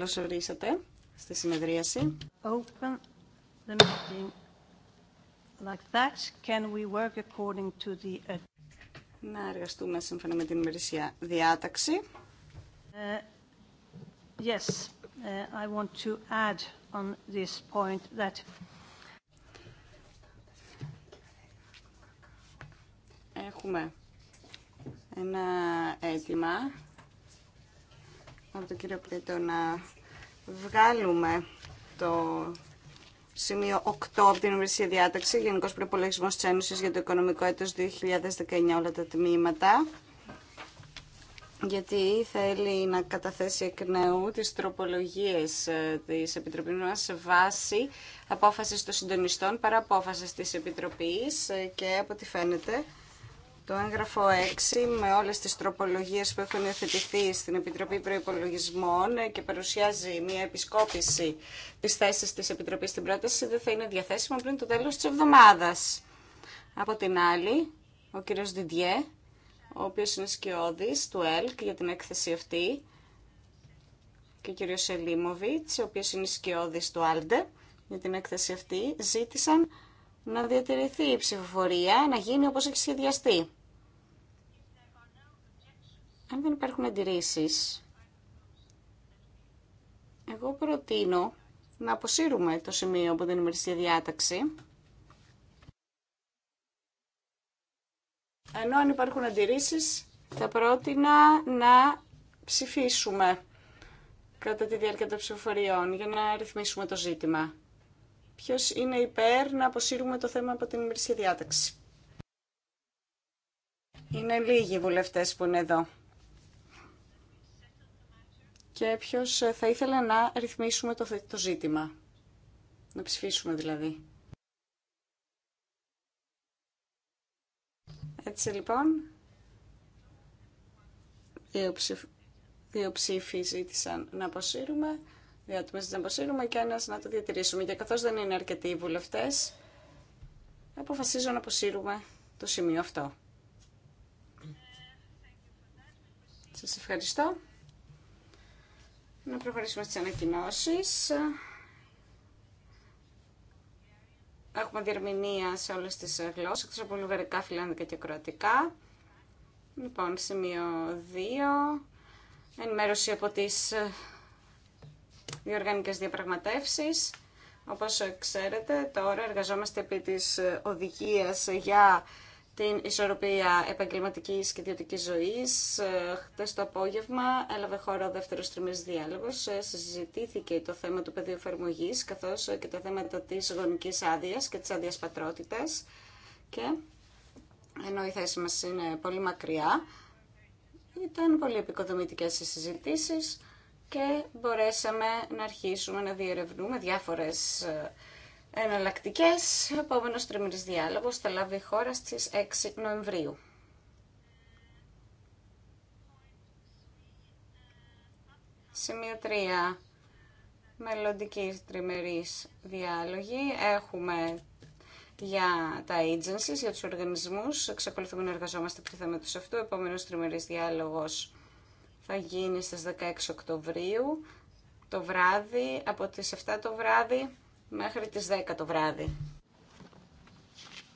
καλώς ορίσατε στη συνεδρίαση. Open the meeting. Like that, can we work according to the... Να εργαστούμε σύμφωνα με την ημερησία διάταξη. Uh, yes, uh, I want to add on this point that έχουμε ένα αίτημα από τον κύριο Πλήτο να βγάλουμε το σημείο 8 από την Ευρωπαϊκή διάταξη, Γενικό Προπολογισμό τη Ένωση για το Οικονομικό Έτο 2019, όλα τα τμήματα. Γιατί θέλει να καταθέσει εκ νέου τι τροπολογίε ε, τη Επιτροπή μα σε βάση απόφαση των συντονιστών παρά απόφαση τη Επιτροπή ε, και από ό,τι φαίνεται το έγγραφο 6 με όλες τις τροπολογίες που έχουν υιοθετηθεί στην Επιτροπή Προϋπολογισμών και παρουσιάζει μια επισκόπηση της θέσης της Επιτροπής στην πρόταση δεν θα είναι διαθέσιμο πριν το τέλος της εβδομάδας. Από την άλλη, ο κύριος Διντιέ, ο οποίος είναι σκιώδης του ΕΛΚ για την έκθεση αυτή και ο κύριος Ελίμοβιτς, ο οποίος είναι σκιώδης του ΑΛΔΕ για την έκθεση αυτή, ζήτησαν να διατηρηθεί η ψηφοφορία, να γίνει όπως έχει σχεδιαστεί. Αν δεν υπάρχουν αντιρρήσεις, εγώ προτείνω να αποσύρουμε το σημείο από την ημερησία διάταξη. Ενώ αν υπάρχουν αντιρρήσεις, θα πρότεινα να ψηφίσουμε κατά τη διάρκεια των ψηφοφοριών για να ρυθμίσουμε το ζήτημα. Ποιος είναι υπέρ να αποσύρουμε το θέμα από την ημερησία διάταξη. Είναι λίγοι οι βουλευτές που είναι εδώ και ποιος θα ήθελε να ρυθμίσουμε το, το ζήτημα. Να ψηφίσουμε δηλαδή. Έτσι λοιπόν, δύο, ψηφ... ψήφοι ζήτησαν να αποσύρουμε, δύο άτομα να αποσύρουμε και ένας να το διατηρήσουμε. Και καθώς δεν είναι αρκετοί οι βουλευτές, αποφασίζω να αποσύρουμε το σημείο αυτό. Σας ευχαριστώ. Να προχωρήσουμε στις ανακοινώσεις. Έχουμε διερμηνία σε όλες τις γλώσσες, εκτός από Λουγαρικά, φιλάνδικα και κροατικά. Λοιπόν, σημείο 2. Ενημέρωση από τις ε, διοργανικές διαπραγματεύσεις. Όπως ξέρετε, τώρα εργαζόμαστε επί της ε, οδηγίας για την ισορροπία επαγγελματική και ιδιωτική ζωής. Ε, χτες το απόγευμα έλαβε χώρα ο δεύτερος τριμής διάλογος. Ε, συζητήθηκε το θέμα του πεδίου εφαρμογή, καθώς και τα θέματα της γονικής άδεια και της άδειας πατρότητας. Και ενώ η θέση μα είναι πολύ μακριά, ήταν πολύ επικοδομητικές οι συζητήσεις και μπορέσαμε να αρχίσουμε να διερευνούμε διάφορες ε, εναλλακτικέ. Επόμενο τριμερή διάλογο θα λάβει η χώρα στι 6 Νοεμβρίου. Σημείο 3. Μελλοντική τριμερής διάλογη. Έχουμε για τα agencies, για τους οργανισμούς. Εξακολουθούμε να εργαζόμαστε θέμα του αυτού. Επόμενο επόμενος διάλογο θα γίνει στις 16 Οκτωβρίου το βράδυ, από τις 7 το βράδυ μέχρι τις 10 το βράδυ.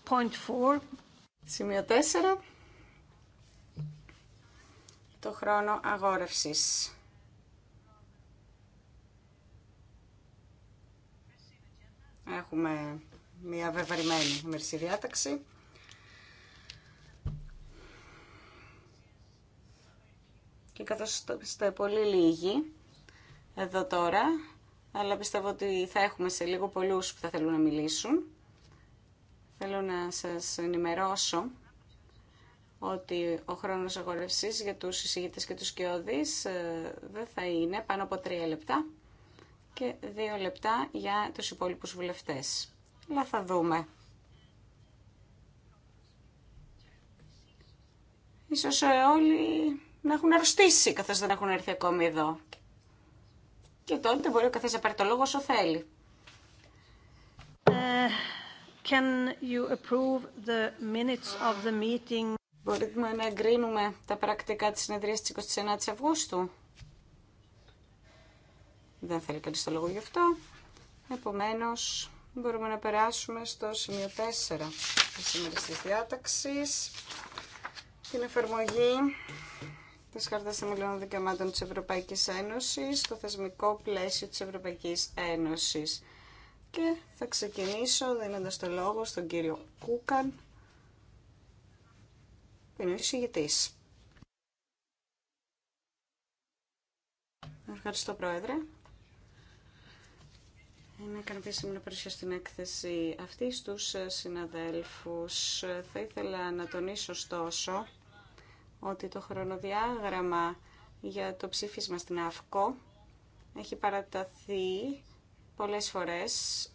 Point 4. Σημείο 4. Το χρόνο αγόρευσης. Έχουμε μια βεβαρημένη ημερησία διάταξη. Και καθώς είστε πολύ λίγοι, εδώ τώρα αλλά πιστεύω ότι θα έχουμε σε λίγο πολλούς που θα θέλουν να μιλήσουν. Θέλω να σας ενημερώσω ότι ο χρόνος αγορευσής για τους εισηγητές και τους κοιόδης ε, δεν θα είναι πάνω από τρία λεπτά και δύο λεπτά για τους υπόλοιπους βουλευτές. Αλλά θα δούμε. Ίσως ε, όλοι να έχουν αρρωστήσει καθώς δεν έχουν έρθει ακόμη εδώ. Και τότε μπορεί ο καθένα να πάρει το λόγο όσο θέλει. Uh, Μπορούμε να εγκρίνουμε τα πρακτικά της συνεδρίας της 29 η Αυγούστου. Δεν θέλει κανείς το λόγο γι' αυτό. Επομένως, μπορούμε να περάσουμε στο σημείο 4 της σημερινής διάταξης. Την εφαρμογή της Χάρτας Θεμελιών Δικαιωμάτων της Ευρωπαϊκής Ένωσης, το θεσμικό πλαίσιο της Ευρωπαϊκής Ένωσης. Και θα ξεκινήσω δίνοντα το λόγο στον κύριο Κούκαν, που είναι ο εισηγητής. Ευχαριστώ, Πρόεδρε. Είναι ικανοποίηση μου να παρουσιάσω την έκθεση αυτή στους συναδέλφους. Θα ήθελα να τονίσω, ωστόσο, ότι το χρονοδιάγραμμα για το ψήφισμα στην ΑΦΚΟ έχει παραταθεί πολλές φορές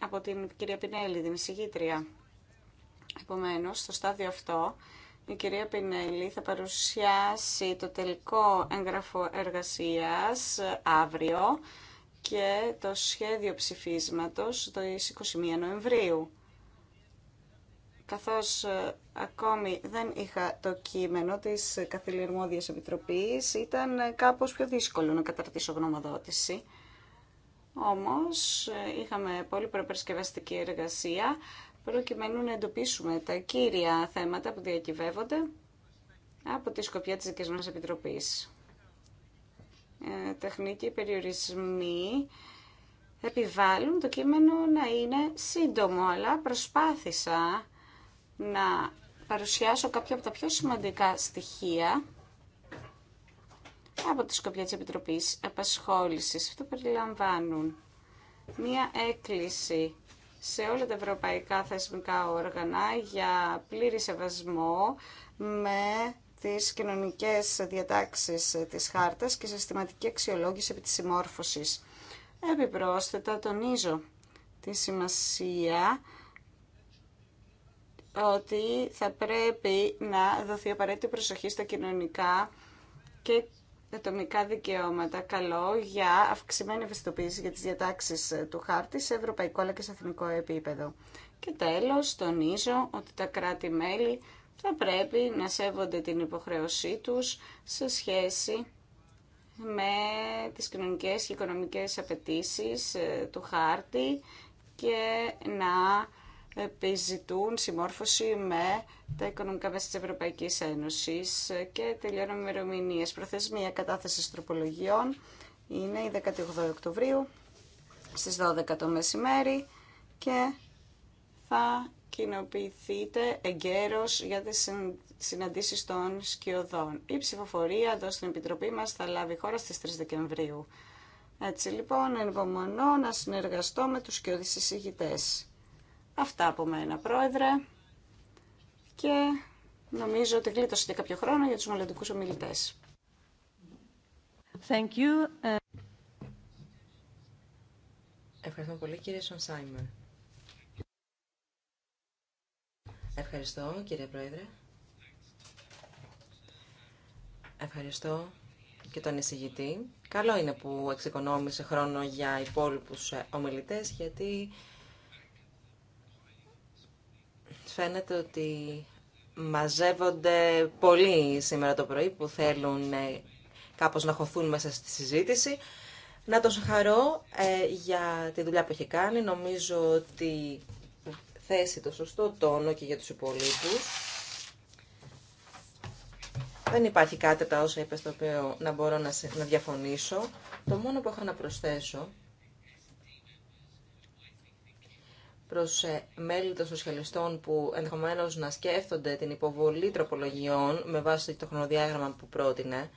από την κυρία Πινέλη, την εισηγήτρια. Επομένως, στο στάδιο αυτό, η κυρία Πινέλη θα παρουσιάσει το τελικό έγγραφο εργασίας αύριο και το σχέδιο ψηφίσματος το 21 Νοεμβρίου καθώς ε, ακόμη δεν είχα το κείμενο της Καθηλιαρμόδιας Επιτροπής, ήταν ε, κάπως πιο δύσκολο να καταρτήσω γνωμοδότηση. Όμως ε, είχαμε πολύ προπερσκευαστική εργασία, προκειμένου να εντοπίσουμε τα κύρια θέματα που διακυβεύονται από τη σκοπιά της δικής μας Επιτροπής. Ε, τεχνικοί περιορισμοί επιβάλλουν το κείμενο να είναι σύντομο, αλλά προσπάθησα να παρουσιάσω κάποια από τα πιο σημαντικά στοιχεία από τη Σκοπιά της Επιτροπής Απασχόλησης. Αυτό περιλαμβάνουν μία έκκληση σε όλα τα ευρωπαϊκά θεσμικά όργανα για πλήρη σεβασμό με τις κοινωνικές διατάξεις της χάρτας και συστηματική αξιολόγηση επί της συμμόρφωσης. Επιπρόσθετα τονίζω τη σημασία ότι θα πρέπει να δοθεί απαραίτητη προσοχή στα κοινωνικά και ατομικά δικαιώματα. Καλό για αυξημένη ευαισθητοποίηση για τις διατάξεις ε, του χάρτη σε ευρωπαϊκό αλλά και σε εθνικό επίπεδο. Και τέλος, τονίζω ότι τα κράτη-μέλη θα πρέπει να σέβονται την υποχρέωσή τους σε σχέση με τις κοινωνικές και οικονομικές απαιτήσεις ε, του χάρτη και να επιζητούν συμμόρφωση με τα οικονομικά μέσα της Ευρωπαϊκής Ένωσης και τελειώνω ημερομηνίε. Προθεσμία κατάθεσης τροπολογιών είναι η 18 Οκτωβρίου στις 12 το μεσημέρι και θα κοινοποιηθείτε εγκαίρως για τις συναντήσεις των σκιωδών. Η ψηφοφορία εδώ στην Επιτροπή μας θα λάβει χώρα στις 3 Δεκεμβρίου. Έτσι λοιπόν, ενυπομονώ να συνεργαστώ με τους σκιώδεις εισηγητές. Αυτά από μένα, Πρόεδρε. Και νομίζω ότι γλίτωσε και κάποιο χρόνο για τους μελλοντικού ομιλητές. Thank you. Ευχαριστώ πολύ, κύριε Σονσάιμερ. Ευχαριστώ, κύριε Πρόεδρε. Ευχαριστώ και τον εισηγητή. Καλό είναι που εξοικονόμησε χρόνο για υπόλοιπους ομιλητές, γιατί Φαίνεται ότι μαζεύονται πολλοί σήμερα το πρωί που θέλουν ε, κάπως να χωθούν μέσα στη συζήτηση. Να τον συγχαρώ ε, για τη δουλειά που έχει κάνει. Νομίζω ότι θέσει το σωστό τόνο και για τους υπολείπους. Δεν υπάρχει κάτι τα όσα είπε στο οποίο να μπορώ να, να διαφωνήσω. Το μόνο που έχω να προσθέσω προς ε, μέλη των σοσιαλιστών που ενδεχομένως να σκέφτονται την υποβολή τροπολογιών με βάση το χρονοδιάγραμμα που πρότεινε.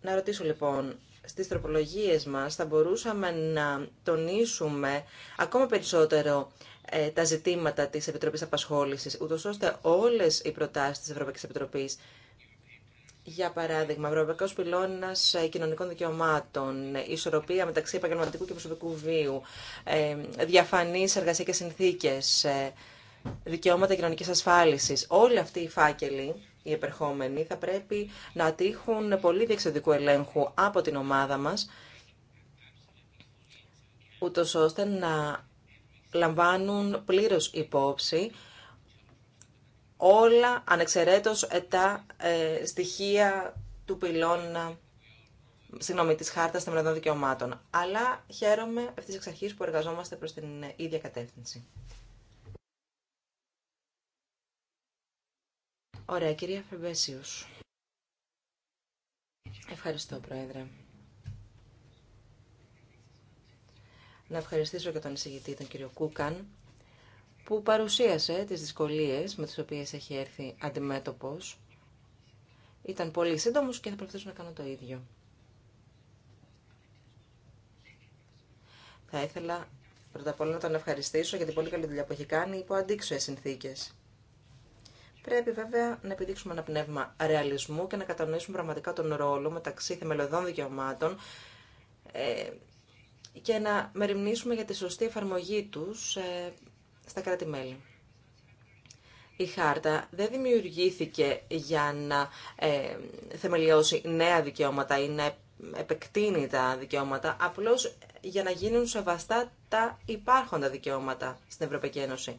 Να ρωτήσω λοιπόν, στις τροπολογίες μας θα μπορούσαμε να τονίσουμε ακόμα περισσότερο ε, τα ζητήματα της Επιτροπής Απασχόλησης, ούτως ώστε όλες οι προτάσεις της Ευρωπαϊκής Επιτροπής για παράδειγμα, Ευρωπαϊκό Πυλώνα ε, Κοινωνικών Δικαιωμάτων, ε, ισορροπία μεταξύ επαγγελματικού και προσωπικού βίου, ε, διαφανεί εργασιακέ συνθήκε, δικαιώματα κοινωνική ασφάλιση. Όλοι αυτοί οι φάκελοι, οι επερχόμενοι, θα πρέπει να τύχουν πολύ διεξοδικού ελέγχου από την ομάδα μα, ούτω ώστε να λαμβάνουν πλήρω υπόψη όλα ανεξαιρέτως τα ε, στοιχεία του πυλώνα ε, συγγνώμη, της χάρτας των δικαιωμάτων. Αλλά χαίρομαι αυτής εξ αρχής που εργαζόμαστε προς την ε, ίδια κατεύθυνση. Ωραία, κυρία Φεμπέσιους. Ευχαριστώ, Πρόεδρε. Να ευχαριστήσω και τον εισηγητή, τον κύριο Κούκαν, που παρουσίασε τις δυσκολίες με τις οποίες έχει έρθει αντιμέτωπος. Ήταν πολύ σύντομος και θα προσπαθήσω να κάνω το ίδιο. Θα ήθελα πρώτα απ' όλα να τον ευχαριστήσω για την πολύ καλή δουλειά που έχει κάνει υπό αντίξωες συνθήκες. Πρέπει βέβαια να επιδείξουμε ένα πνεύμα ρεαλισμού και να κατανοήσουμε πραγματικά τον ρόλο μεταξύ θεμελιωδών δικαιωμάτων ε, και να μεριμνήσουμε για τη σωστή εφαρμογή τους ε, στα κράτη-μέλη. Η χάρτα δεν δημιουργήθηκε για να ε, θεμελιώσει νέα δικαιώματα ή να επεκτείνει τα δικαιώματα, απλώς για να γίνουν σεβαστά τα υπάρχοντα δικαιώματα στην Ευρωπαϊκή Ένωση.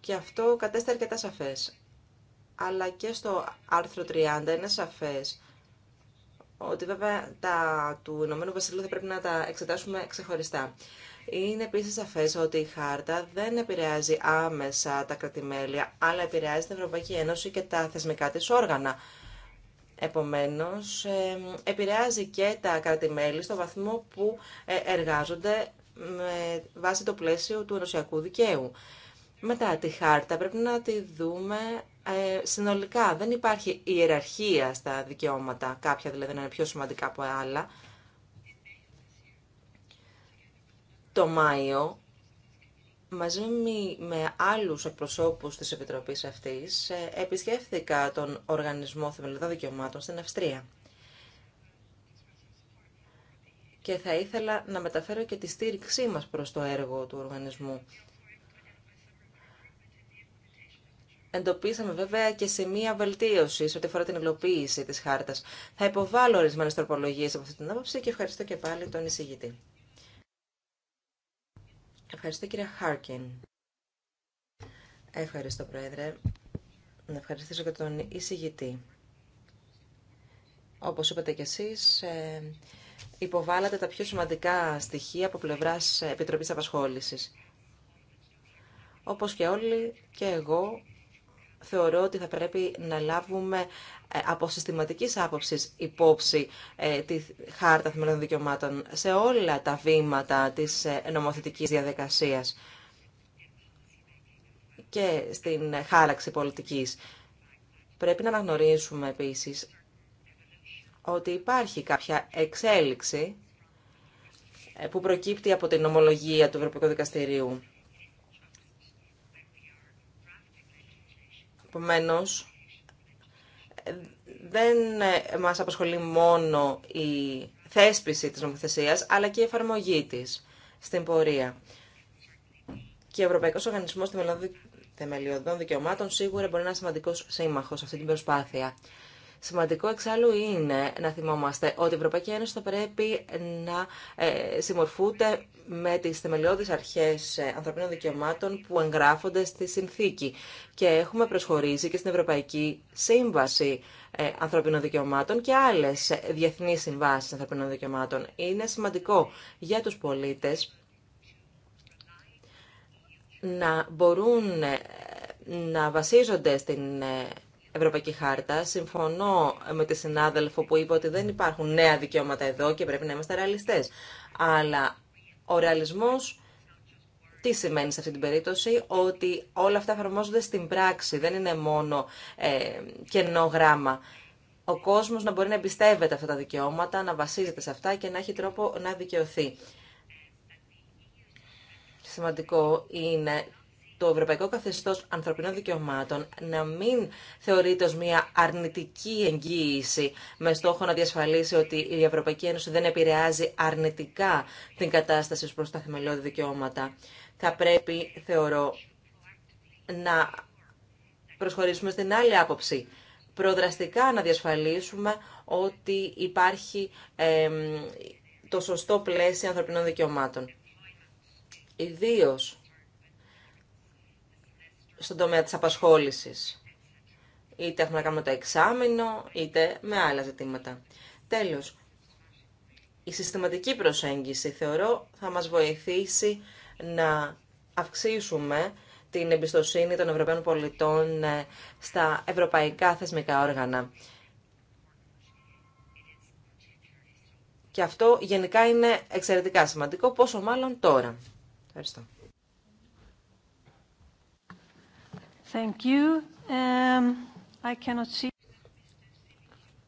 Και αυτό κατέστα αρκετά σαφές. Αλλά και στο άρθρο 30 είναι σαφές ότι βέβαια τα του Ηνωμένου Βασιλείου θα πρέπει να τα εξετάσουμε ξεχωριστά. Είναι επίση σαφέ ότι η χάρτα δεν επηρεάζει άμεσα τα κρατημέλια, αλλά επηρεάζει την Ευρωπαϊκή Ένωση και τα θεσμικά τη όργανα. Επομένω, επηρεάζει και τα κρατημέλη στο βαθμό που ε, εργάζονται με βάση το πλαίσιο του ενωσιακού δικαίου. Μετά τη χάρτα πρέπει να τη δούμε ε, συνολικά. Δεν υπάρχει ιεραρχία στα δικαιώματα, κάποια δηλαδή να είναι πιο σημαντικά από άλλα. το Μάιο, μαζί με άλλους εκπροσώπους της Επιτροπής αυτής, ε, επισκέφθηκα τον Οργανισμό Θεμελιωδών Δικαιωμάτων στην Αυστρία. Και θα ήθελα να μεταφέρω και τη στήριξή μας προς το έργο του οργανισμού. Εντοπίσαμε βέβαια και σημεία βελτίωση ό,τι αφορά την υλοποίηση τη χάρτα. Θα υποβάλω ορισμένε τροπολογίε από αυτή την άποψη και ευχαριστώ και πάλι τον εισηγητή. Ευχαριστώ κύριε Χάρκιν. Ευχαριστώ Πρόεδρε. Να ευχαριστήσω και τον εισηγητή. Όπως είπατε κι εσείς, ε, υποβάλλατε τα πιο σημαντικά στοιχεία από πλευράς Επιτροπής Απασχόλησης. Όπως και όλοι και εγώ θεωρώ ότι θα πρέπει να λάβουμε ε, από συστηματική άποψη υπόψη ε, τη Χάρτα Θεμελιών Δικαιωμάτων σε όλα τα βήματα της ε, νομοθετικής διαδικασίας και στην χάραξη πολιτικής. Πρέπει να αναγνωρίσουμε επίσης ότι υπάρχει κάποια εξέλιξη που προκύπτει από την ομολογία του Ευρωπαϊκού Δικαστηρίου. Επομένω, δεν μας απασχολεί μόνο η θέσπιση της νομοθεσίας, αλλά και η εφαρμογή της στην πορεία. Και ο Ευρωπαϊκό Οργανισμό Θεμελιωδών Δικαιωμάτων σίγουρα μπορεί να είναι σημαντικό σύμμαχο σε αυτή την προσπάθεια. Σημαντικό εξάλλου είναι να θυμόμαστε ότι η Ευρωπαϊκή Ένωση θα πρέπει να ε, συμμορφούνται με τις θεμελιώδεις αρχές ε, ανθρωπίνων δικαιωμάτων που εγγράφονται στη συνθήκη. Και έχουμε προσχωρήσει και στην Ευρωπαϊκή Σύμβαση ε, Ανθρωπίνων Δικαιωμάτων και άλλες διεθνείς συμβάσεις ανθρωπίνων δικαιωμάτων. Είναι σημαντικό για τους πολίτες να μπορούν να βασίζονται στην Ευρωπαϊκή Χάρτα. Συμφωνώ με τη συνάδελφο που είπε ότι δεν υπάρχουν νέα δικαιώματα εδώ και πρέπει να είμαστε ρεαλιστές. Αλλά ο ρεαλισμό, τι σημαίνει σε αυτή την περίπτωση, ότι όλα αυτά εφαρμόζονται στην πράξη, δεν είναι μόνο ε, κενό γράμμα. Ο κόσμος να μπορεί να εμπιστεύεται αυτά τα δικαιώματα, να βασίζεται σε αυτά και να έχει τρόπο να δικαιωθεί. Σημαντικό είναι το Ευρωπαϊκό Καθεστώς Ανθρωπινών Δικαιωμάτων να μην θεωρείται ως μια αρνητική εγγύηση με στόχο να διασφαλίσει ότι η Ευρωπαϊκή Ένωση δεν επηρεάζει αρνητικά την κατάσταση προς τα θεμελιώδη δικαιώματα. Θα πρέπει, θεωρώ, να προσχωρήσουμε στην άλλη άποψη. Προδραστικά να διασφαλίσουμε ότι υπάρχει το σωστό πλαίσιο ανθρωπινών δικαιωμάτων. Ιδίως στον τομέα της απασχόλησης. Είτε έχουμε να κάνουμε το εξάμεινο, είτε με άλλα ζητήματα. Τέλος, η συστηματική προσέγγιση θεωρώ θα μας βοηθήσει να αυξήσουμε την εμπιστοσύνη των Ευρωπαίων πολιτών ε, στα ευρωπαϊκά θεσμικά όργανα. Και αυτό γενικά είναι εξαιρετικά σημαντικό, πόσο μάλλον τώρα. Ευχαριστώ. Um,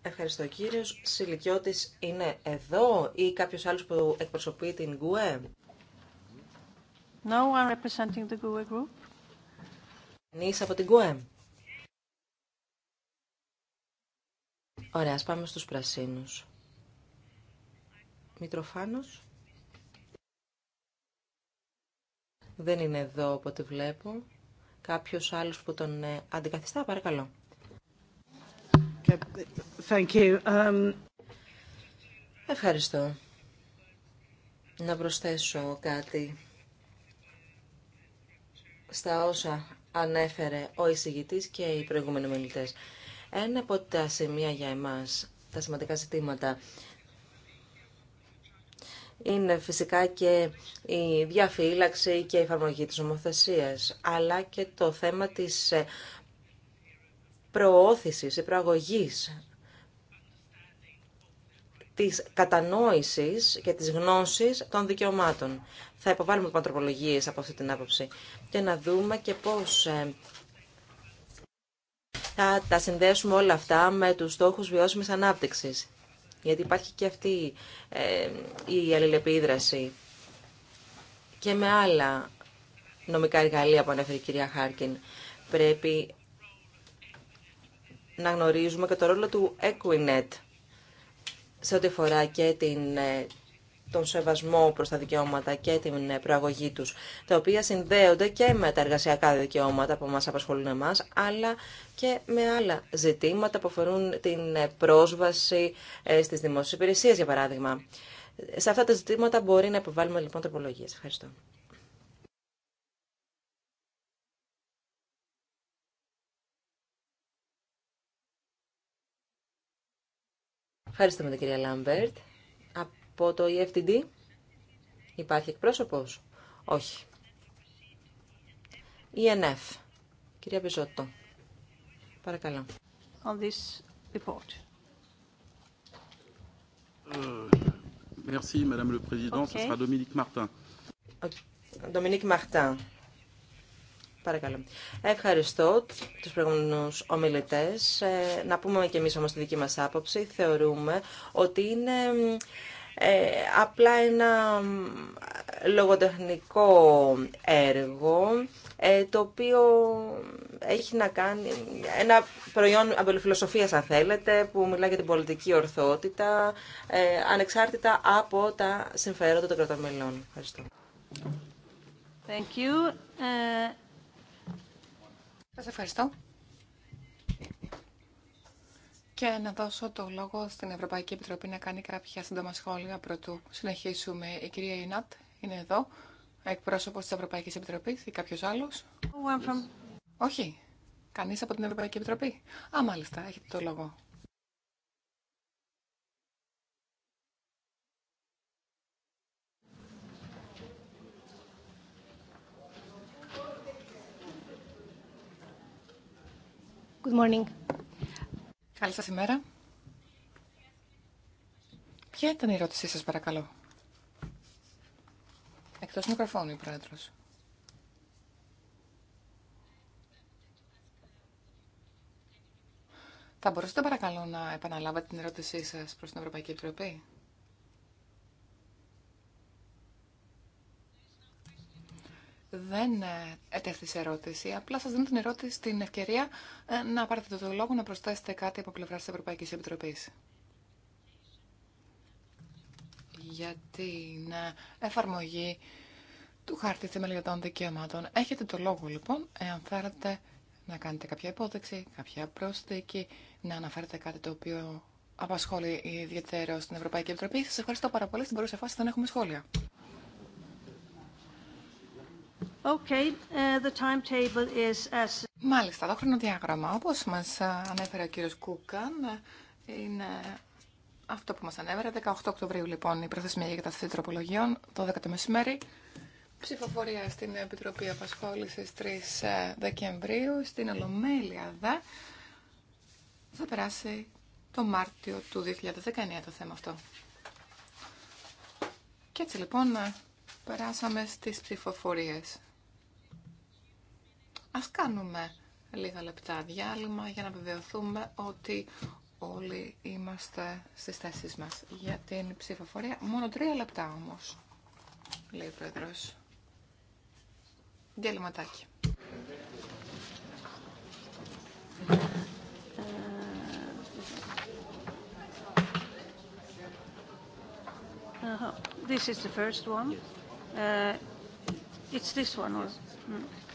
Ευχαριστώ. κύριο. Σιλικιώτη είναι εδώ ή κάποιο άλλο που εκπροσωπεί την ΓΚΟΕ. No, από την ΓΚΟΕ. Ωραία, ας πάμε στους πρασίνους. Μητροφάνος. Δεν είναι εδώ από ό,τι βλέπω κάποιος άλλος που τον ε, αντικαθιστά. Παρακαλώ. Thank you. Um... Ευχαριστώ. Να προσθέσω κάτι στα όσα ανέφερε ο εισηγητής και οι προηγούμενοι Μιλητέ. Ένα από τα σημεία για εμάς, τα σημαντικά ζητήματα είναι φυσικά και η διαφύλαξη και η εφαρμογή της ομοθεσίας, αλλά και το θέμα της ε, προώθησης ή προαγωγής της κατανόησης και της γνώσης των δικαιωμάτων. Θα υποβάλουμε παντροπολογίες λοιπόν από αυτή την άποψη και να δούμε και πώς ε, θα τα συνδέσουμε όλα αυτά με τους στόχους βιώσιμης ανάπτυξης γιατί υπάρχει και αυτή ε, η αλληλεπίδραση και με άλλα νομικά εργαλεία που ανέφερε η κυρία Χάρκιν. Πρέπει να γνωρίζουμε και το ρόλο του Equinet σε ό,τι αφορά και την ε, τον σεβασμό προς τα δικαιώματα και την προαγωγή τους, τα οποία συνδέονται και με τα εργασιακά δικαιώματα που μας απασχολούν εμά, αλλά και με άλλα ζητήματα που αφορούν την πρόσβαση ε, στις δημόσιες υπηρεσίες, για παράδειγμα. Σε αυτά τα ζητήματα μπορεί να υποβάλουμε λοιπόν τροπολογίε. Ευχαριστώ. Ευχαριστούμε την κυρία Λάμπερτ από το EFTD. Υπάρχει εκπρόσωπος. Όχι. ENF. Κυρία Βεζότο. Παρακαλώ. On this report. Euh, merci, Madame le Président. Okay. Ce sera Dominique Martin. Dominique Martin. Παρακαλώ. Ευχαριστώ τους προηγούμενους ομιλητές. Ε, να πούμε και εμείς όμως τη δική μας άποψη. Θεωρούμε ότι είναι ε, απλά ένα λογοτεχνικό έργο ε, το οποίο έχει να κάνει ένα προϊόν αμπελοφιλοσοφίας αν θέλετε που μιλάει για την πολιτική ορθότητα ε, ανεξάρτητα από τα συμφέροντα των κρατών μελών. Ευχαριστώ. Thank you. ευχαριστώ και να δώσω το λόγο στην Ευρωπαϊκή Επιτροπή να κάνει κάποια σύντομα σχόλια πρωτού συνεχίσουμε. Η κυρία Ινάτ είναι εδώ, εκπρόσωπος της Ευρωπαϊκής Επιτροπής ή κάποιος άλλος. from... Όχι, κανείς από την Ευρωπαϊκή Επιτροπή. Α, μάλιστα, έχετε το λόγο. Good morning. Καλή σας ημέρα. Ποια ήταν η ερώτησή σας, παρακαλώ. Εκτός μικροφώνου, η Πρόεδρος. Θα μπορούσατε παρακαλώ να επαναλάβετε την ερώτησή σας προς την Ευρωπαϊκή Επιτροπή. δεν ε, σε ερώτηση. Απλά σας δίνω την ερώτηση, την ευκαιρία ε, να πάρετε το λόγο να προσθέσετε κάτι από πλευρά της Ευρωπαϊκής Επιτροπής. Για την ε, εφαρμογή του χάρτη θεμελιωτών δικαιωμάτων. Έχετε το λόγο λοιπόν, εάν θέλετε να κάνετε κάποια υπόδειξη, κάποια πρόσθεκη, να αναφέρετε κάτι το οποίο απασχόλει ιδιαίτερο στην Ευρωπαϊκή Επιτροπή. Σας ευχαριστώ πάρα πολύ. Στην παρούσα φάση δεν έχουμε σχόλια. Uh, Μάλιστα, το χρονοδιάγραμμα, όπως μας ε, ανέφερε ο κύριος Κούκαν, ε, είναι αυτό που μας ανέφερε. 18 Οκτωβρίου, λοιπόν, η προθεσμία για καταθέση τροπολογιών, 12 το μεσημέρι. Ψηφοφορία στην Επιτροπή Απασχόλησης 3 ε, Δεκεμβρίου, στην Ολομέλεια ΔΑ. Θα περάσει το Μάρτιο του 2019 το θέμα αυτό. Και έτσι λοιπόν περάσαμε στις ψηφοφορίες. Ας κάνουμε λίγα λεπτά διάλειμμα για να βεβαιωθούμε ότι όλοι είμαστε στις θέσεις μας για την ψηφοφορία. Μόνο τρία λεπτά όμως, λέει ο Πρόεδρος. Διαλυματάκι. Uh, this is the first one. Ε, it's this one. Mm.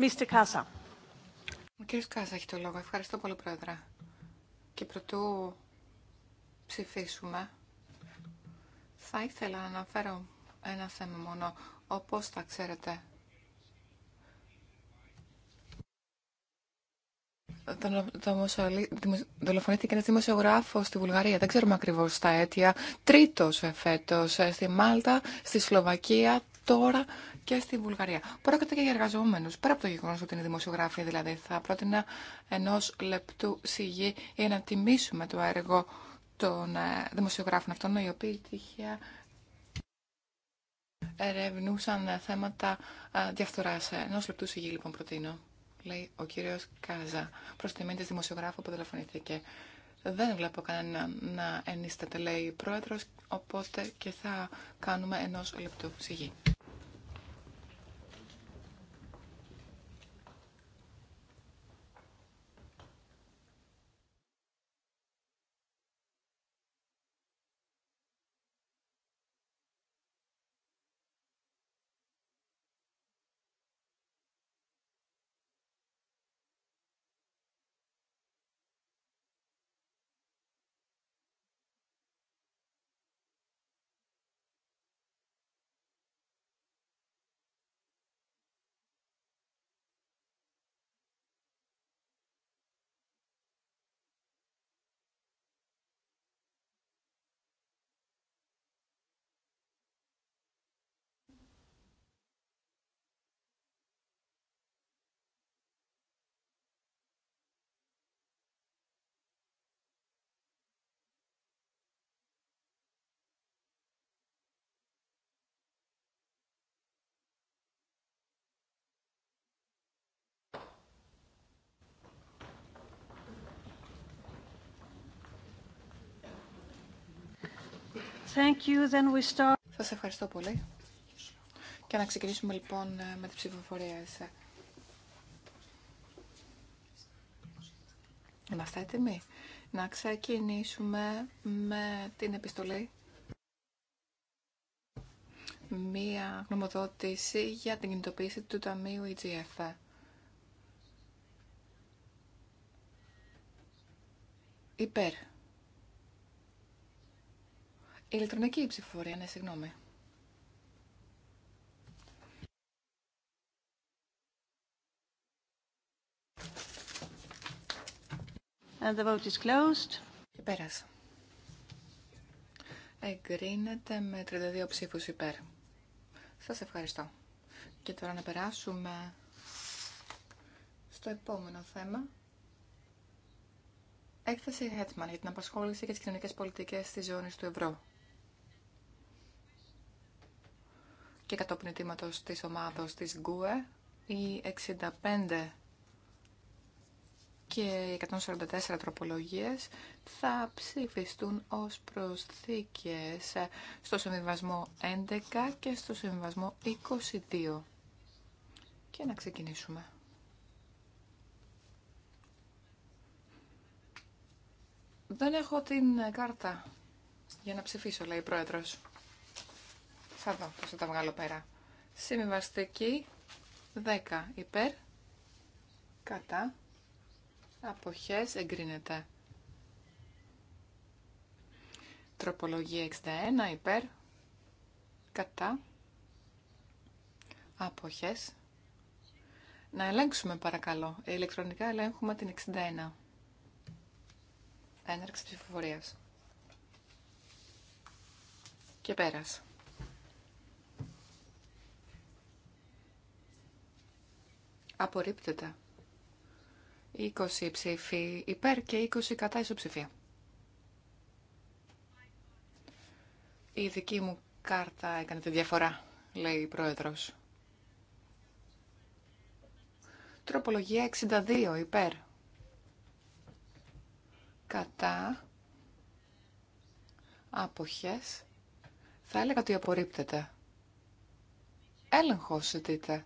Mr. Κάσα. Ο κ. Κάσα έχει το λόγο. Ευχαριστώ πολύ, Πρόεδρε. Και πρωτού ψηφίσουμε, θα ήθελα να αναφέρω ένα θέμα μόνο. Όπως θα ξέρετε, δολοφονήθηκε ένα δημοσιογράφο στη Βουλγαρία. Δεν ξέρουμε ακριβώ τα αίτια. Τρίτο φέτο ε, στη Μάλτα, στη Σλοβακία. Τώρα και στη Βουλγαρία. Πρόκειται και για εργαζόμενου, πέρα από το γεγονό ότι είναι δημοσιογράφοι δηλαδή. Θα πρότεινα ενό λεπτού σιγή για να τιμήσουμε το έργο των ε, δημοσιογράφων αυτών, οι οποίοι τυχαία ερευνούσαν ε, θέματα ε, διαφθορά. Ενό λεπτού σιγή λοιπόν προτείνω, λέει ο κύριο Κάζα, προ τιμή τη δημοσιογράφου που δολοφονήθηκε. Δεν βλέπω κανένα να ενίσταται, λέει η πρόεδρος, οπότε και θα κάνουμε ενός λεπτού σιγή. Thank Σας ευχαριστώ πολύ. Και να ξεκινήσουμε λοιπόν με τις ψηφοφορίες. Είμαστε έτοιμοι να ξεκινήσουμε με την επιστολή. Μία γνωμοδότηση για την κινητοποίηση του Ταμείου EGF. Υπέρ ηλεκτρονική ψηφοφορία, ναι, συγγνώμη. And the vote is closed. Και πέρασε. Εγκρίνεται με 32 ψήφους υπέρ. Σας ευχαριστώ. Και τώρα να περάσουμε στο επόμενο θέμα. Έκθεση Hetman για την απασχόληση και τις κοινωνικές πολιτικές της ζώνης του ευρώ. και κατόπιν αιτήματος της ομάδος της ΓΚΟΕ, οι 65 και 144 τροπολογίες θα ψηφιστούν ως προσθήκες στο συμβιβασμό 11 και στο συμβιβασμό 22. Και να ξεκινήσουμε. Δεν έχω την κάρτα για να ψηφίσω, λέει η Πρόεδρος. Θα δω πώς θα τα βγάλω πέρα. Συμβαστική 10 υπέρ. Κατά. Αποχές εγκρίνεται. Τροπολογία 61 υπέρ. Κατά. Αποχές. Να ελέγξουμε παρακαλώ. Ηλεκτρονικά ελέγχουμε την 61. Έναρξη ψηφοφορίας. Και πέρας. Απορρίπτεται. 20 ψήφοι υπέρ και 20 κατά ισοψηφία. Η δική μου κάρτα έκανε τη διαφορά, λέει η πρόεδρος. Τροπολογία 62 υπέρ. Κατά. Άποχες. Θα έλεγα ότι απορρίπτεται. Έλεγχος ζητείτε.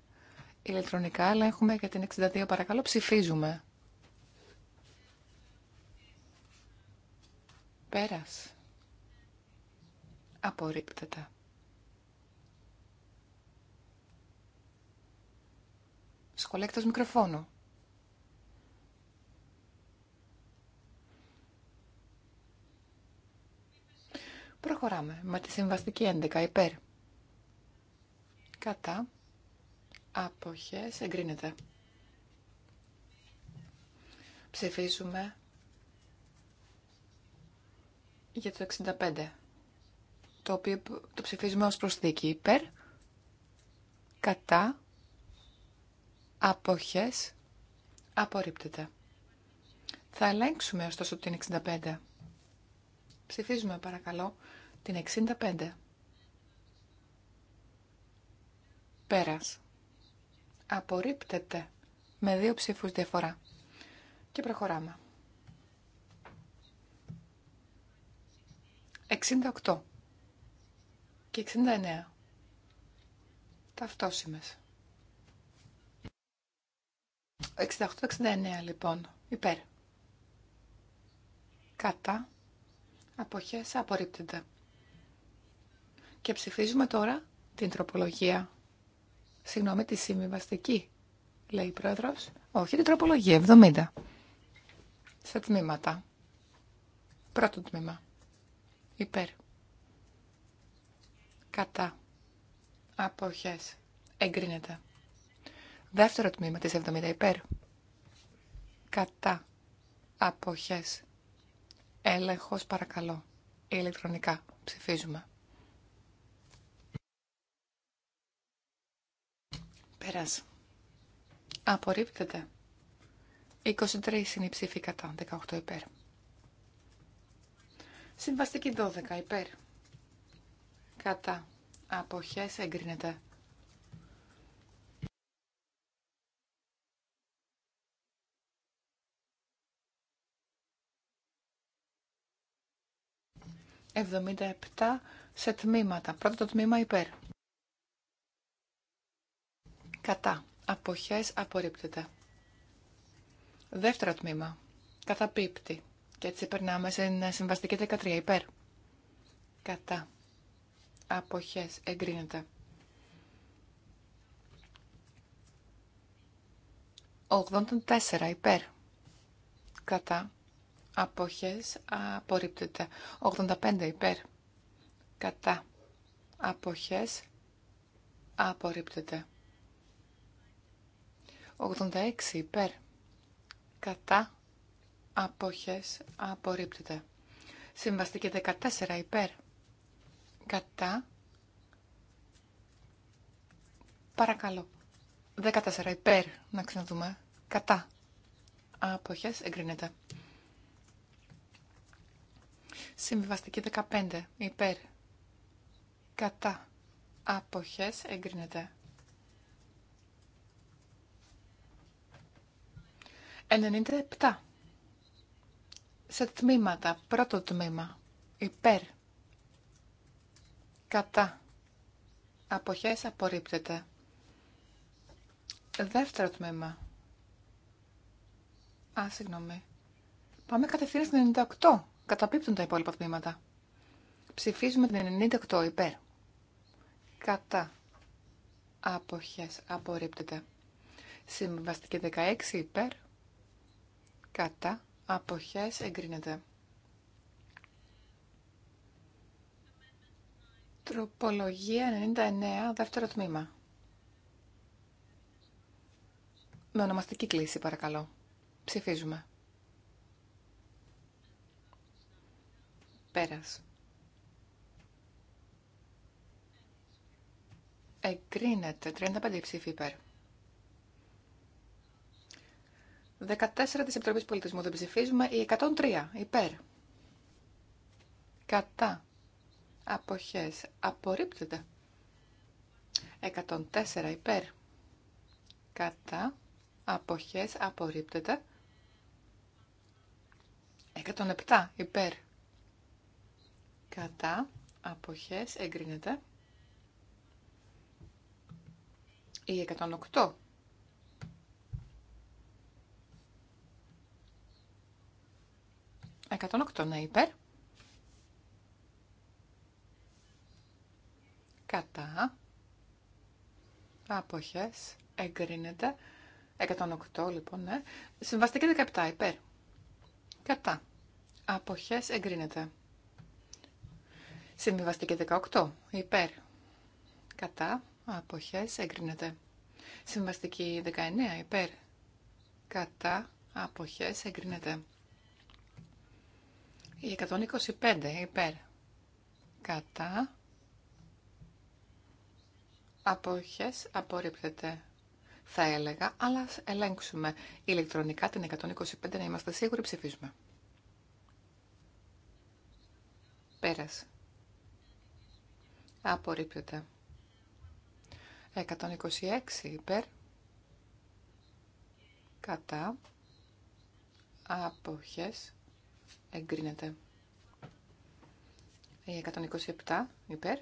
Ηλεκτρονικά έχουμε και την 62. Παρακαλώ ψηφίζουμε. Πέρας. Απορρίπτεται. Σχολέκτος μικροφώνου. Προχωράμε με τη συμβαστική 11 υπέρ. Κατά. Αποχές εγκρίνεται. Ψηφίζουμε για το 65, το οποίο το ψηφίζουμε ως προσθήκη υπέρ, κατά, αποχές, απορρίπτεται. Θα ελέγξουμε ωστόσο την 65. Ψηφίζουμε παρακαλώ την 65. Πέρας απορρίπτεται με δύο ψήφους διαφορά. Και προχωράμε. 68 και 69. Ταυτόσιμες. 68-69 λοιπόν. Υπέρ. Κατά. Αποχές απορρίπτεται. Και ψηφίζουμε τώρα την τροπολογία Συγγνώμη, τη συμβιβαστική, λέει η πρόεδρο. Όχι, την τροπολογία, 70. Σε τμήματα. Πρώτο τμήμα. Υπέρ. Κατά. Αποχές. Εγκρίνεται. Δεύτερο τμήμα τη 70 υπέρ. Κατά. Αποχές. Έλεγχο παρακαλώ. Ηλεκτρονικά ψηφίζουμε. Πέρας. Απορρίπτεται. 23 είναι η ψήφη κατά, 18 υπέρ. Συμβαστική 12 υπέρ. Κατά. Αποχές εγκρίνεται. 77 σε τμήματα. Πρώτο το τμήμα υπέρ. Κατά. Αποχές απορρίπτεται. Δεύτερο τμήμα. Καταπίπτει. Και έτσι περνάμε στην συμβαστική 13. Υπέρ. Κατά. Αποχές. Εγκρίνεται. 84. Υπέρ. Κατά. Αποχές. Απορρίπτεται. 85. Υπέρ. Κατά. Αποχές. Απορρίπτεται. 86 υπέρ. Κατά. Αποχές. Απορρίπτεται. Συμβαστική 14 υπέρ. Κατά. Παρακαλώ. 14 υπέρ. Να ξαναδούμε. Κατά. Αποχές. Εγκρίνεται. Συμβαστική 15 υπέρ. Κατά. Αποχές. Εγκρίνεται. 97. Σε τμήματα. Πρώτο τμήμα. Υπέρ. Κατά. Αποχές απορρίπτεται. Δεύτερο τμήμα. Α, συγγνώμη. Πάμε κατευθείαν στην 98. Καταπίπτουν τα υπόλοιπα τμήματα. Ψηφίζουμε την 98 υπέρ. Κατά. Αποχές απορρίπτεται. Συμβαστική 16 υπέρ κατά, αποχές, εγκρίνεται. Τροπολογία 99, δεύτερο τμήμα. Με ονομαστική κλίση, παρακαλώ. Ψηφίζουμε. Πέρας. Εγκρίνεται. 35 ψήφοι υπέρ. 14 της Επιτροπής Πολιτισμού δεν ψηφίζουμε. Η 103 υπέρ. Κατά. Αποχές. Απορρίπτεται. 104 υπέρ. Κατά. Αποχές. Απορρίπτεται. 107 υπέρ. Κατά. Αποχές. Εγκρίνεται. Η 108 108 ναι υπέρ. Κατά. Αποχές. Εγκρίνεται. 108 λοιπόν, ναι. Συμβαστική 17 υπέρ. Κατά. Αποχές εγκρίνεται. Συμβαστική 18 υπέρ. Κατά. Αποχές εγκρίνεται. Συμβαστική 19 υπέρ. Κατά. Αποχές εγκρίνεται. Η 125 υπέρ. Κατά. Απόχες απορρίπτεται. Θα έλεγα, αλλά ας ελέγξουμε ηλεκτρονικά την 125 να είμαστε σίγουροι ψηφίζουμε. Πέρας. Απορρίπτεται. 126 υπέρ. Κατά. Απόχες εγκρίνεται. 127 ε, υπέρ.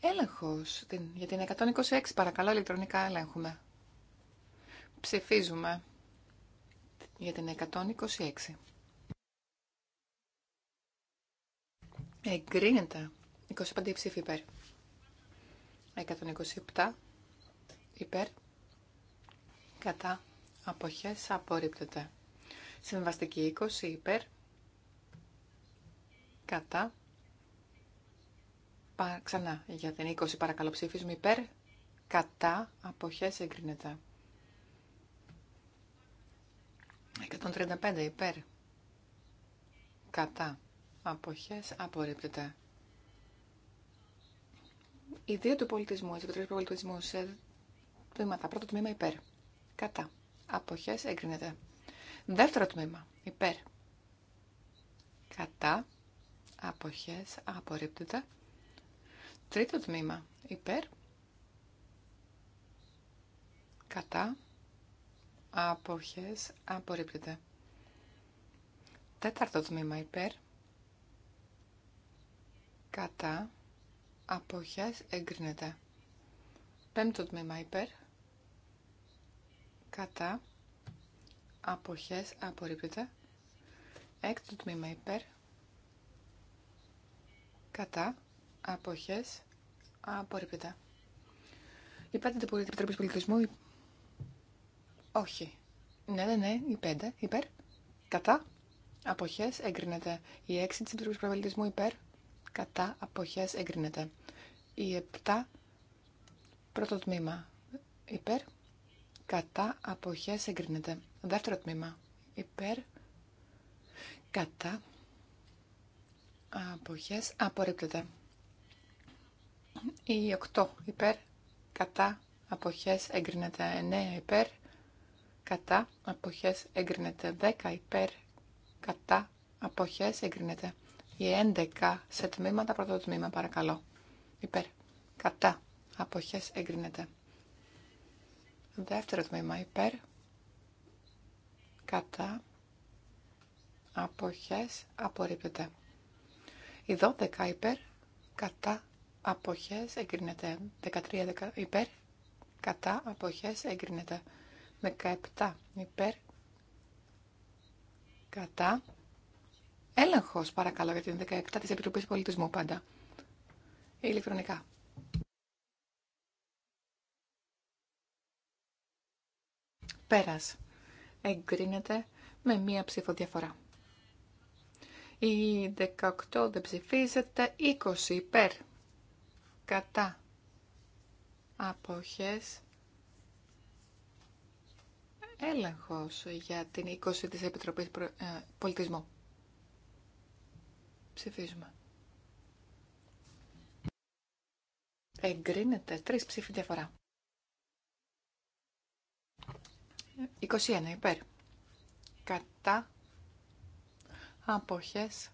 Έλεγχος για την 126 παρακαλώ ηλεκτρονικά έλεγχουμε. Ψηφίζουμε για την 126. Εγκρίνεται. 25 ψήφοι υπέρ. 127 υπέρ. Κατά αποχές απορρίπτεται. Συμβαστική 20 υπέρ. Κατά. Πα, ξανά για την 20 παρακαλώ ψήφισμα υπέρ. Κατά. Αποχές εγκρίνεται. 135 υπέρ. Κατά. Αποχές απορρίπτεται. Η δύο του πολιτισμού, έτσι επιτρέπει πολιτισμού σε τμήματα. Πρώτο τμήμα υπέρ. Κατά. Αποχές εγκρίνεται. Δεύτερο τμήμα. Υπέρ. Κατά. Αποχές. Απορρίπτεται. Τρίτο τμήμα. Υπέρ. Κατά. Αποχές. Απορρίπτεται. Τέταρτο τμήμα. Υπέρ. Κατά. Αποχές. Εγκρίνεται. Πέμπτο τμήμα. Υπέρ. Κατά αποχές απορρίπτεται. Έκτο τμήμα υπέρ, κατά, αποχές απορρίπτεται. Η πέντε του Επιτροπής Πολιτισμού, όχι. Ναι, ναι, ναι, η πέντε, υπέρ, κατά, αποχές εγκρίνεται. Η έξι της Επιτροπής Πολιτισμού υπέρ, κατά, αποχές εγκρίνεται. Η επτά, πρώτο τμήμα, υπέρ, κατά, αποχές εγκρίνεται. Δεύτερο τμήμα. Υπέρ. Κατά. Αποχές. Απορρίπτεται. Η 8 υπέρ. Κατά. Αποχές. Εγκρίνεται. 9 υπέρ. Κατά. Αποχές. Εγκρίνεται. 10 υπέρ. Κατά. Αποχές. Εγκρίνεται. Η 11 σε τμήματα. Πρώτο τμήμα παρακαλώ. Υπέρ. Κατά. Αποχές. Εγκρίνεται. Δεύτερο τμήμα υπέρ κατά αποχές απορρίπτεται. Η 12 υπέρ κατά αποχές εγκρίνεται. 13 υπέρ κατά αποχές εγκρίνεται. 17 υπέρ κατά έλεγχος παρακαλώ για την 17 της Επιτροπής Πολιτισμού πάντα. Ηλεκτρονικά. Πέρας εγκρίνεται με μία ψήφο διαφορά. Η 18 δεν ψηφίζεται, 20 υπέρ, κατά, αποχές, έλεγχος για την 20 της Επιτροπής ε, Πολιτισμού. Ψηφίζουμε. Εγκρίνεται τρεις ψήφοι διαφορά. 21 υπέρ. Κατά αποχές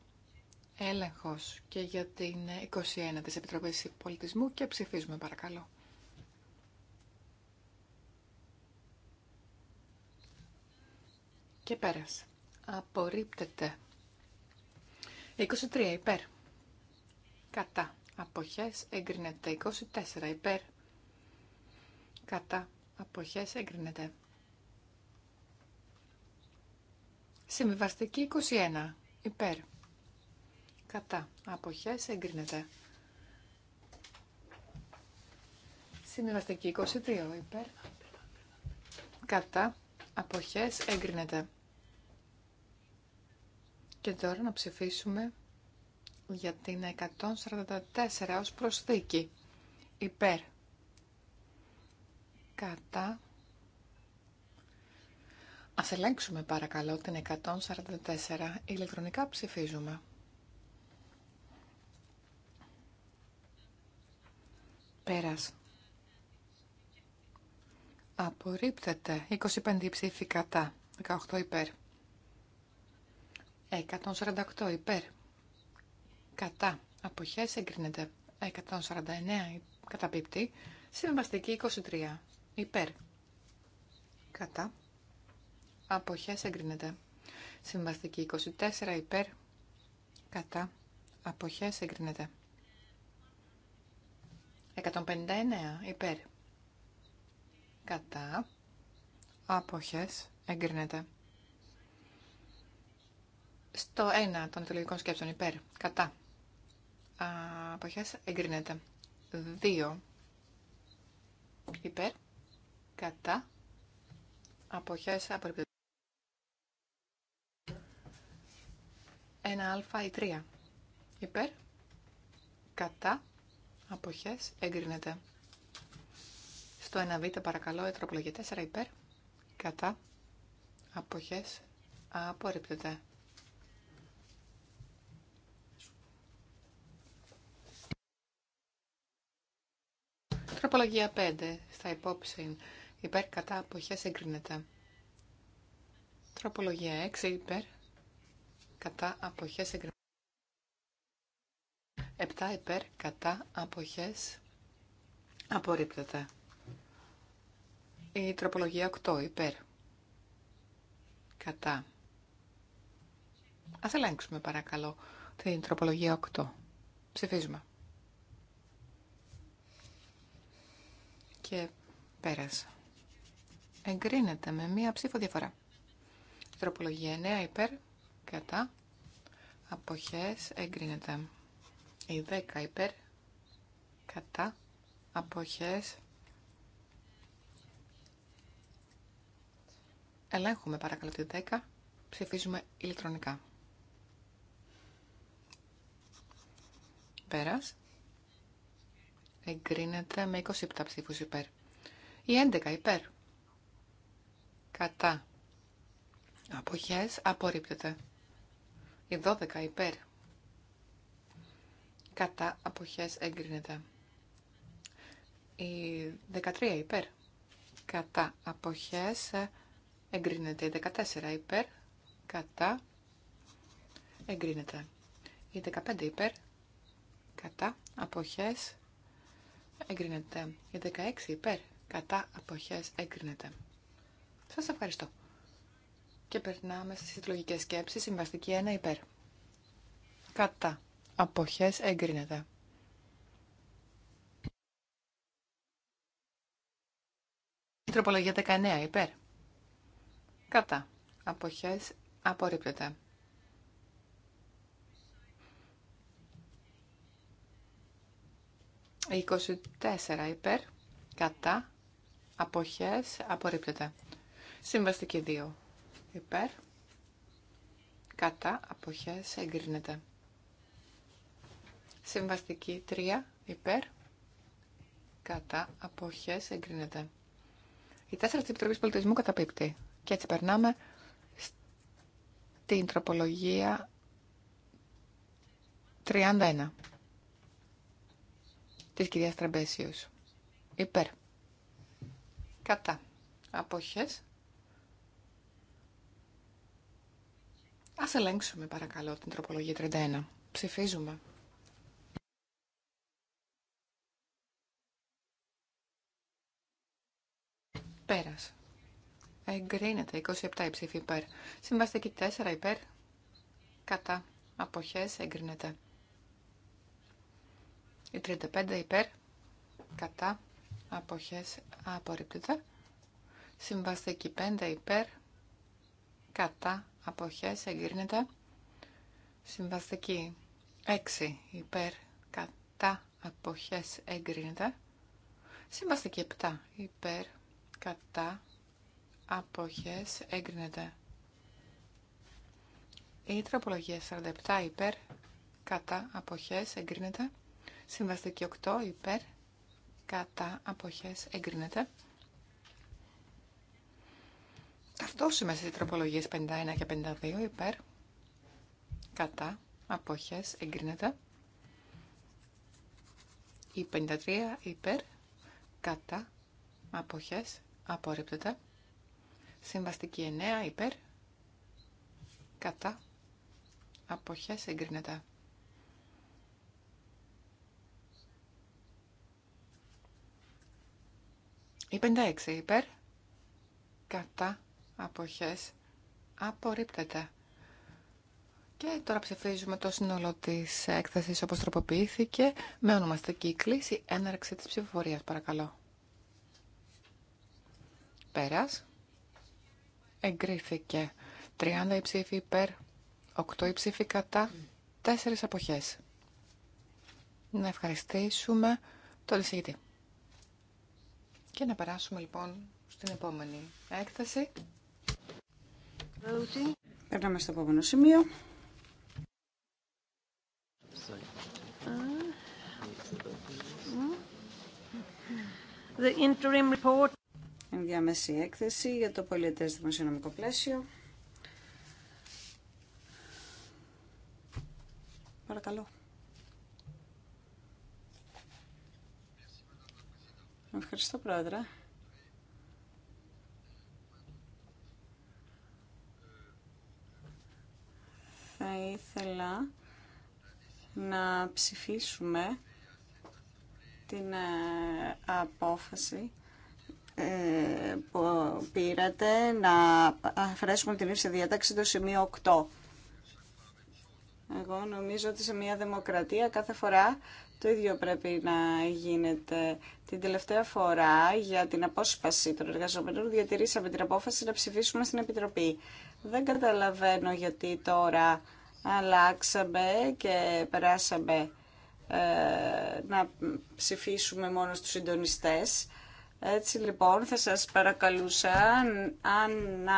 έλεγχος και για την 21 τη Επιτροπή Πολιτισμού και ψηφίζουμε παρακαλώ. Και πέρασε. Απορρίπτεται. 23 υπέρ. Κατά. Αποχές εγκρίνεται. 24 υπέρ. Κατά. Αποχές εγκρίνεται. Συμβιβαστική 21. Υπέρ. Κατά. Αποχές εγκρίνεται. Συμβιβαστική 22. Υπέρ. Κατά. Αποχές εγκρίνεται. Και τώρα να ψηφίσουμε για την 144 ως προσθήκη. Υπέρ. Κατά. Ας ελέγξουμε παρακαλώ την 144. Ηλεκτρονικά ψηφίζουμε. Πέρας. Απορρίπτεται. 25 ψήφοι κατά. 18 υπέρ. 148 υπέρ. Κατά. Αποχές εγκρίνεται. 149 καταπίπτει. Συμβαστική 23 υπέρ. Κατά αποχές εγκρίνεται. Συμβαστική 24 υπέρ, κατά, αποχές εγκρίνεται. 159 υπέρ, κατά, αποχές εγκρίνεται. Στο 1 των τελικών σκέψεων υπέρ, κατά, αποχές εγκρίνεται. 2 υπέρ, κατά, αποχές απορριπτωτικά. 1α ή 3. Υπέρ. Κατά. Αποχές. Εγκρίνεται. Στο 1β παρακαλώ η τροπολογία 4 υπέρ. Κατά. Αποχές. Απορρίπτεται. Τροπολογία 5. Στα υπόψη υπέρ κατά αποχές εγκρίνεται. Τροπολογία 6 υπέρ κατά αποχές εγκρίνεται. 7 υπέρ κατά αποχές απορρίπτεται. Η τροπολογία 8 υπέρ κατά. Ας ελέγξουμε παρακαλώ την τροπολογία 8. Ψηφίζουμε. Και πέρασε. Εγκρίνεται με μία ψήφο διαφορά. Η τροπολογία 9 υπέρ κατά αποχές εγκρίνεται. Η 10 υπέρ κατά αποχές Ελέγχουμε παρακαλώ τη 10. Ψηφίζουμε ηλεκτρονικά. Πέρας. Εγκρίνεται με 27 ψήφους υπέρ. Η 11 υπέρ. Κατά. Αποχές απορρίπτεται. Η 12 υπέρ. Κατά αποχές εγκρίνεται. Η 13 υπέρ. Κατά αποχές εγκρίνεται. Η 14 υπέρ. Κατά εγκρίνεται. Η 15 υπέρ. Κατά αποχές εγκρίνεται. Η 16 υπέρ. Κατά αποχές εγκρίνεται. Σας ευχαριστώ. Και περνάμε στις συλλογικές σκέψεις. Συμβαστική 1 υπέρ. Κατά. Αποχές εγκρίνεται. Τροπολογία 19 υπέρ. Κατά. Αποχές απορρίπτεται. Η 24 υπέρ. Κατά. Αποχές απορρίπτεται. Συμβαστική 2 υπέρ, κατά, αποχές, εγκρίνεται. Συμβαστική 3, υπέρ, κατά, αποχές, εγκρίνεται. Η 4 της Επιτροπής Πολιτισμού καταπίπτει. Και έτσι περνάμε στην τροπολογία 31 της κυρίας Τραμπέσιο. Υπέρ. Κατά. Αποχές Ας ελέγξουμε παρακαλώ την τροπολογία 31. Ψηφίζουμε. Πέρας. Εγκρίνεται 27 η ψήφη υπέρ. Συμβαστική 4 υπέρ. Κατά. Αποχές εγκρίνεται. Η 35 υπέρ. Κατά. Αποχές απορρίπτεται. Συμβαστική 5 υπέρ. Κατά αποχές εγκρίνεται. Συμβαστική 6 υπέρ κατά αποχές εγκρίνεται. Συμβαστική 7 υπέρ κατά αποχές εγκρίνεται. Η τροπολογία 47 υπέρ κατά αποχές εγκρίνεται. Συμβαστική 8 υπέρ κατά αποχές εγκρίνεται. Ταυτόσιμες οι τροπολογίες 51 και 52 υπέρ. Κατά. Αποχές. Εγκρίνεται. Η 53 υπέρ. Κατά. Αποχές. Απορρίπτεται. Συμβαστική 9 υπέρ. Κατά. Αποχές. Εγκρίνεται. Η 56 υπέρ. Κατά αποχές απορρίπτεται. Και τώρα ψηφίζουμε το σύνολο της έκθεσης όπως τροποποιήθηκε με ονομαστική κλίση έναρξη της ψηφοφορίας παρακαλώ. Πέρας. Εγκρίθηκε 30 ψήφοι υπέρ, 8 ψήφοι κατά, 4 αποχές. Να ευχαριστήσουμε τον εισηγητή. Και να περάσουμε λοιπόν στην επόμενη έκθεση. Περνάμε στο επόμενο σημείο. The interim report. Ενδιάμεση έκθεση για το πολιετές δημοσιονομικό πλαίσιο. Παρακαλώ. Ευχαριστώ, Πρόεδρε. θα ήθελα να ψηφίσουμε την ε, απόφαση ε, που πήρατε να αφαιρέσουμε την ύψη διάταξη το σημείο 8. Εγώ νομίζω ότι σε μια δημοκρατία κάθε φορά το ίδιο πρέπει να γίνεται. Την τελευταία φορά για την απόσπαση των εργαζομένων διατηρήσαμε την απόφαση να ψηφίσουμε στην Επιτροπή. Δεν καταλαβαίνω γιατί τώρα αλλάξαμε και περάσαμε ε, να ψηφίσουμε μόνο στους συντονιστές. Έτσι λοιπόν θα σας παρακαλούσα αν, να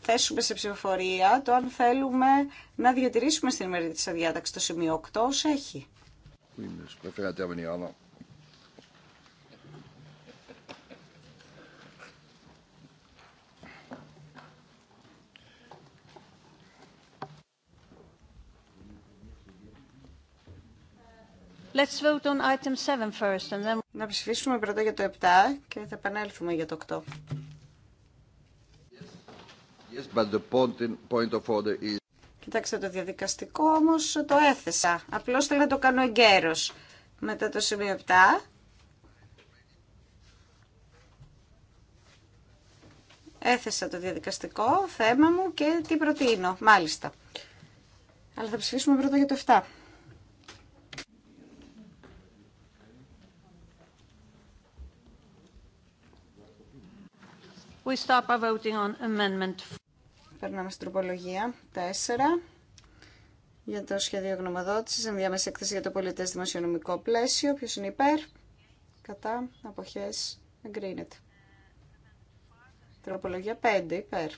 θέσουμε σε ψηφοφορία το αν θέλουμε να διατηρήσουμε στην ημερή της αδιάταξης το σημείο 8 όσο έχει. Let's vote on item 7 first and then... Να ψηφίσουμε πρώτα για το 7 και θα επανέλθουμε για το 8. Yes, but the point of order is... Κοιτάξτε το διαδικαστικό όμως το έθεσα. Απλώς θέλω να το κάνω εγκαίρος. Μετά το σημείο 7. Έθεσα το διαδικαστικό θέμα μου και τι προτείνω. Μάλιστα. Αλλά θα ψηφίσουμε πρώτα για το 7. We stop by voting on amendment. Περνάμε στην τροπολογία 4 για το σχέδιο γνωμοδότησης, ενδιάμεση έκθεση για το πολιτές δημοσιονομικό πλαίσιο. Ποιος είναι υπέρ, κατά, αποχές, εγκρίνεται. Τροπολογία 5, υπέρ,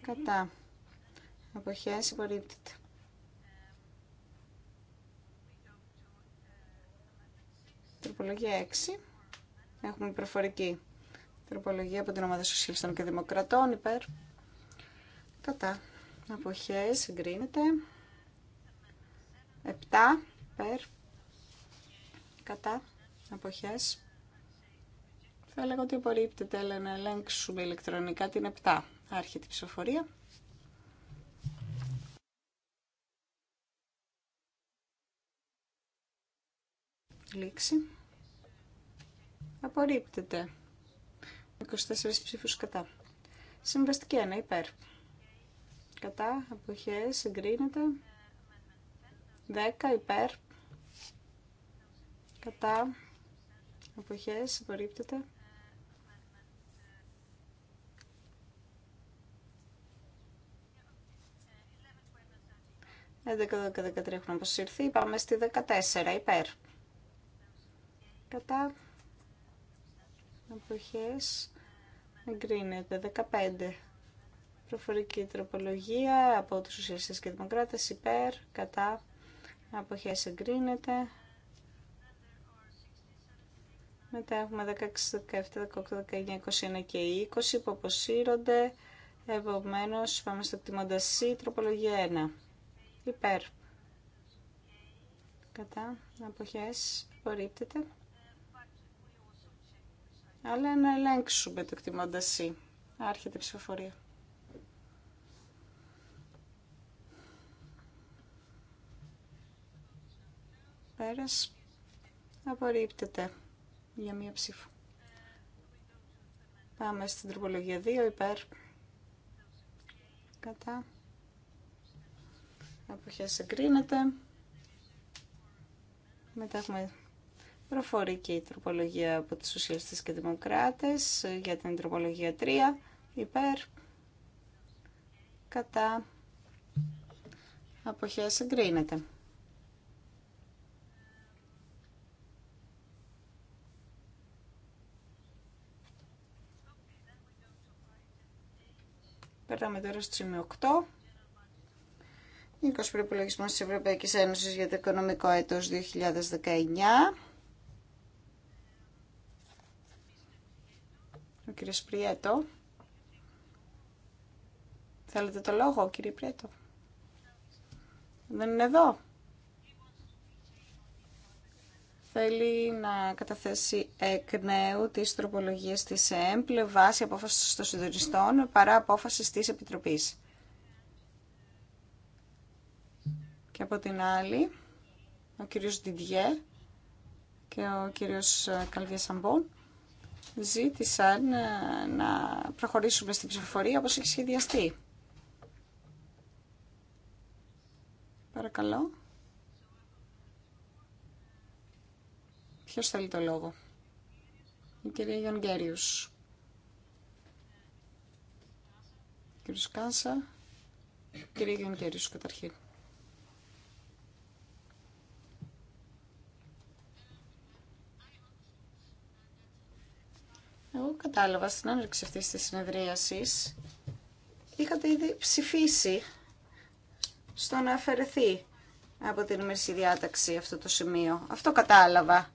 κατά, αποχές, υπορρίπτεται. Τροπολογία 6, έχουμε προφορική Τροπολογία από την ομάδα Σοσιαλιστών και Δημοκρατών υπέρ. Κατά. Αποχές συγκρίνεται. 7 υπέρ. Κατά. Αποχές. Θα έλεγα ότι απορρίπτεται, αλλά να ελέγξουμε ηλεκτρονικά την 7. Άρχεται η ψηφοφορία. Λήξη. Απορρίπτεται. 24 ψήφους κατά. Συμβαστική 1 υπέρ. Κατά αποχές εγκρίνεται. 10 υπέρ. Κατά αποχές απορρίπτεται. 11, 12, 13 έχουν αποσυρθεί. Πάμε στη 14 υπέρ. Κατά αποχές εγκρίνεται 15 προφορική τροπολογία από τους σοσιαλιστές και δημοκράτες υπέρ, κατά αποχές εγκρίνεται μετά έχουμε 16, 17, 18, 19, 21 και 20 που αποσύρονται Επομένω, πάμε στο κτιμώντα τροπολογία 1. Υπέρ. Κατά, αποχές, απορρίπτεται αλλά να ελέγξουμε το εκτιμώντα C. Άρχεται η ψηφοφορία. Πέρας απορρίπτεται για μία ψήφο. Πάμε στην τροπολογία 2 υπέρ κατά αποχές εγκρίνεται μετά έχουμε Προφορική τροπολογία από τους Σοσιαλιστές και Δημοκράτες ε, για την τροπολογία 3. Υπέρ. Κατά. αποχέ εγκρίνεται. Περνάμε τώρα στο σημείο 8. 20 προπολογισμό τη Ευρωπαϊκή Ένωση για το οικονομικό Έτο 2019. κύριε Σπριέτο. Θέλετε το λόγο, κύριε Πριέτο. Δεν είναι εδώ. Θέλει να καταθέσει εκ νέου τις τροπολογίες της ΕΜΠΛ βάσει απόφασης των συντονιστών παρά απόφασης της Επιτροπής. Και από την άλλη, ο κύριος Διντιέ και ο κύριος Καλβιασαμπών ζήτησαν ε, να προχωρήσουμε στην ψηφοφορία όπως έχει σχεδιαστεί. Παρακαλώ. Ποιος θέλει το λόγο. Η κυρία Γιονγκέριους. Κύριος Κάνσα. Κύριε Γιονγκέριους καταρχήν. Εγώ κατάλαβα στην άνοιξη αυτή τη συνεδρίαση είχατε ήδη ψηφίσει στο να αφαιρεθεί από την ημερική διάταξη αυτό το σημείο. Αυτό κατάλαβα.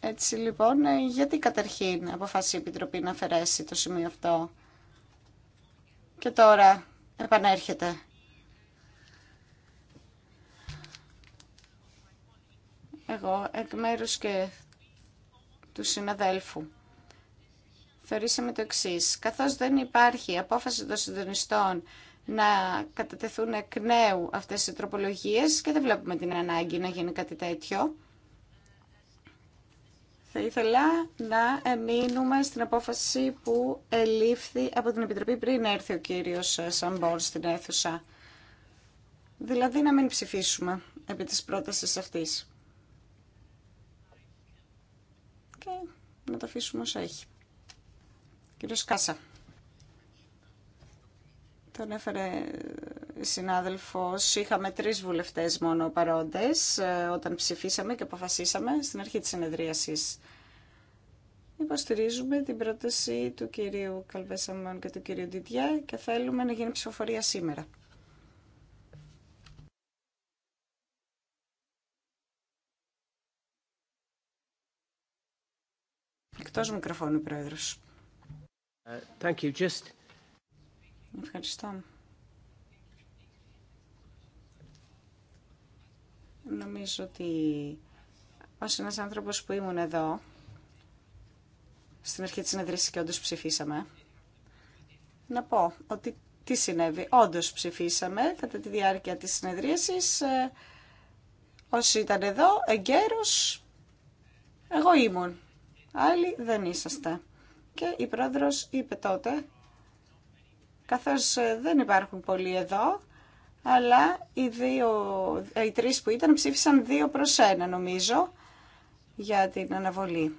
Έτσι λοιπόν, ε, γιατί καταρχήν αποφάσισε η Επιτροπή να αφαιρέσει το σημείο αυτό και τώρα επανέρχεται. εγώ εκ μέρους και του συναδέλφου θεωρήσαμε το εξή. Καθώς δεν υπάρχει απόφαση των συντονιστών να κατατεθούν εκ νέου αυτές οι τροπολογίες και δεν βλέπουμε την ανάγκη να γίνει κάτι τέτοιο, θα ήθελα να μείνουμε στην απόφαση που ελήφθη από την Επιτροπή πριν έρθει ο κύριος Σαμπόρ στην αίθουσα. Δηλαδή να μην ψηφίσουμε επί της πρότασης αυτής. να το αφήσουμε όσο έχει. Κύριος Κάσα. Τον έφερε συνάδελφος. Είχαμε τρεις βουλευτές μόνο παρόντες ε, όταν ψηφίσαμε και αποφασίσαμε στην αρχή της συνεδρίασης. Υποστηρίζουμε την πρόταση του κυρίου Καλβέσαμον και του κυρίου Ντιτιά και θέλουμε να γίνει ψηφοφορία σήμερα. Εκτός μικροφώνου, Πρόεδρος. Ευχαριστώ. Νομίζω ότι ως ένας άνθρωπος που ήμουν εδώ, στην αρχή της συνεδρίσης και όντως ψηφίσαμε, να πω ότι τι συνέβη. Όντως ψηφίσαμε κατά τη διάρκεια της συνεδρίασης. Ε, όσοι ήταν εδώ, εγκαίρως, εγώ ήμουν άλλοι δεν είσαστε. Και η πρόεδρος είπε τότε, καθώς ε, δεν υπάρχουν πολλοί εδώ, αλλά οι, δύο, ε, οι τρεις που ήταν ψήφισαν δύο προς ένα νομίζω για την αναβολή.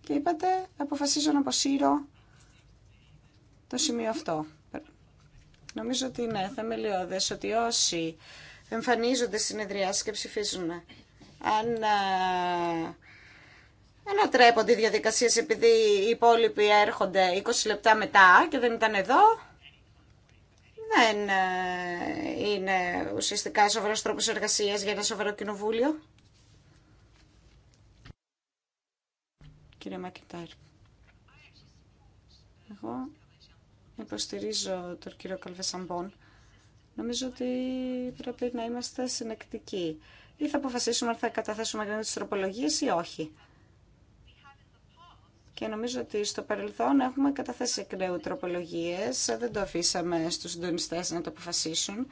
Και είπατε, αποφασίζω να αποσύρω το σημείο αυτό. Νομίζω ότι ναι, θα μελιώδες ότι όσοι εμφανίζονται συνεδριάσεις και ψηφίζουν, αν ε, ανατρέπονται οι διαδικασίες επειδή οι υπόλοιποι έρχονται 20 λεπτά μετά και δεν ήταν εδώ. Δεν ε, είναι ουσιαστικά σοβαρός τρόπος εργασίας για ένα σοβαρό κοινοβούλιο. Κύριε Μακιντάρ, εγώ υποστηρίζω τον κύριο Καλβεσαμπών. Νομίζω ότι πρέπει να είμαστε συνεκτικοί. Ή θα αποφασίσουμε αν θα καταθέσουμε γνώμη τη τροπολογία ή όχι και νομίζω ότι στο παρελθόν έχουμε καταθέσει εκ νέου τροπολογίες, δεν το αφήσαμε στους συντονιστέ να το αποφασίσουν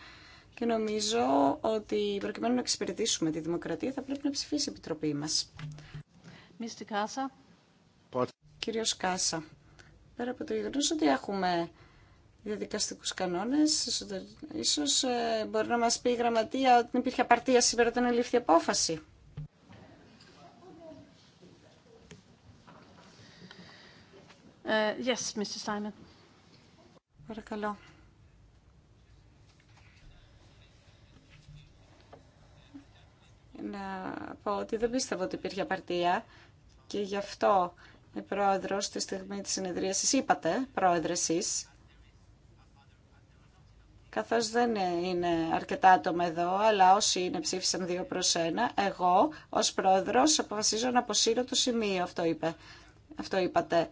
και νομίζω ότι προκειμένου να εξυπηρετήσουμε τη δημοκρατία θα πρέπει να ψηφίσει η Επιτροπή μας. Κάσα. Κύριος Κάσα, πέρα από το γεγονό ότι έχουμε διαδικαστικούς κανόνες, ίσως ε, μπορεί να μας πει η γραμματεία ότι υπήρχε απαρτία σήμερα όταν ελήφθη απόφαση. Ε, Παρακαλώ. Να πω ότι δεν πίστευα ότι υπήρχε απαρτία και γι' αυτό η πρόεδρος τη στιγμή της συνεδρίασης είπατε, πρόεδρε εσείς, καθώς δεν είναι αρκετά άτομα εδώ, αλλά όσοι είναι ψήφισαν δύο προς ένα, εγώ ως πρόεδρος αποφασίζω να αποσύρω το σημείο, αυτό, είπε. αυτό είπατε.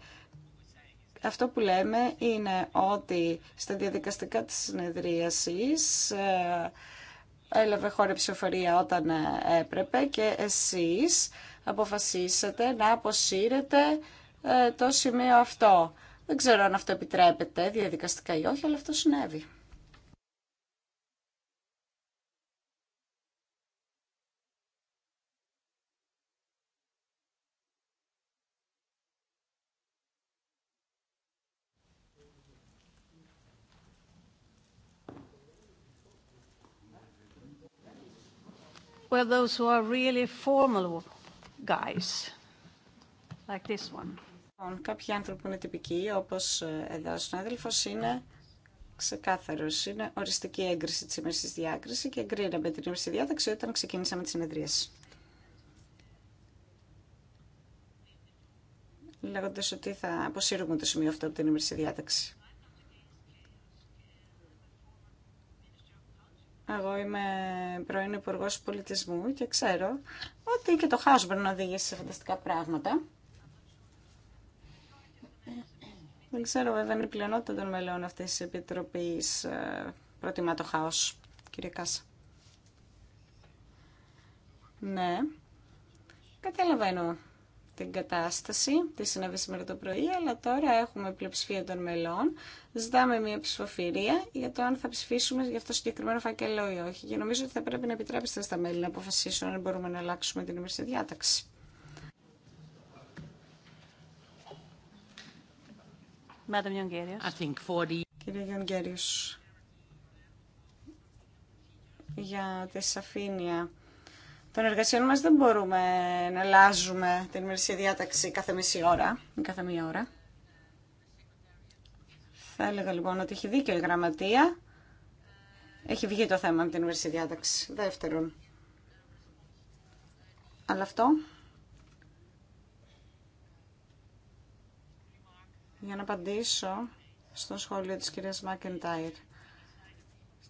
Αυτό που λέμε είναι ότι στα διαδικαστικά της συνεδρίασης ε, έλαβε χώρα ψηφοφορία όταν έπρεπε και εσείς αποφασίσατε να αποσύρετε ε, το σημείο αυτό. Δεν ξέρω αν αυτό επιτρέπεται διαδικαστικά ή όχι, αλλά αυτό συνέβη. well, those who are really formal guys, like this one. Λοιπόν, κάποιοι άνθρωποι που είναι τυπικοί, όπως ε, εδώ ο συνάδελφος, είναι ξεκάθαρος. Είναι οριστική έγκριση της ημέρησης διάκριση και εγκρίναμε την ημέρηση διάταξη όταν ξεκίνησαμε τις συνεδρίες. Λέγοντας ότι θα αποσύρουμε το σημείο αυτό από την ημέρηση διάταξη. Εγώ είμαι πρώην υπουργό πολιτισμού και ξέρω ότι και το χάος μπορεί να οδηγήσει σε φανταστικά πράγματα. Δεν ξέρω βέβαια αν η πλειονότητα των μελών αυτής της Επιτροπής ε, προτιμά το χάος, κύριε Κάσα. Ναι, καταλαβαίνω την κατάσταση, τι συνέβη σήμερα το πρωί, αλλά τώρα έχουμε πλειοψηφία των μελών. Ζητάμε μια ψηφοφορία για το αν θα ψηφίσουμε για αυτό το συγκεκριμένο φάκελο ή όχι. Και νομίζω ότι θα πρέπει να επιτρέψετε στα μέλη να αποφασίσουν αν μπορούμε να αλλάξουμε την ημερήσια διάταξη. Κύριε Γιονγκέριος, για τη σαφήνεια των εργασιών μας δεν μπορούμε να αλλάζουμε την ημερησία διάταξη κάθε μισή ώρα ή κάθε μία ώρα. Θα έλεγα λοιπόν ότι έχει δίκιο η γραμματεία. Έχει βγει το θέμα με την ημερησία διάταξη. Δεύτερον. Αλλά αυτό για να απαντήσω στο σχόλιο της κυρίας Μάκεντάιρ.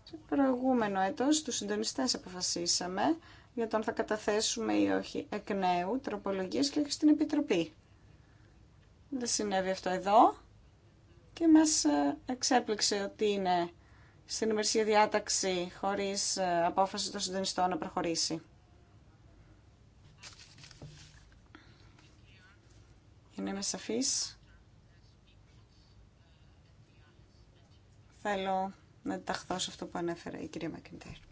Στο προηγούμενο έτος, τους συντονιστές αποφασίσαμε για το αν θα καταθέσουμε ή όχι εκ νέου τροπολογίες και όχι στην Επιτροπή. Δεν συνέβη αυτό εδώ και μας ε, εξέπληξε ότι είναι στην ημερησία διάταξη χωρίς ε, απόφαση των συντονιστών να προχωρήσει. Για να είμαι σαφής, θέλω να ενταχθώ σε αυτό που ανέφερε η κυρία Μακεντέρ.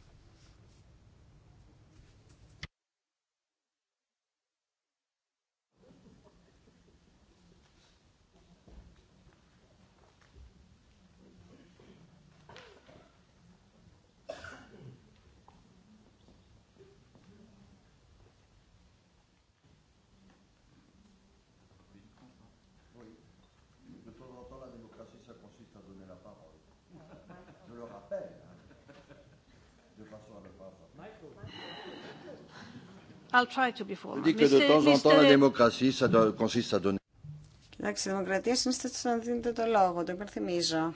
Κοιτάξτε, de Εντάξει, η δημοκρατία συνίσταται να δίνετε το λόγο, το υπερθυμίζω.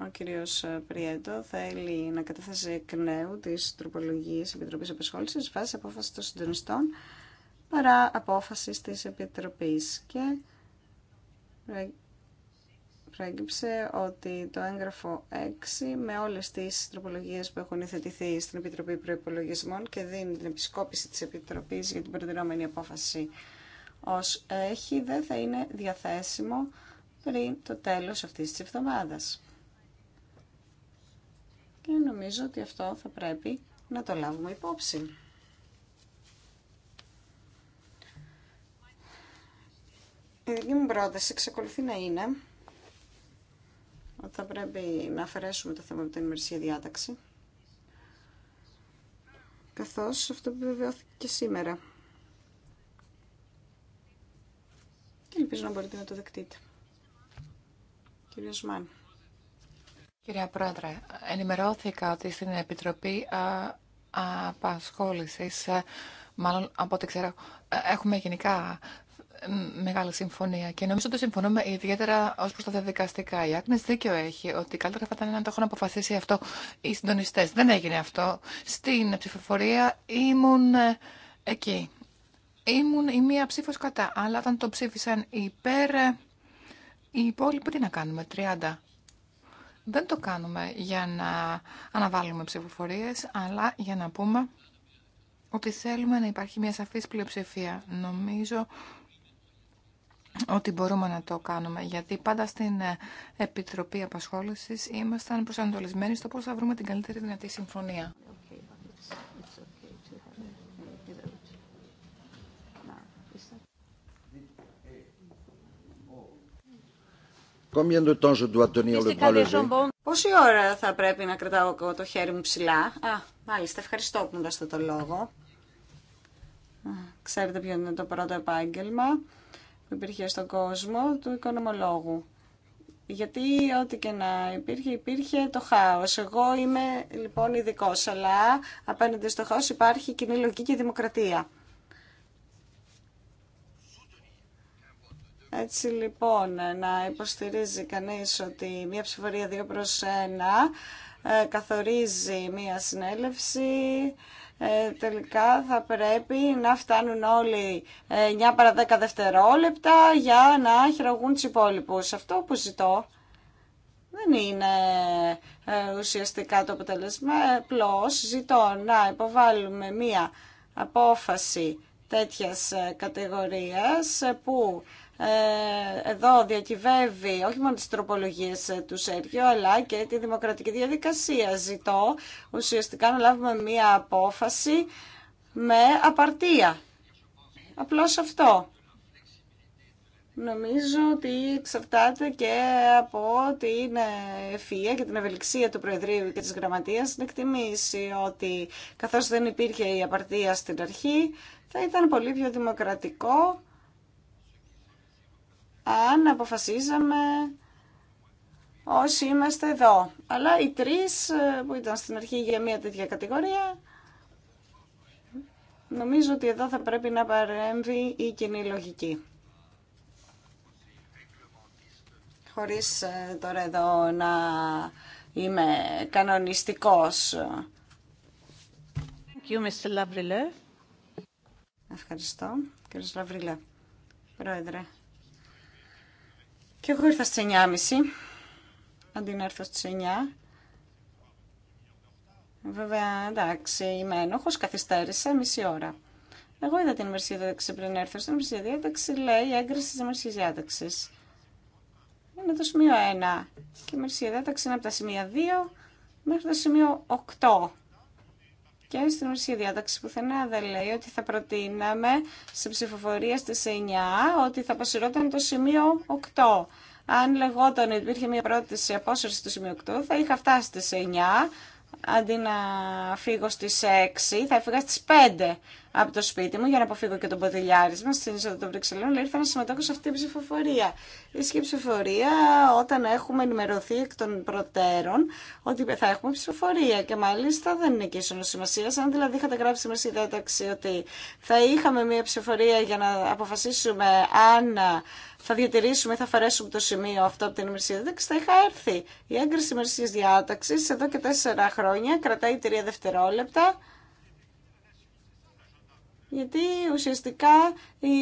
Ο κύριο ε, Πριέντο θέλει να καταθέσει εκ νέου τη τροπολογίες Επιτροπή Επισχόλησης βάσει απόφαση των συντονιστών παρά απόφαση της Επιτροπής και ε, ότι το έγγραφο 6 με όλες τις τροπολογίες που έχουν υιοθετηθεί στην Επιτροπή Προϋπολογισμών και δίνει την επισκόπηση της Επιτροπής για την προτεραιόμενη απόφαση ως έχει δεν θα είναι διαθέσιμο πριν το τέλος αυτής της εβδομάδας. Και νομίζω ότι αυτό θα πρέπει να το λάβουμε υπόψη. Η δική μου πρόταση εξακολουθεί να είναι ότι θα πρέπει να αφαιρέσουμε το θέμα με την ημερησία διάταξη. Καθώς αυτό επιβεβαιώθηκε και σήμερα. Και ελπίζω να μπορείτε να το δεκτείτε. Κύριε Σμάν. Κυρία Πρόεδρε, ενημερώθηκα ότι στην Επιτροπή Απασχόλησης, μάλλον από ό,τι ξέρω, έχουμε γενικά μεγάλη συμφωνία και νομίζω ότι συμφωνούμε ιδιαίτερα ω προ τα διαδικαστικά. Η Άκνε δίκιο έχει ότι καλύτερα θα ήταν να το έχουν αποφασίσει αυτό οι συντονιστέ. Δεν έγινε αυτό. Στην ψηφοφορία ήμουν ε, εκεί. Ήμουν η μία ψήφο κατά. Αλλά όταν το ψήφισαν υπέρ, ε, οι υπόλοιποι τι να κάνουμε, 30. Δεν το κάνουμε για να αναβάλουμε ψηφοφορίες, αλλά για να πούμε ότι θέλουμε να υπάρχει μια σαφής πλειοψηφία. Νομίζω ότι μπορούμε να το κάνουμε. Γιατί πάντα στην ε, Επιτροπή Απασχόλησης ήμασταν προσανατολισμένοι στο πώς θα βρούμε την καλύτερη δυνατή συμφωνία. Πόση ώρα θα πρέπει να κρατάω το χέρι μου ψηλά. Α, μάλιστα, ευχαριστώ που μου δώσετε το λόγο. Ξέρετε ποιο είναι το πρώτο επάγγελμα που υπήρχε στον κόσμο του οικονομολόγου. Γιατί ό,τι και να υπήρχε, υπήρχε το χάος. Εγώ είμαι λοιπόν ειδικό, αλλά απέναντι στο χάος υπάρχει κοινή λογική και δημοκρατία. Έτσι λοιπόν, να υποστηρίζει κανείς ότι μία ψηφορία δύο προς ένα ε, καθορίζει μία συνέλευση ε, τελικά θα πρέπει να φτάνουν όλοι 9 παρα 10 δευτερόλεπτα για να χειραγούν του υπόλοιπου. Αυτό που ζητώ δεν είναι ε, ουσιαστικά το αποτέλεσμα. Ε, πλώς ζητώ να υποβάλουμε μία απόφαση τέτοιας κατηγορίας που ε, εδώ διακυβεύει όχι μόνο τις τροπολογίες ε, του Σέργιο αλλά και τη δημοκρατική διαδικασία. Ζητώ ουσιαστικά να λάβουμε μία απόφαση με απαρτία. Απλώς αυτό. Νομίζω ότι εξαρτάται και από την ε, ευφυΐα και την ευελιξία του Προεδρείου και της Γραμματείας να εκτιμήσει ότι καθώς δεν υπήρχε η απαρτία στην αρχή θα ήταν πολύ πιο δημοκρατικό αν αποφασίζαμε όσοι είμαστε εδώ. Αλλά οι τρεις ε, που ήταν στην αρχή για μια τέτοια κατηγορία, νομίζω ότι εδώ θα πρέπει να παρέμβει η κοινή λογική. Χωρίς ε, τώρα εδώ να είμαι κανονιστικός. Ευχαριστώ, κύριε Λαβριλέ. Πρόεδρε, και εγώ ήρθα στι 9.30, αντί να έρθω στι 9. Βέβαια, εντάξει, είμαι ένοχο, καθυστέρησα μισή ώρα. Εγώ είδα την ημερησία διάταξη πριν έρθω. Στην ημερησία διάταξη λέει έγκριση τη ημερησία διάταξη. Είναι το σημείο 1. Και η ημερησία διάταξη είναι από τα σημεία 2 μέχρι το σημείο 8. Και στην ουσία διάταξη πουθενά δεν λέει ότι θα προτείναμε σε ψηφοφορία στις 9 ότι θα αποσυρώταν το σημείο 8. Αν λεγόταν ότι υπήρχε μια πρόταση απόσυρση του σημείου 8, θα είχα φτάσει στις 9 αντί να φύγω στις 6, θα έφυγα στις 5 από το σπίτι μου για να αποφύγω και το ποδηλιάρισμα στην ίσοδο των Βρυξελών, ήρθα να συμμετέχω σε αυτή την ψηφοφορία. η ψηφοφορία όταν έχουμε ενημερωθεί εκ των προτέρων ότι θα έχουμε ψηφοφορία και μάλιστα δεν είναι και ίσονο σημασία. Αν δηλαδή είχατε γράψει μέσα η διάταξη ότι θα είχαμε μια ψηφοφορία για να αποφασίσουμε αν θα διατηρήσουμε, θα αφαιρέσουμε το σημείο αυτό από την ημερησία διάταξη, θα είχα έρθει. Η έγκριση ημερησία διάταξη εδώ και τέσσερα χρόνια κρατάει τρία δευτερόλεπτα. Γιατί ουσιαστικά η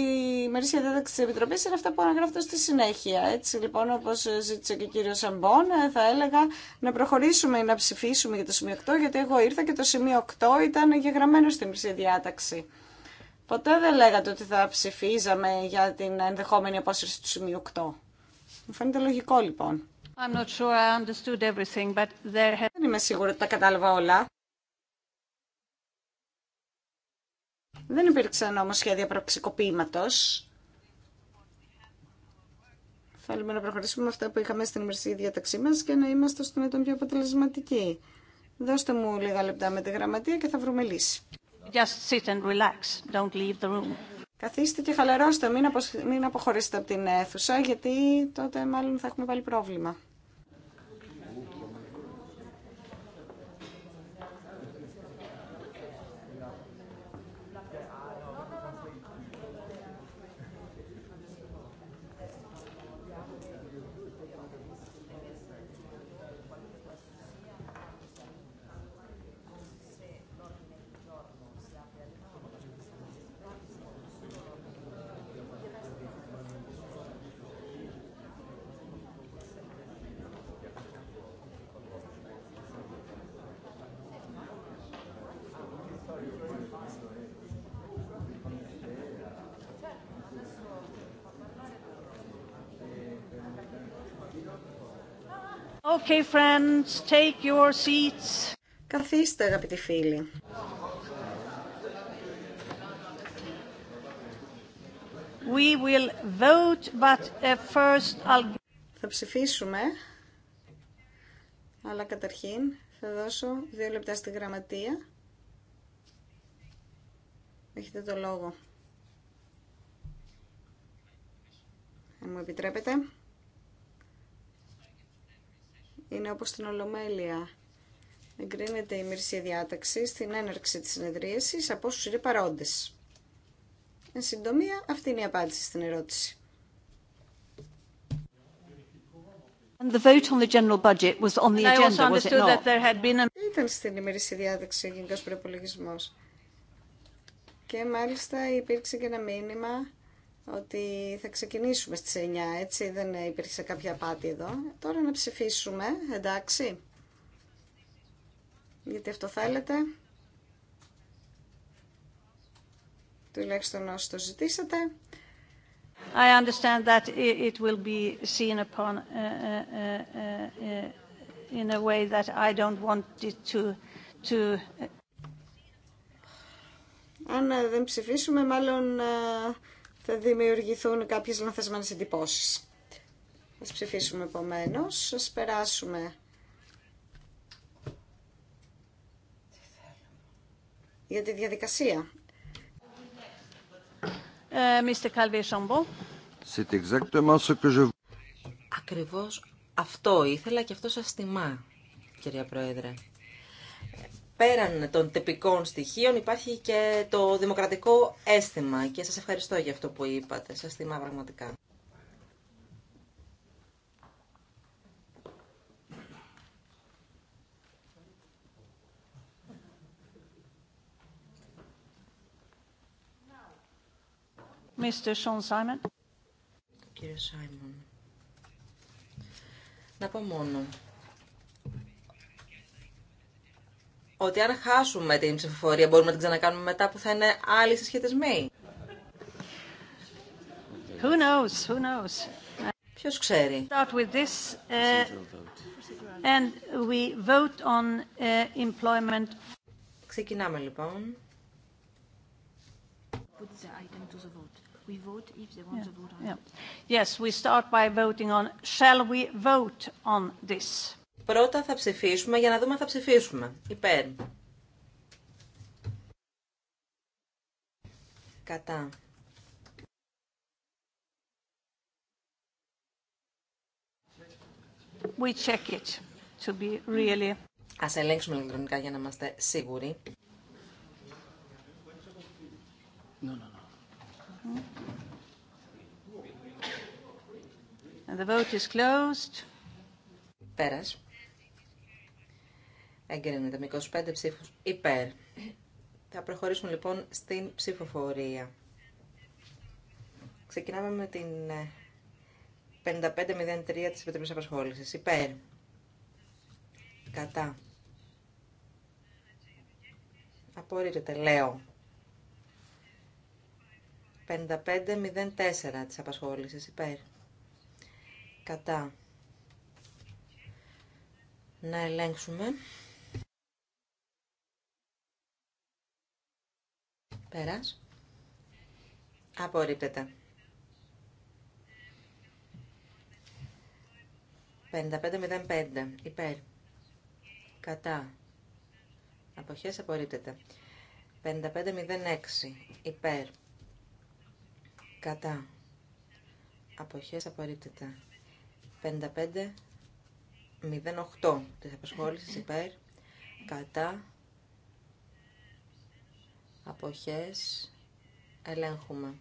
ημερήσια διάταξη τη Επιτροπή είναι αυτά που αναγράφεται στη συνέχεια. Έτσι λοιπόν, όπω ζήτησε και ο κύριο Σαμπόν, θα έλεγα να προχωρήσουμε ή να ψηφίσουμε για το σημείο 8, γιατί εγώ ήρθα και το σημείο 8 ήταν γεγραμμένο στην ημερήσια διάταξη. Ποτέ δεν λέγατε ότι θα ψηφίζαμε για την ενδεχόμενη απόσυρση του σημείου 8. Μου φαίνεται λογικό λοιπόν. I'm not sure I understood everything, but there Δεν είμαι σίγουρη ότι τα κατάλαβα όλα. Δεν υπήρξαν όμως σχέδια προξικοποίηματος. Θέλουμε να προχωρήσουμε με αυτά που είχαμε στην ημερησία διάταξή μας και να είμαστε στον έτον πιο αποτελεσματικοί. Δώστε μου λίγα λεπτά με τη γραμματεία και θα βρούμε λύση. Just sit and relax. Don't leave the room. Καθίστε και χαλαρώστε, μην, μην αποχωρήσετε από την αίθουσα, γιατί τότε μάλλον θα έχουμε πάλι πρόβλημα. take seats. Καθίστε, αγαπητοί φίλοι. We will uh, Θα ψηφίσουμε, αλλά καταρχήν θα δώσω δύο λεπτά στη γραμματεία. Έχετε το λόγο. Αν μου επιτρέπετε είναι όπως στην Ολομέλεια. Εγκρίνεται η ημερησία διάταξη στην έναρξη της συνεδρίασης από όσους είναι παρόντες. Εν συντομία, αυτή είναι η απάντηση στην ερώτηση. Ήταν στην ημερήσια διάταξη ο γενικός προπολογισμό. Και μάλιστα υπήρξε και ένα μήνυμα ότι θα ξεκινήσουμε στις 9, έτσι, δεν υπήρξε κάποια απάτη εδώ. Τώρα να ψηφίσουμε, εντάξει, γιατί αυτό θέλετε. Τουλάχιστον όσο το ζητήσατε. I understand that it will be seen upon ε, ε, ε, in a way that I don't want it to, to... Αν δεν ψηφίσουμε, μάλλον θα δημιουργηθούν κάποιες λανθασμένες εντυπώσεις. Ας ψηφίσουμε επομένω. ας περάσουμε για τη διαδικασία. Μίστε Mr. Je... Ακριβώς αυτό ήθελα και αυτό σας τιμά, κυρία Πρόεδρε πέραν των τυπικών στοιχείων υπάρχει και το δημοκρατικό αίσθημα και σας ευχαριστώ για αυτό που είπατε. Σας θυμάμαι πραγματικά. Mr. Sean Simon. Κύριε Σάιμον, να πω μόνο ότι αν χάσουμε την ψηφοφορία μπορούμε να την ξανακάνουμε μετά που θα είναι άλλοι συσχετισμοί. Who knows, who knows. Ποιος ξέρει. Start with this, uh, and we vote on uh, employment. Ξεκινάμε λοιπόν. Put the item to the vote. We vote if they want yeah. to vote on yeah. it. Yes, we start by voting on. Shall we vote on this? Πρώτα θα ψηφίσουμε για να δούμε αν θα ψηφίσουμε. Υπέρ. Κατά. We check it to be really... Ας ελέγξουμε ηλεκτρονικά για να είμαστε σίγουροι. No, no, no. the vote is closed. Πέρας. Εγκρίνεται με 25 ψήφους υπέρ. Θα προχωρήσουμε λοιπόν στην ψηφοφορία. Ξεκινάμε με την 5503 ε, της Επιτροπής Απασχόλησης. Υπέρ. Κατά. Απορρίπτεται, λέω. 5504 της απασχόλησης. Υπέρ. Κατά. Να ελέγξουμε. Πέρας. Απορρίπτεται. 5505. Υπέρ. Κατά. Αποχές απορρίπτεται. 5506. Υπέρ. Κατά. Αποχές απορρίπτεται. 5508. Της απασχόληση υπέρ. Κατά αποχές ελέγχουμε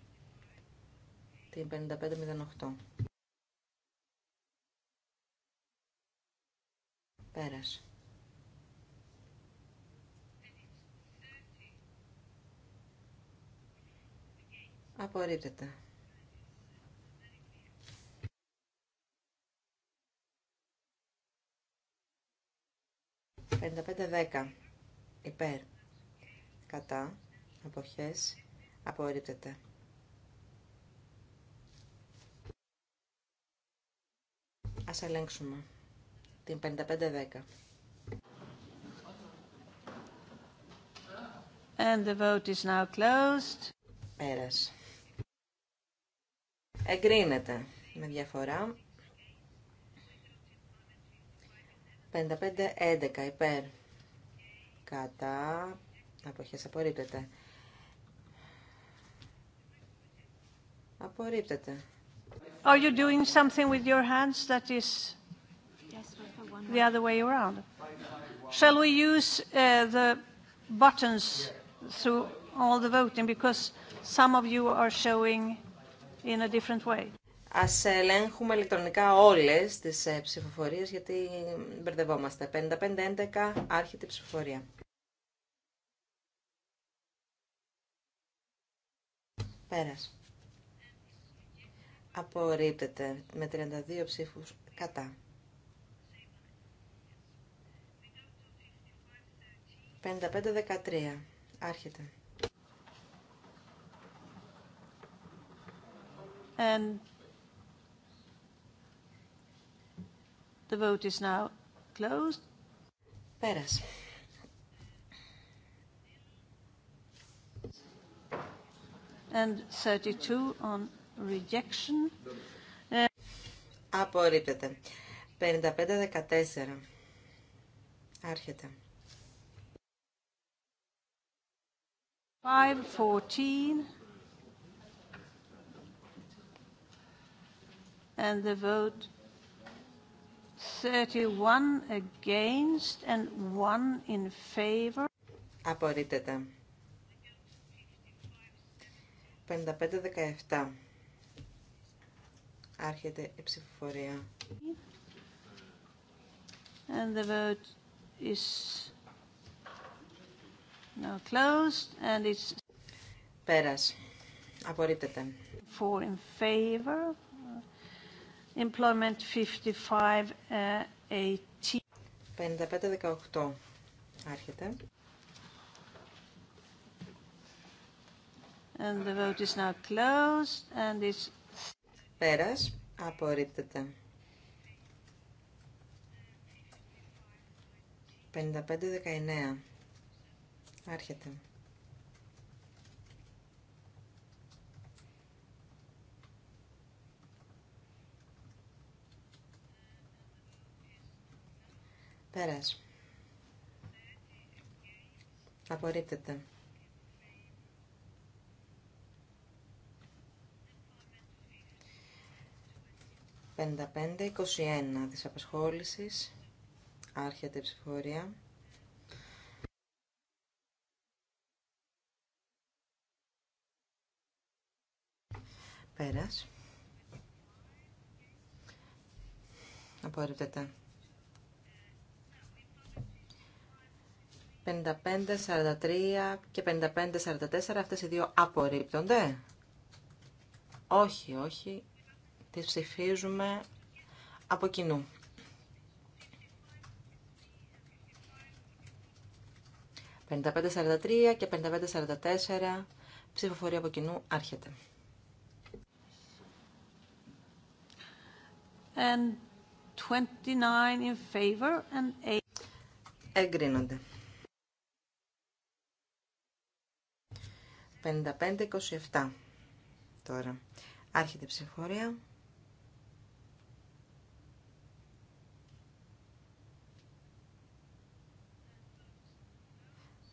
την 5508. Πέρασε. 30. Απορρίπτεται. Πέντε πέντε δέκα. Υπέρ. Κατά αποχές απορρίπτεται. Ας ελέγξουμε την 5510. And the vote is now closed. Πέρας. Εγκρίνεται με διαφορά. 55-11 υπέρ. Κατά. Αποχές απορρίπτεται. Απορρίπτεται. Are you doing something with your hands that is the other way around? Shall we use uh, the buttons through all the voting because some of you are showing in a different way. Ας ελέγχουμε ηλεκτρονικά όλες τις ψηφοφορίες γιατί μπερδευόμαστε. 55-11 άρχεται η ψηφοφορία. Πέρας απορρίπτεται με 32 ψήφους κατά. 55-13. Άρχεται. And the vote is now closed. Πέρασε. And 32 on Rejection. Απορρίπτεται. 55-14. Άρχεται. 5-14. And the vote 31 against and 1 in favor. Απορρίπτεται. 55-17. Άρχεται η ψηφοφορία. And the vote is now closed and it's... Πέρας. Απορρίπτεται. Four in favor. Employment 55, uh, 18. 55-18. Άρχεται. And the vote is now closed and it's Πέρας. Απορρίπτεται. 55-19. Άρχεται. Πέρας. Απορρίπτεται. 55-21 της απασχόλησης. Άρχεται η ψηφοφορία. Πέρας. Απορρίπτεται. 55-43 και 55-44 αυτές οι δύο απορρίπτονται. Όχι, όχι, Τις ψηφίζουμε από κοινού. «5543» και «5544» ψηφοφορία από κοινού άρχεται. And 29 in favor and Εγκρίνονται. 55-27 τώρα. Άρχεται η ψηφοφορία.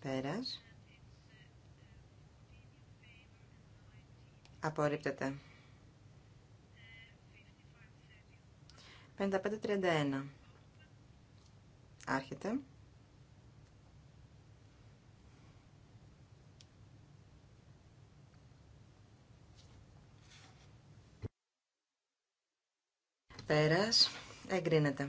Πέρας. Απορρίπτεται. 55-31. Άρχεται. Πέρας. Εγκρίνεται.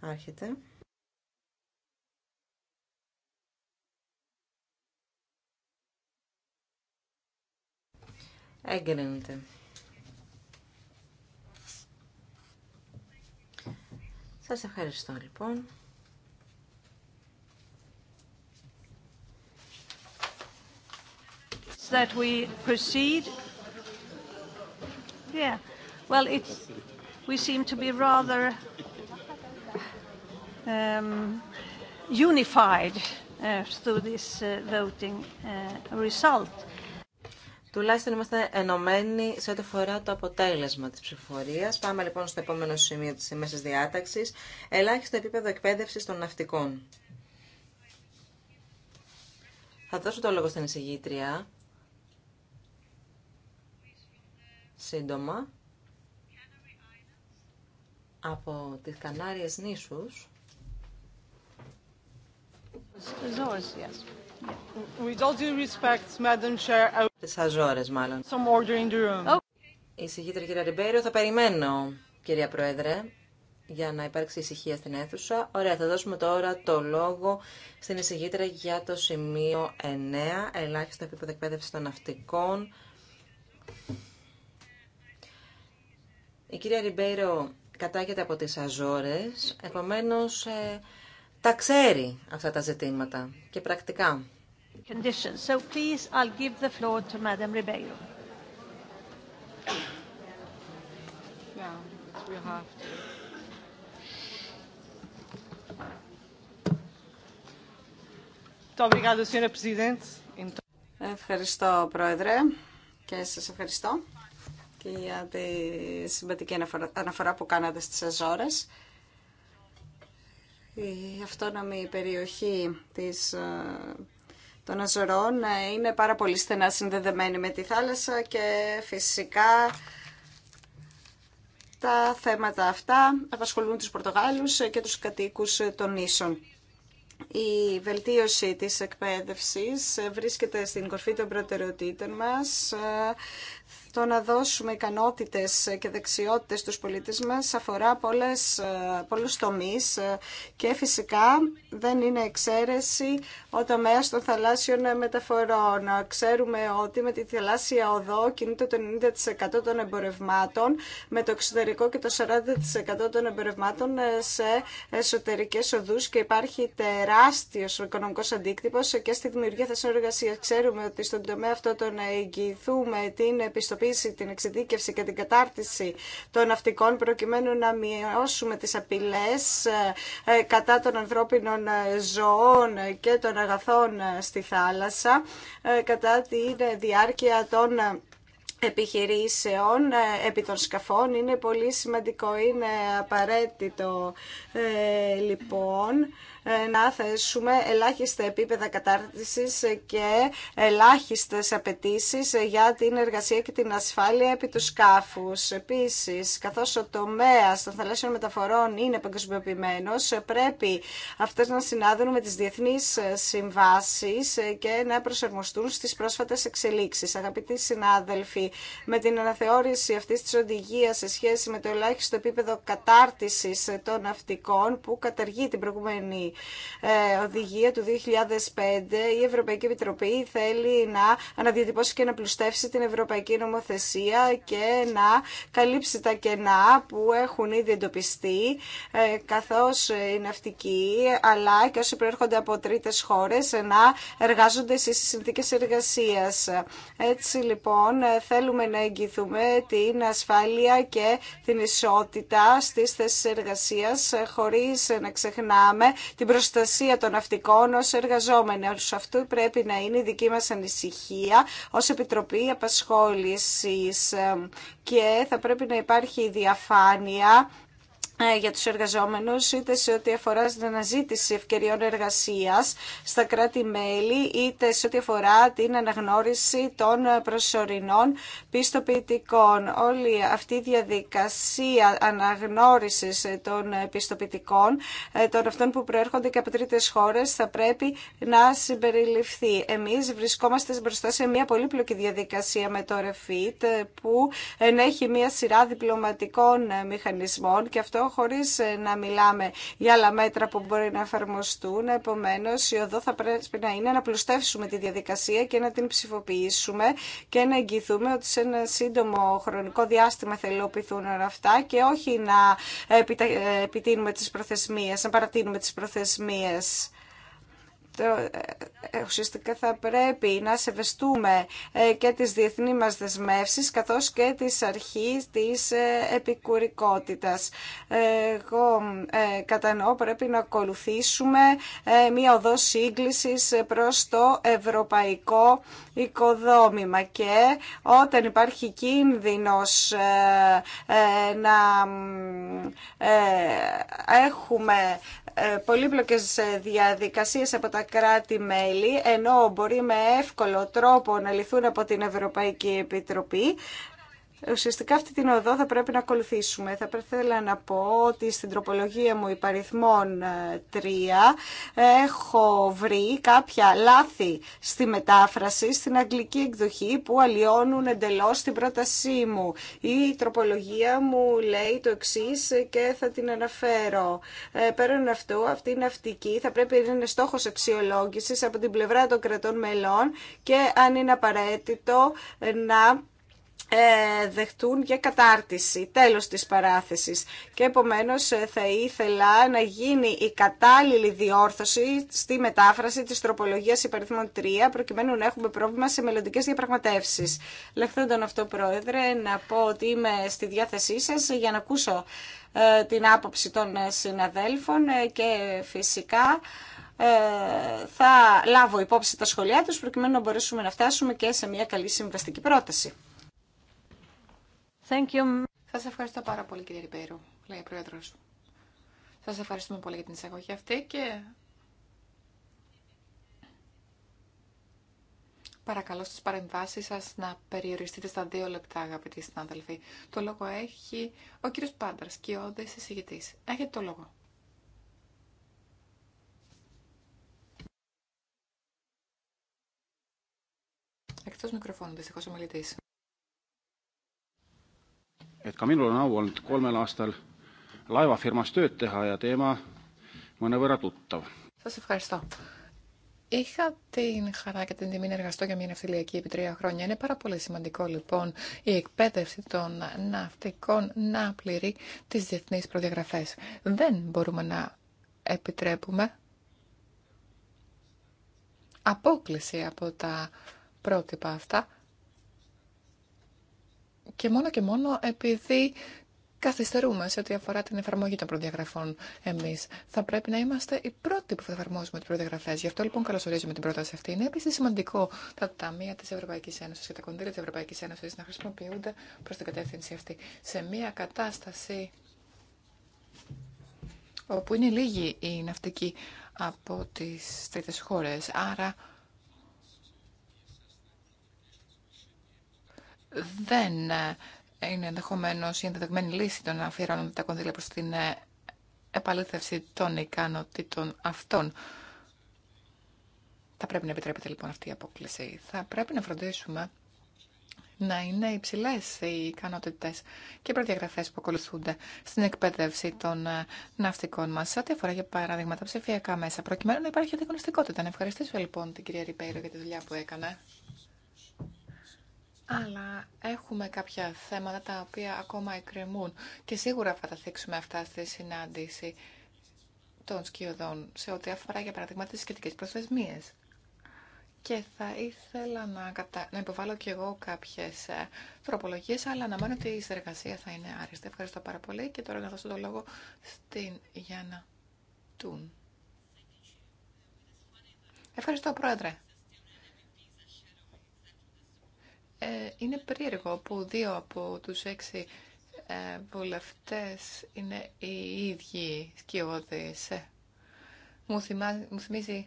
Άρχεται. Έγκρινεται. Σας ευχαριστώ λοιπόν. That we proceed. Yeah. Well, it's, we seem to be rather Um, unified uh, through this uh, voting uh, result. Τουλάχιστον είμαστε ενωμένοι σε ό,τι αφορά το αποτέλεσμα της ψηφοφορίας. Πάμε λοιπόν στο επόμενο σημείο τη μέσα διάταξη. Ελάχιστο επίπεδο εκπαίδευση των ναυτικών. Θα δώσω το λόγο στην εισηγήτρια. Σύντομα. Από τις Κανάριες νήσους. Τις Αζόρες μάλλον. Some order oh. Η κυρία Ριμπέριο θα περιμένω κυρία Πρόεδρε για να υπάρξει ησυχία στην αίθουσα. Ωραία, θα δώσουμε τώρα το λόγο στην εισηγήτρια για το σημείο 9, ελάχιστο επίπεδο εκπαίδευση των ναυτικών. Η κυρία Ριμπέιρο κατάγεται από τις Αζόρες, επομένως ε, τα ξέρει αυτά τα ζητήματα και πρακτικά. Ευχαριστώ, Πρόεδρε, και σας ευχαριστώ και για τη συμπατική αναφορά που κάνατε στις Αζόρες η αυτόνομη περιοχή της, ε, των Αζωρών ε, είναι πάρα πολύ στενά συνδεδεμένη με τη θάλασσα και φυσικά τα θέματα αυτά απασχολούν τους Πορτογάλους και τους κατοίκους των νήσων. Η βελτίωση της εκπαίδευσης βρίσκεται στην κορφή των προτεραιοτήτων μας ε, το να δώσουμε ικανότητες και δεξιότητες στους πολίτες μας αφορά πολλού πολλούς και φυσικά δεν είναι εξαίρεση ο τομέα των θαλάσσιων μεταφορών. Ξέρουμε ότι με τη θαλάσσια οδό κινείται το 90% των εμπορευμάτων, με το εξωτερικό και το 40% των εμπορευμάτων σε εσωτερικές οδούς και υπάρχει τεράστιος οικονομικός αντίκτυπος και στη δημιουργία θέσεων εργασία. Ξέρουμε ότι στον τομέα αυτό το να εγγυηθούμε την επιστοποίηση πίση την εξειδίκευση και την κατάρτιση των ναυτικών προκειμένου να μειώσουμε τις απειλές ε, κατά των ανθρώπινων ε, ζωών και των αγαθών ε, στη θάλασσα κατά τη διάρκεια των επιχειρήσεων επί των σκαφών είναι πολύ σημαντικό, είναι απαραίτητο λοιπόν ε, να θέσουμε ελάχιστα επίπεδα κατάρτισης και ελάχιστες απαιτήσει για την εργασία και την ασφάλεια επί του σκάφους. Επίσης, καθώς ο τομέας των θαλάσσιων μεταφορών είναι παγκοσμιοποιημένο, πρέπει αυτές να συνάδουν με τις διεθνείς συμβάσεις και να προσαρμοστούν στις πρόσφατες εξελίξεις. Αγαπητοί συνάδελφοι, με την αναθεώρηση αυτής της οδηγία σε σχέση με το ελάχιστο επίπεδο κατάρτισης των ναυτικών που καταργεί την προηγούμενη ε, οδηγία του 2005 η Ευρωπαϊκή Επιτροπή θέλει να αναδιατυπώσει και να πλουστεύσει την Ευρωπαϊκή Νομοθεσία και να καλύψει τα κενά που έχουν ήδη εντοπιστεί ε, καθώς οι ναυτικοί αλλά και όσοι προέρχονται από τρίτες χώρες να εργάζονται σε συνθήκες εργασίας. Έτσι λοιπόν θέλουμε να εγγυθούμε την ασφάλεια και την ισότητα στις θέσεις εργασίας χωρίς να ξεχνάμε την προστασία των ναυτικών ω εργαζόμενοι. Αυτό αυτού πρέπει να είναι η δική μας ανησυχία ως Επιτροπή απασχόληση και θα πρέπει να υπάρχει διαφάνεια ε, για τους εργαζόμενους, είτε σε ό,τι αφορά στην αναζήτηση ευκαιριών εργασίας στα κράτη-μέλη, είτε σε ό,τι αφορά την αναγνώριση των προσωρινών πιστοποιητικών. Όλη αυτή η διαδικασία αναγνώρισης ε, των πιστοποιητικών, ε, των αυτών που προέρχονται και από τρίτες χώρες, θα πρέπει να συμπεριληφθεί. Εμείς βρισκόμαστε μπροστά σε μια πολύπλοκη διαδικασία με το REFIT, που ενέχει μια σειρά διπλωματικών μηχανισμών και αυτό χωρίς ε, να μιλάμε για άλλα μέτρα που μπορεί να εφαρμοστούν. Επομένως, η οδό θα πρέπει να είναι να πλουστεύσουμε τη διαδικασία και να την ψηφοποιήσουμε και να εγγυηθούμε ότι σε ένα σύντομο χρονικό διάστημα θα υλοποιηθούν όλα αυτά και όχι να ε, επιτείνουμε τις προθεσμίες, να παρατείνουμε τις προθεσμίες. Ε, ε, ουσιαστικά θα πρέπει να σεβεστούμε ε, και τις διεθνείς μας δεσμεύσεις καθώς και τις αρχές της επικουρικότητας. Εγώ κατανοώ πρέπει να ακολουθήσουμε μία οδό σύγκληση προς το ευρωπαϊκό οικοδόμημα και όταν υπάρχει κίνδυνος να έχουμε ε, πολύπλοκες ε, διαδικασίες από τα κράτη-μέλη, ενώ μπορεί με εύκολο τρόπο να λυθούν από την Ευρωπαϊκή Επιτροπή, Ουσιαστικά αυτή την οδό θα πρέπει να ακολουθήσουμε. Θα ήθελα να πω ότι στην τροπολογία μου υπαριθμών 3 ε, έχω βρει κάποια λάθη στη μετάφραση στην αγγλική εκδοχή που αλλοιώνουν εντελώς την πρότασή μου. Η τροπολογία μου λέει το εξή και θα την αναφέρω. Ε, πέραν αυτού, αυτή η ναυτική θα πρέπει να είναι στόχος αξιολόγησης από την πλευρά των κρατών μελών και αν είναι απαραίτητο να ε, δεχτούν για κατάρτιση, τέλος της παράθεσης. Και επομένως ε, θα ήθελα να γίνει η κατάλληλη διόρθωση στη μετάφραση της τροπολογίας υπαριθμών 3, προκειμένου να έχουμε πρόβλημα σε μελλοντικές διαπραγματεύσεις. τον αυτό, Πρόεδρε, να πω ότι είμαι στη διάθεσή σας για να ακούσω ε, την άποψη των συναδέλφων και φυσικά θα λάβω υπόψη τα σχολιά τους προκειμένου να μπορέσουμε να φτάσουμε και σε μια καλή συμβαστική πρόταση. Thank you. Σας ευχαριστώ πάρα πολύ κύριε Ριπέρου, λέει ο Πρόεδρος. Σας ευχαριστούμε πολύ για την εισαγωγή αυτή και παρακαλώ στις παρεμβάσεις σας να περιοριστείτε στα δύο λεπτά αγαπητοί συνάδελφοι. Το λόγο έχει ο κύριος Πάντρας, κοιόδης εισηγητής. Έχετε το λόγο. Εκτός μικροφώνου, δυστυχώς ο μιλητής. Σα ευχαριστώ. Είχα την χαρά και την τιμή να εργαστώ για μια ναυτιλιακή επιτρία χρόνια. Είναι πάρα πολύ σημαντικό λοιπόν η εκπαίδευση των ναυτικών να πληρεί τις διεθνείς προδιαγραφές. Δεν μπορούμε να επιτρέπουμε απόκληση από τα πρότυπα αυτά και μόνο και μόνο επειδή καθυστερούμε σε ό,τι αφορά την εφαρμογή των προδιαγραφών εμεί. Θα πρέπει να είμαστε οι πρώτοι που θα εφαρμόσουμε τι προδιαγραφέ. Γι' αυτό λοιπόν καλωσορίζουμε την πρόταση αυτή. Είναι επίση σημαντικό τα ταμεία τη Ευρωπαϊκή Ένωση και τα κονδύλια τη Ευρωπαϊκή Ένωση να χρησιμοποιούνται προ την κατεύθυνση αυτή. Σε μια κατάσταση όπου είναι λίγοι οι ναυτικοί από τι τρίτε χώρε. Άρα δεν ε, είναι ενδεχομένω η ενδεδεγμένη λύση των να τα κονδύλια προ την ε, επαλήθευση των ικανοτήτων αυτών. Θα πρέπει να επιτρέπεται λοιπόν αυτή η απόκληση. Θα πρέπει να φροντίσουμε να είναι υψηλέ οι ικανότητε και οι προδιαγραφέ που ακολουθούνται στην εκπαίδευση των ε, ναυτικών μα, ό,τι αφορά για παράδειγμα τα ψηφιακά μέσα, προκειμένου να υπάρχει ανταγωνιστικότητα. Να ευχαριστήσω λοιπόν την κυρία Ριπέιρο για τη δουλειά που έκανε αλλά έχουμε κάποια θέματα τα οποία ακόμα εκκρεμούν και σίγουρα θα τα θίξουμε αυτά στη συνάντηση των σκιωδών σε ό,τι αφορά για παράδειγμα τις σχετικές προθεσμίες. Και θα ήθελα να, κατα... να υποβάλω και εγώ κάποιες ε, τροπολογίες, αλλά αναμένω ότι η συνεργασία θα είναι άριστη. Ευχαριστώ πάρα πολύ και τώρα να δώσω το λόγο στην Γιάννα Τούν. Ευχαριστώ, Πρόεδρε. Ε, είναι περίεργο που δύο από τους έξι ε, βουλευτές είναι οι ίδιοι σκιώδεις. Ε. Μου, θυμά, μου θυμίζει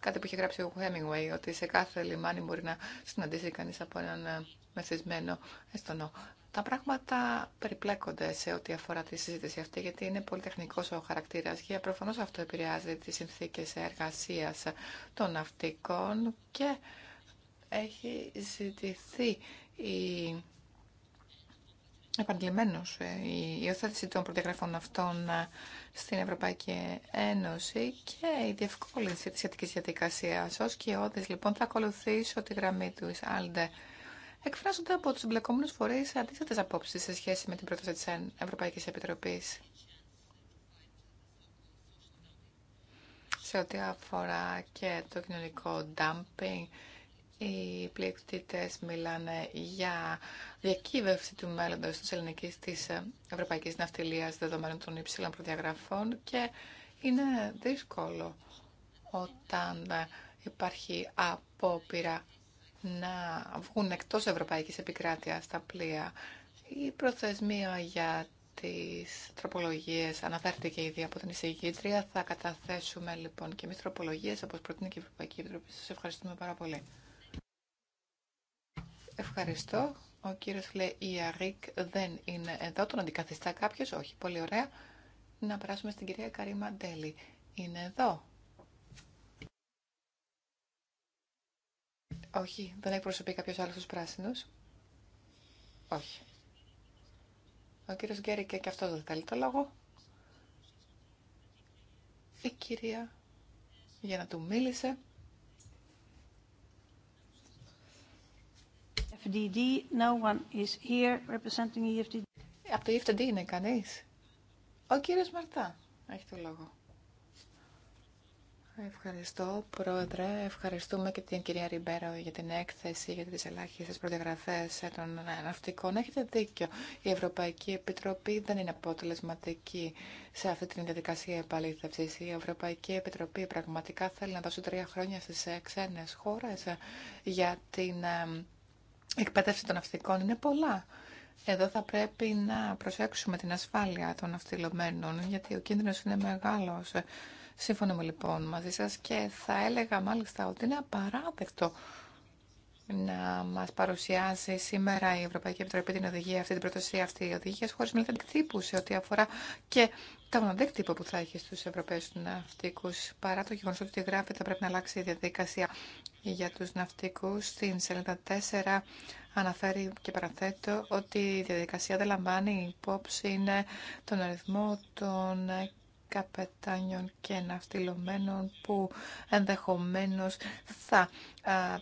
κάτι που είχε γράψει ο Hemingway, ότι σε κάθε λιμάνι μπορεί να συναντήσει κανείς από έναν ε, μεθυσμένο εστονό. Τα πράγματα περιπλέκονται σε ό,τι αφορά τη συζήτηση αυτή, γιατί είναι πολύ τεχνικό ο χαρακτήρα και προφανώ αυτό επηρεάζει τι συνθήκε εργασία των ναυτικών και έχει ζητηθεί η ε, η υιοθέτηση των προδιαγραφών αυτών ε, στην Ευρωπαϊκή Ένωση και η διευκόλυνση της σχετικής διαδικασίας. Ως κοιότης, λοιπόν, θα ακολουθήσω τη γραμμή του Άλντε. Εκφράζονται από τους εμπλεκόμενους φορείς αντίθετες απόψεις σε σχέση με την πρόταση της Ευρωπαϊκής Επιτροπής. Σε ό,τι αφορά και το κοινωνικό dumping, οι πλήκτητε μιλάνε για διακύβευση του μέλλοντος της ελληνικής της ευρωπαϊκής ναυτιλίας δεδομένων των υψηλών προδιαγραφών και είναι δύσκολο όταν υπάρχει απόπειρα να βγουν εκτός ευρωπαϊκής επικράτειας τα πλοία. Η προθεσμία για τις τροπολογίες αναφέρθηκε ήδη από την εισηγήτρια. Θα καταθέσουμε λοιπόν και εμείς τροπολογίες όπως προτείνει και η Ευρωπαϊκή Επιτροπή. Σας ευχαριστούμε πάρα πολύ. Ευχαριστώ. Ο κύριος η Ιαρίκ δεν είναι εδώ. Τον αντικαθιστά κάποιος. Όχι. Πολύ ωραία. Να περάσουμε στην κυρία Καρίμα Ντέλη. Είναι εδώ. Όχι. Δεν προσωπεί κάποιος άλλο τους πράσινους. Όχι. Ο κύριος Γκέρι και αυτό δεν θέλει το λόγο. Η κυρία για να του μίλησε No is here representing EFDD. Από το EFDD είναι κανείς. Ο κύριος Μαρτά έχει το λόγο. Ευχαριστώ, Πρόεδρε. Ευχαριστούμε και την κυρία Ριμπέρο για την έκθεση για τις ελάχιστες προδιαγραφές των ναυτικών. Έχετε δίκιο. Η Ευρωπαϊκή Επιτροπή δεν είναι αποτελεσματική σε αυτή την διαδικασία επαλήθευση. Η Ευρωπαϊκή Επιτροπή πραγματικά θέλει να δώσει τρία χρόνια στις ξένες χώρες για την ε, εκπαίδευση των ναυτικών είναι πολλά. Εδώ θα πρέπει να προσέξουμε την ασφάλεια των ναυτιλωμένων, γιατί ο κίνδυνος είναι μεγάλος. Σύμφωνα με λοιπόν μαζί σας και θα έλεγα μάλιστα ότι είναι απαράδεκτο να μα παρουσιάσει σήμερα η Ευρωπαϊκή Επιτροπή την οδηγία αυτή, την προτοσία αυτή η οδηγία, χωρί την εκτύπου σε ό,τι αφορά και τον αντίκτυπο που θα έχει στου Ευρωπαίου ναυτικού. Παρά το γεγονό ότι γράφει, θα πρέπει να αλλάξει η διαδικασία για του ναυτικού. Στην σελίδα 4 αναφέρει και παραθέτω ότι η διαδικασία δεν λαμβάνει υπόψη είναι τον αριθμό των καπετάνιων και ναυτιλωμένων που ενδεχομένως θα α,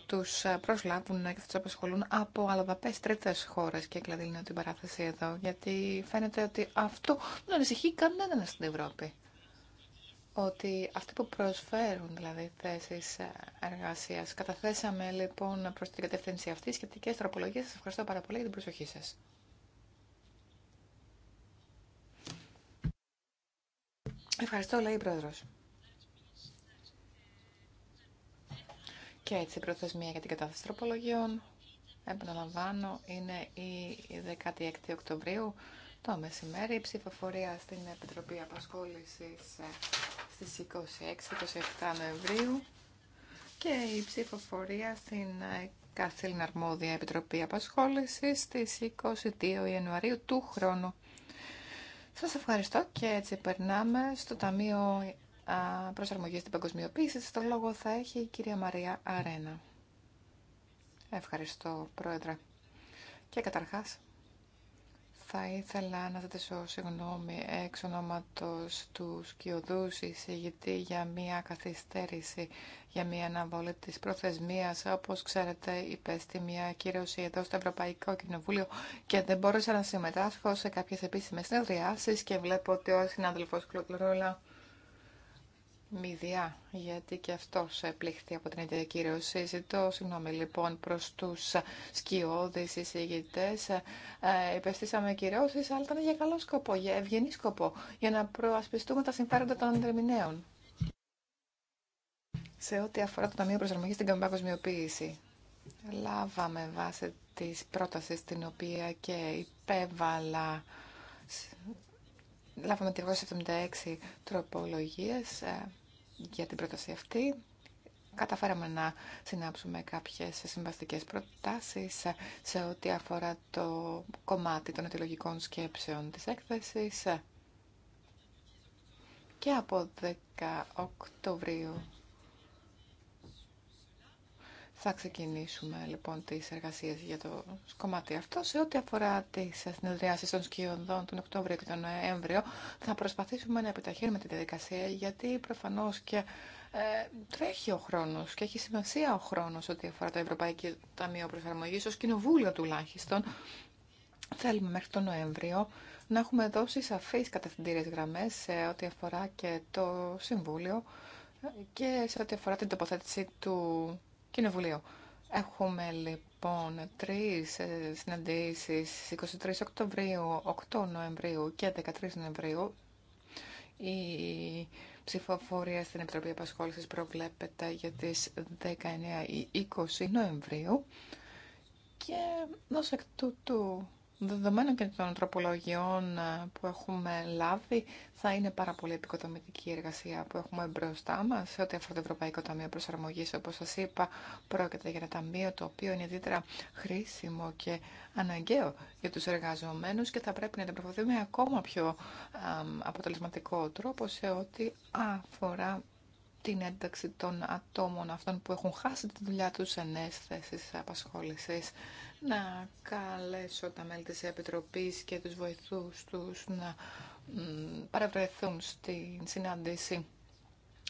τους προσλάβουν και θα τους απασχολούν από αλλοδαπές τρίτες χώρες και είναι την παράθεση εδώ γιατί φαίνεται ότι αυτό δεν ανησυχεί κανέναν στην Ευρώπη ότι αυτοί που προσφέρουν δηλαδή θέσεις εργασίας. Καταθέσαμε λοιπόν προς την κατεύθυνση αυτή σχετικές τροπολογίες. Σας ευχαριστώ πάρα πολύ για την προσοχή σας. Ευχαριστώ, λέει η πρόεδρο. Και έτσι η προθεσμία για την κατάθεση τροπολογιών, επαναλαμβάνω, είναι η 16 Οκτωβρίου το μεσημέρι. Η ψηφοφορία στην Επιτροπή Απασχόλησης ε, στις 26-27 Νοεμβρίου και η ψηφοφορία στην ε, Καθήλυνα Αρμόδια Επιτροπή Απασχόλησης στις 22 Ιανουαρίου του χρόνου. Σας ευχαριστώ και έτσι περνάμε στο Ταμείο Προσαρμογής στην Παγκοσμιοποίηση. Στο λόγο θα έχει η κυρία Μαρία Αρένα. Ευχαριστώ, Πρόεδρε. Και καταρχάς, θα ήθελα να ζητήσω συγγνώμη εξ ονόματος του Σκιωδούς εισηγητή για μια καθυστέρηση, για μια αναβολή της προθεσμίας. Όπως ξέρετε υπέστη μια κύρωση εδώ στο Ευρωπαϊκό Κοινοβούλιο και δεν μπόρεσα να συμμετάσχω σε κάποιες επίσημες συνεδριάσεις και βλέπω ότι ο συνάδελφος Κλοκλορόλα Μηδιά, γιατί και αυτό επλήχθη από την κύριο Ζητώ συγγνώμη λοιπόν προ του σκιώδει εισηγητέ. Ε, υπεστήσαμε κυρώσει, αλλά ήταν για καλό σκοπό, για ευγενή σκοπό, για να προασπιστούμε τα συμφέροντα των ερμηνέων. Σε ό,τι αφορά το Ταμείο Προσαρμογή στην Καμπακοσμιοποίηση, λάβαμε βάση τη πρόταση την οποία και υπέβαλα Λάβαμε 76 τροπολογίες ε, για την πρόταση αυτή. Καταφέραμε να συνάψουμε κάποιες συμβαστικές προτάσεις ε, σε ό,τι αφορά το κομμάτι των αιτιολογικών σκέψεων της έκθεσης. Ε, και από 10 Οκτωβρίου θα ξεκινήσουμε λοιπόν τι εργασίε για το κομμάτι αυτό. Σε ό,τι αφορά τι συνεδριάσει των σκιωδών τον Οκτώβριο και τον Νοέμβριο θα προσπαθήσουμε να επιταχύνουμε τη διαδικασία γιατί προφανώ και ε, τρέχει ο χρόνο και έχει σημασία ο χρόνο ό,τι αφορά το Ευρωπαϊκό Ταμείο Προσαρμογή ω κοινοβούλιο τουλάχιστον. Θέλουμε μέχρι τον Νοέμβριο να έχουμε δώσει σαφεί κατευθυντήριε γραμμέ σε ό,τι αφορά και το Συμβούλιο και σε ό,τι αφορά την τοποθέτηση του Κοινοβουλίου. Έχουμε λοιπόν τρεις ε, συναντήσεις 23 Οκτωβρίου, 8 Νοεμβρίου και 13 Νοεμβρίου. Η ψηφοφορία στην Επιτροπή Απασχόλησης προβλέπεται για τις 19 ή 20 Νοεμβρίου και ως εκ τούτου Δεδομένων και των τροπολογιών ε, που έχουμε λάβει, θα είναι πάρα πολύ επικοδομητική η εργασία που έχουμε μπροστά μα σε ό,τι αφορά το Ευρωπαϊκό Ταμείο Προσαρμογή. Όπω σα είπα, πρόκειται για ένα ταμείο το οποίο είναι ιδιαίτερα χρήσιμο και αναγκαίο για του εργαζομένου και θα πρέπει να το με ακόμα πιο αποτελεσματικό τρόπο σε ό,τι αφορά την ένταξη των ατόμων αυτών που έχουν χάσει τη δουλειά τους σε νέες θέσεις απασχόλησης να καλέσω τα μέλη της Επιτροπής και τους βοηθούς τους να παρευρεθούν στην συνάντηση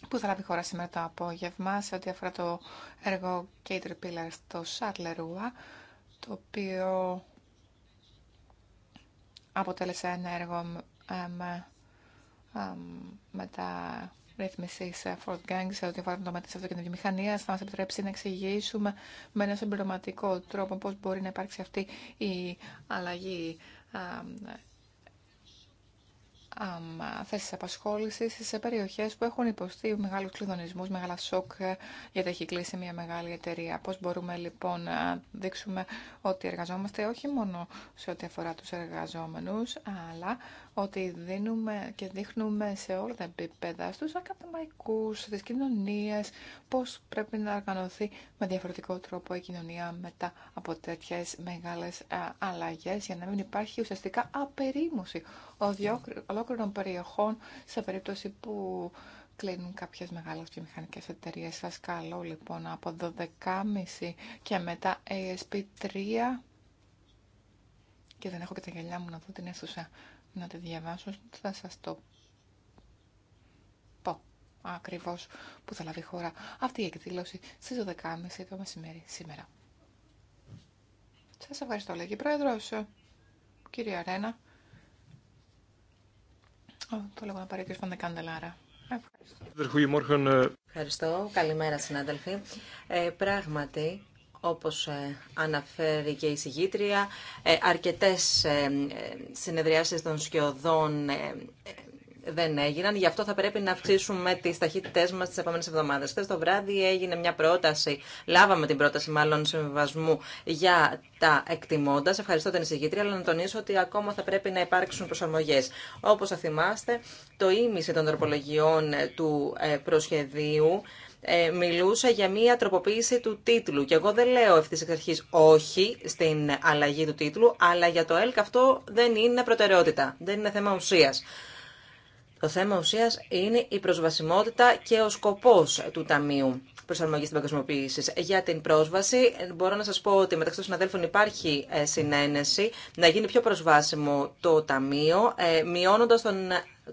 που θα λάβει χώρα σήμερα το απόγευμα σε ό,τι αφορά το έργο Caterpillar στο Σαρλερούα, το οποίο αποτέλεσε ένα έργο ε, ε, με τα ρύθμιση Ford Gang σε ό,τι αφορά το τομέα τη αυτοκινητοβιομηχανία θα μα επιτρέψει να εξηγήσουμε με ένα συμπληρωματικό τρόπο πώ μπορεί να υπάρξει αυτή η αλλαγή θέσει απασχόληση σε περιοχέ που έχουν υποστεί μεγάλου κλειδονισμού, μεγάλα σοκ, γιατί έχει κλείσει μια μεγάλη εταιρεία. Πώ μπορούμε λοιπόν να δείξουμε ότι εργαζόμαστε όχι μόνο σε ό,τι αφορά του εργαζόμενου, αλλά ότι δίνουμε και δείχνουμε σε όλα τα επίπεδα, στους ακαδημαϊκούς, στις κοινωνίες, πώς πρέπει να οργανωθεί με διαφορετικό τρόπο η κοινωνία μετά από τέτοιες μεγάλες ε, αλλαγές, για να μην υπάρχει ουσιαστικά απερίμωση ολόκληρων περιοχών σε περίπτωση που κλείνουν κάποιες μεγάλες βιομηχανικές εταιρείες. Σας καλώ λοιπόν από 12.30 και μετά ASP 3 και δεν έχω και τα γυαλιά μου να δω την αίθουσα να τη διαβάσω, θα σας το πω ακριβώς που θα λάβει χώρα αυτή η εκδήλωση στις 12.30 το μεσημέρι σήμερα. Σας ευχαριστώ, λέγει Πρόεδρος, κύριε Αρένα. Το λέγω να πάρει ο κ. Παντεκάντελάρα. Ευχαριστώ. Ευχαριστώ. Καλημέρα, συνάδελφοι. Ε, πράγματι, όπως ε, αναφέρει και η συγγήτρια, ε, αρκετές ε, συνεδριάσεις των σκιωδών δεν έγιναν. Γι' αυτό θα πρέπει να αυξήσουμε τι ταχύτητέ μα τι επόμενε εβδομάδε. Χθε το βράδυ έγινε μια πρόταση, λάβαμε την πρόταση μάλλον συμβιβασμού για τα εκτιμώντα. Ευχαριστώ την εισηγήτρια, αλλά να τονίσω ότι ακόμα θα πρέπει να υπάρξουν προσαρμογέ. Όπω θα θυμάστε, το ίμιση των τροπολογιών του προσχεδίου ε, μιλούσε για μία τροποποίηση του τίτλου. Και εγώ δεν λέω ευθύ εξ αρχή όχι στην αλλαγή του τίτλου, αλλά για το ΕΛΚ αυτό δεν είναι προτεραιότητα. Δεν είναι θέμα ουσία. Το θέμα ουσία είναι η προσβασιμότητα και ο σκοπό του Ταμείου Προσαρμογή στην Παγκοσμιοποίηση. Για την πρόσβαση, μπορώ να σα πω ότι μεταξύ των συναδέλφων υπάρχει ε, συνένεση να γίνει πιο προσβάσιμο το Ταμείο, ε, μειώνοντα τον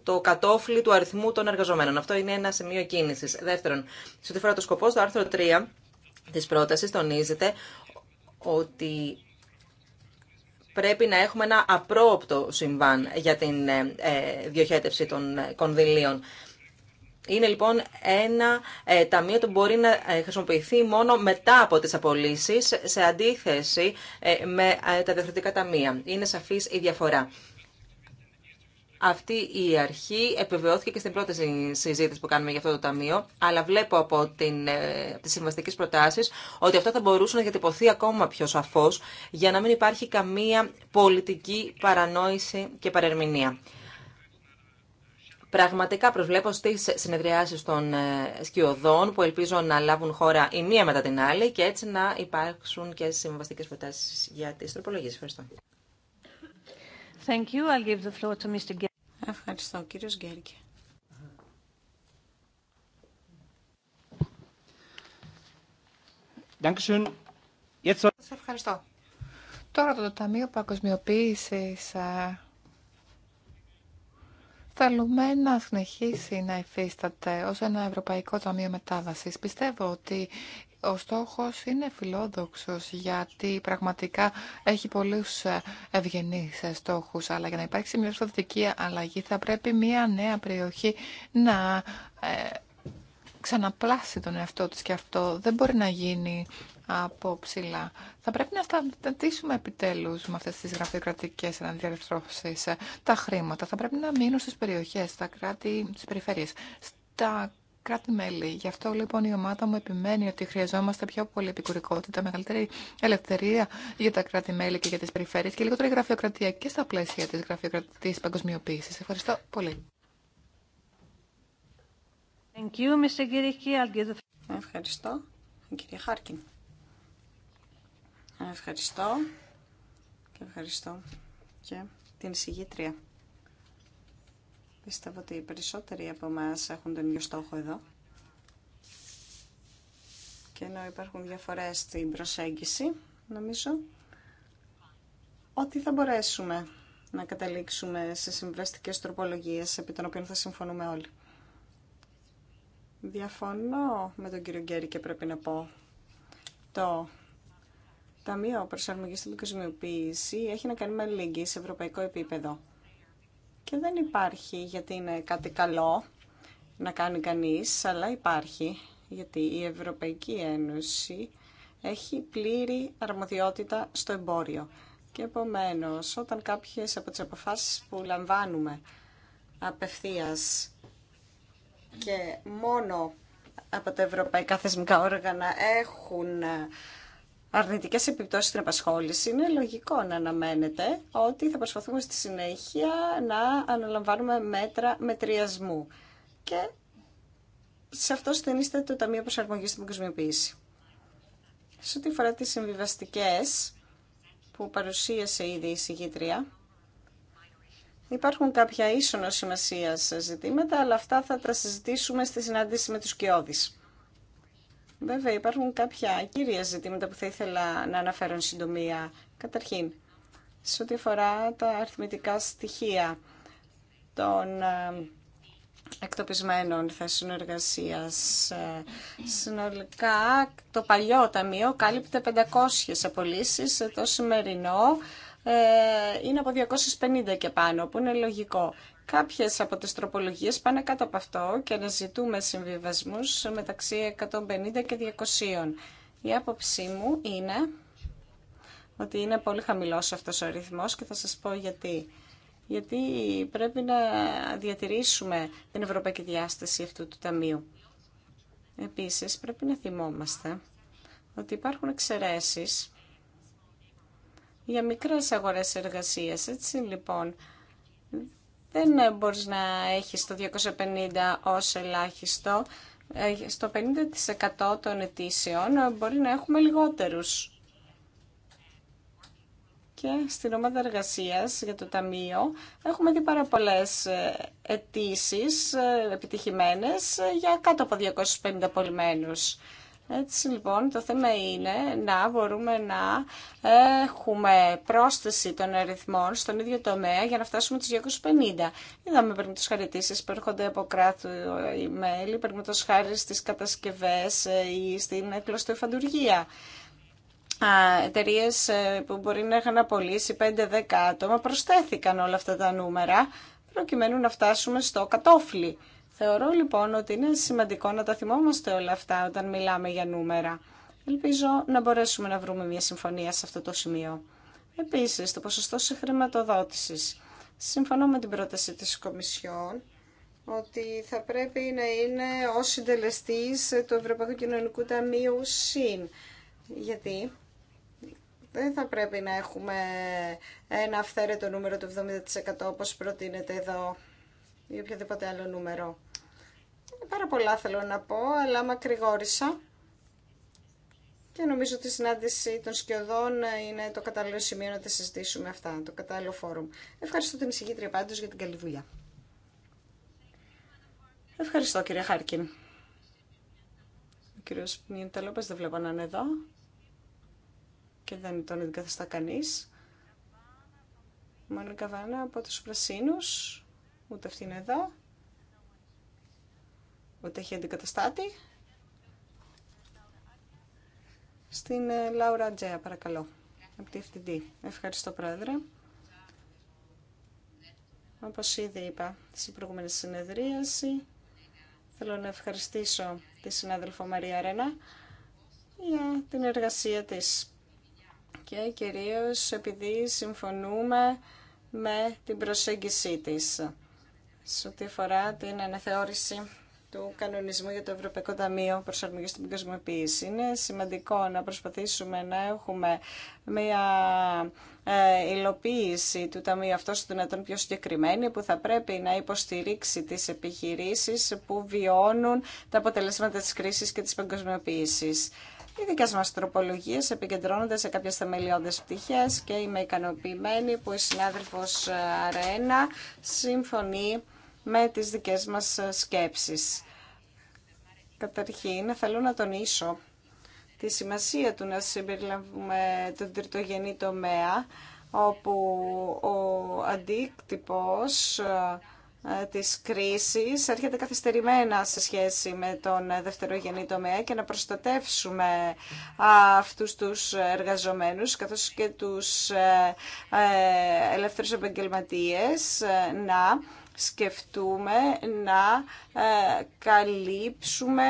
το κατόφλι του αριθμού των εργαζομένων. Αυτό είναι ένα σημείο κίνηση. Δεύτερον, σε ό,τι φορά το σκοπό, στο άρθρο 3 τη πρόταση τονίζεται ότι πρέπει να έχουμε ένα απρόοπτο συμβάν για την ε, ε, διοχέτευση των ε, κονδυλίων. Είναι λοιπόν ένα ταμείο που μπορεί να χρησιμοποιηθεί μόνο μετά από τις απολύσεις σε αντίθεση με τα διαφορετικά ταμεία. Είναι σαφής η διαφορά. Αυτή η αρχή επιβεβαιώθηκε και στην πρώτη συζήτηση που κάνουμε για αυτό το ταμείο, αλλά βλέπω από την, ε, τις συμβαστικές προτάσεις ότι αυτό θα μπορούσαν να διατυπωθεί ακόμα πιο σαφώ για να μην υπάρχει καμία πολιτική παρανόηση και παρερμηνία. Πραγματικά προσβλέπω στι συνεδριάσει των ε, σκιωδών που ελπίζω να λάβουν χώρα η μία μετά την άλλη και έτσι να υπάρξουν και συμβαστικέ προτάσει για τι τροπολογίε. Ευχαριστώ. Thank you. I'll give the floor to Mr. Ευχαριστώ, κύριος Γκέρκε. Σας ευχαριστώ. Τώρα το Ταμείο Παγκοσμιοποίησης ε, θέλουμε να συνεχίσει να υφίσταται ως ένα Ευρωπαϊκό Ταμείο Μετάβασης. Πιστεύω ότι ο στόχος είναι φιλόδοξος γιατί πραγματικά έχει πολλούς ε, ευγενείς ε, στόχους αλλά για να υπάρξει μια στρατηγική αλλαγή θα πρέπει μια νέα περιοχή να ε, ξαναπλάσει τον εαυτό της και αυτό δεν μπορεί να γίνει από ψηλά. Θα πρέπει να σταματήσουμε επιτέλους με αυτές τις γραφειοκρατικέ αναδιαρθρώσει τα χρήματα. Θα πρέπει να μείνουν στι περιοχέ, στα κράτη, στις περιφέρειες, στα κράτη-μέλη. Γι' αυτό λοιπόν η ομάδα μου επιμένει ότι χρειαζόμαστε πιο πολύ επικουρικότητα, μεγαλύτερη ελευθερία για τα κράτη-μέλη και για τι περιφέρειε και λιγότερη γραφειοκρατία και στα πλαίσια τη γραφειοκρατική παγκοσμιοποίηση. Ευχαριστώ πολύ. Ευχαριστώ, κύριε Χάρκιν. Ευχαριστώ και ευχαριστώ και την συγγήτρια. Πιστεύω ότι οι περισσότεροι από εμά έχουν τον ίδιο στόχο εδώ. Και ενώ υπάρχουν διαφορέ στην προσέγγιση, νομίζω ότι θα μπορέσουμε να καταλήξουμε σε συμβαστικέ τροπολογίες επί των οποίων θα συμφωνούμε όλοι. Διαφωνώ με τον κύριο Γκέρι και πρέπει να πω το Ταμείο Προσαρμογής στην Κοσμιοποίηση έχει να κάνει με αλληλεγγύη σε ευρωπαϊκό επίπεδο. Και δεν υπάρχει γιατί είναι κάτι καλό να κάνει κανείς, αλλά υπάρχει γιατί η Ευρωπαϊκή Ένωση έχει πλήρη αρμοδιότητα στο εμπόριο. Και επομένως, όταν κάποιες από τις αποφάσεις που λαμβάνουμε απευθείας και μόνο από τα ευρωπαϊκά θεσμικά όργανα έχουν αρνητικές επιπτώσεις στην απασχόληση, είναι λογικό να αναμένεται ότι θα προσπαθούμε στη συνέχεια να αναλαμβάνουμε μέτρα μετριασμού. Και σε αυτό στενίστε το Ταμείο προσαρμογή στην Παγκοσμιοποίηση. Σε ό,τι αφορά τι συμβιβαστικέ που παρουσίασε ήδη η συγκήτρια, υπάρχουν κάποια ίσονο σημασία ζητήματα, αλλά αυτά θα τα συζητήσουμε στη συνάντηση με του Κιώδης. Βέβαια υπάρχουν κάποια κύρια ζητήματα που θα ήθελα να αναφέρω συντομία. Καταρχήν, σε ό,τι αφορά τα αριθμητικά στοιχεία των ε, εκτοπισμένων θέσεων εργασία. Ε, συνολικά το παλιό ταμείο κάλυπτε 500 απολύσει, ε, το σημερινό είναι από 250 και πάνω, που είναι λογικό. Κάποιες από τις τροπολογίες πάνε κάτω από αυτό και αναζητούμε συμβιβασμούς μεταξύ 150 και 200. Η άποψή μου είναι ότι είναι πολύ χαμηλός αυτός ο ρυθμός και θα σας πω γιατί. Γιατί πρέπει να διατηρήσουμε την ευρωπαϊκή διάσταση αυτού του ταμείου. Επίσης πρέπει να θυμόμαστε ότι υπάρχουν εξαιρέσεις για μικρές αγορές εργασίας. Έτσι λοιπόν δεν μπορείς να έχεις το 250 ως ελάχιστο. Ε, στο 50% των αιτήσεων μπορεί να έχουμε λιγότερους. Και στην ομάδα εργασία για το Ταμείο έχουμε δει πάρα πολλέ ε, αιτήσει ε, επιτυχημένε για κάτω από 250 πολυμένους. Έτσι λοιπόν το θέμα είναι να μπορούμε να έχουμε πρόσθεση των αριθμών στον ίδιο τομέα για να φτάσουμε τους 250. Είδαμε πριν τους χαρητήσεις που έρχονται από κράτου email, πριν τους χάρη στις κατασκευές ε, ή στην κλωστοεφαντουργία εταιρείε ε, που μπορεί να είχαν απολύσει 5-10 άτομα προσθέθηκαν όλα αυτά τα νούμερα προκειμένου να φτάσουμε στο κατόφλι. Θεωρώ λοιπόν ότι είναι σημαντικό να τα θυμόμαστε όλα αυτά όταν μιλάμε για νούμερα. Ελπίζω να μπορέσουμε να βρούμε μια συμφωνία σε αυτό το σημείο. Επίσης, το ποσοστό συγχρηματοδότησης. Συμφωνώ με την πρόταση της Κομισιόν ότι θα πρέπει να είναι ο συντελεστή του Ευρωπαϊκού Κοινωνικού Ταμείου ΣΥΝ. Γιατί δεν θα πρέπει να έχουμε ένα αυθαίρετο νούμερο του 70% όπως προτείνεται εδώ ή οποιοδήποτε άλλο νούμερο. Πάρα πολλά θέλω να πω, αλλά μακρηγόρησα. Και νομίζω ότι η συνάντηση των σκιωδών είναι το κατάλληλο σημείο να τα συζητήσουμε αυτά, το κατάλληλο φόρουμ. Ευχαριστώ την εισηγήτρια πάντως για την καλή δουλειά. Ευχαριστώ κύριε Χάρκιν. Ο κύριος Μιενταλόπες δεν βλέπω να είναι εδώ και δεν τον αντικαθιστά κανείς. η Βάνα από τους Πρασίνους. Ούτε αυτή είναι εδώ. Ούτε έχει αντικαταστάτη. Στην ε, Λάουρα Τζέα, παρακαλώ. Από τη FTD. Ευχαριστώ, Πρόεδρε. Όπως ήδη είπα στην προηγούμενη συνεδρίαση, θέλω να ευχαριστήσω τη συνάδελφο Μαρία Ρένα για την εργασία της και κυρίως επειδή συμφωνούμε με την προσέγγισή της σε ό,τι αφορά την αναθεώρηση του κανονισμού για το Ευρωπαϊκό Ταμείο Προσαρμογή στην Κοσμοποίηση. Είναι σημαντικό να προσπαθήσουμε να έχουμε μια ε, υλοποίηση του Ταμείου αυτό στο δυνατόν πιο συγκεκριμένη, που θα πρέπει να υποστηρίξει τι επιχειρήσει που βιώνουν τα αποτελέσματα τη κρίση και τη παγκοσμιοποίηση. Οι δικέ μα τροπολογίε επικεντρώνονται σε κάποιε θεμελιώδε πτυχέ και είμαι ικανοποιημένη που η συνάδελφο ε, Αρένα συμφωνεί με τις δικές μας ε, σκέψεις. Καταρχήν, θέλω να τονίσω τη σημασία του να συμπεριλαμβούμε τον τριτογενή τομέα, όπου ο αντίκτυπος ε, της κρίσης έρχεται καθυστερημένα σε σχέση με τον δευτερογενή τομέα και να προστατεύσουμε αυτούς τους εργαζομένους καθώς και τους ε, ελεύθερους επαγγελματίες να σκεφτούμε να ε, καλύψουμε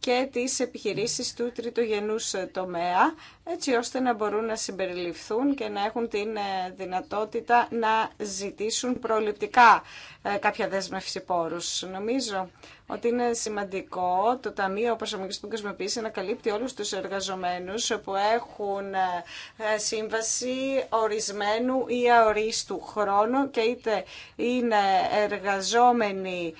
και τις επιχειρήσεις του τριτογενούς ε, τομέα, έτσι ώστε να μπορούν να συμπεριληφθούν και να έχουν την ε, δυνατότητα να ζητήσουν προληπτικά ε, κάποια δέσμευση πόρους. Νομίζω ότι είναι σημαντικό το Ταμείο Προσαρμογής που Κοσμοποίηση να καλύπτει όλους τους εργαζομένους που έχουν σύμβαση ορισμένου ή αορίστου χρόνου και είτε είναι εργαζόμενοι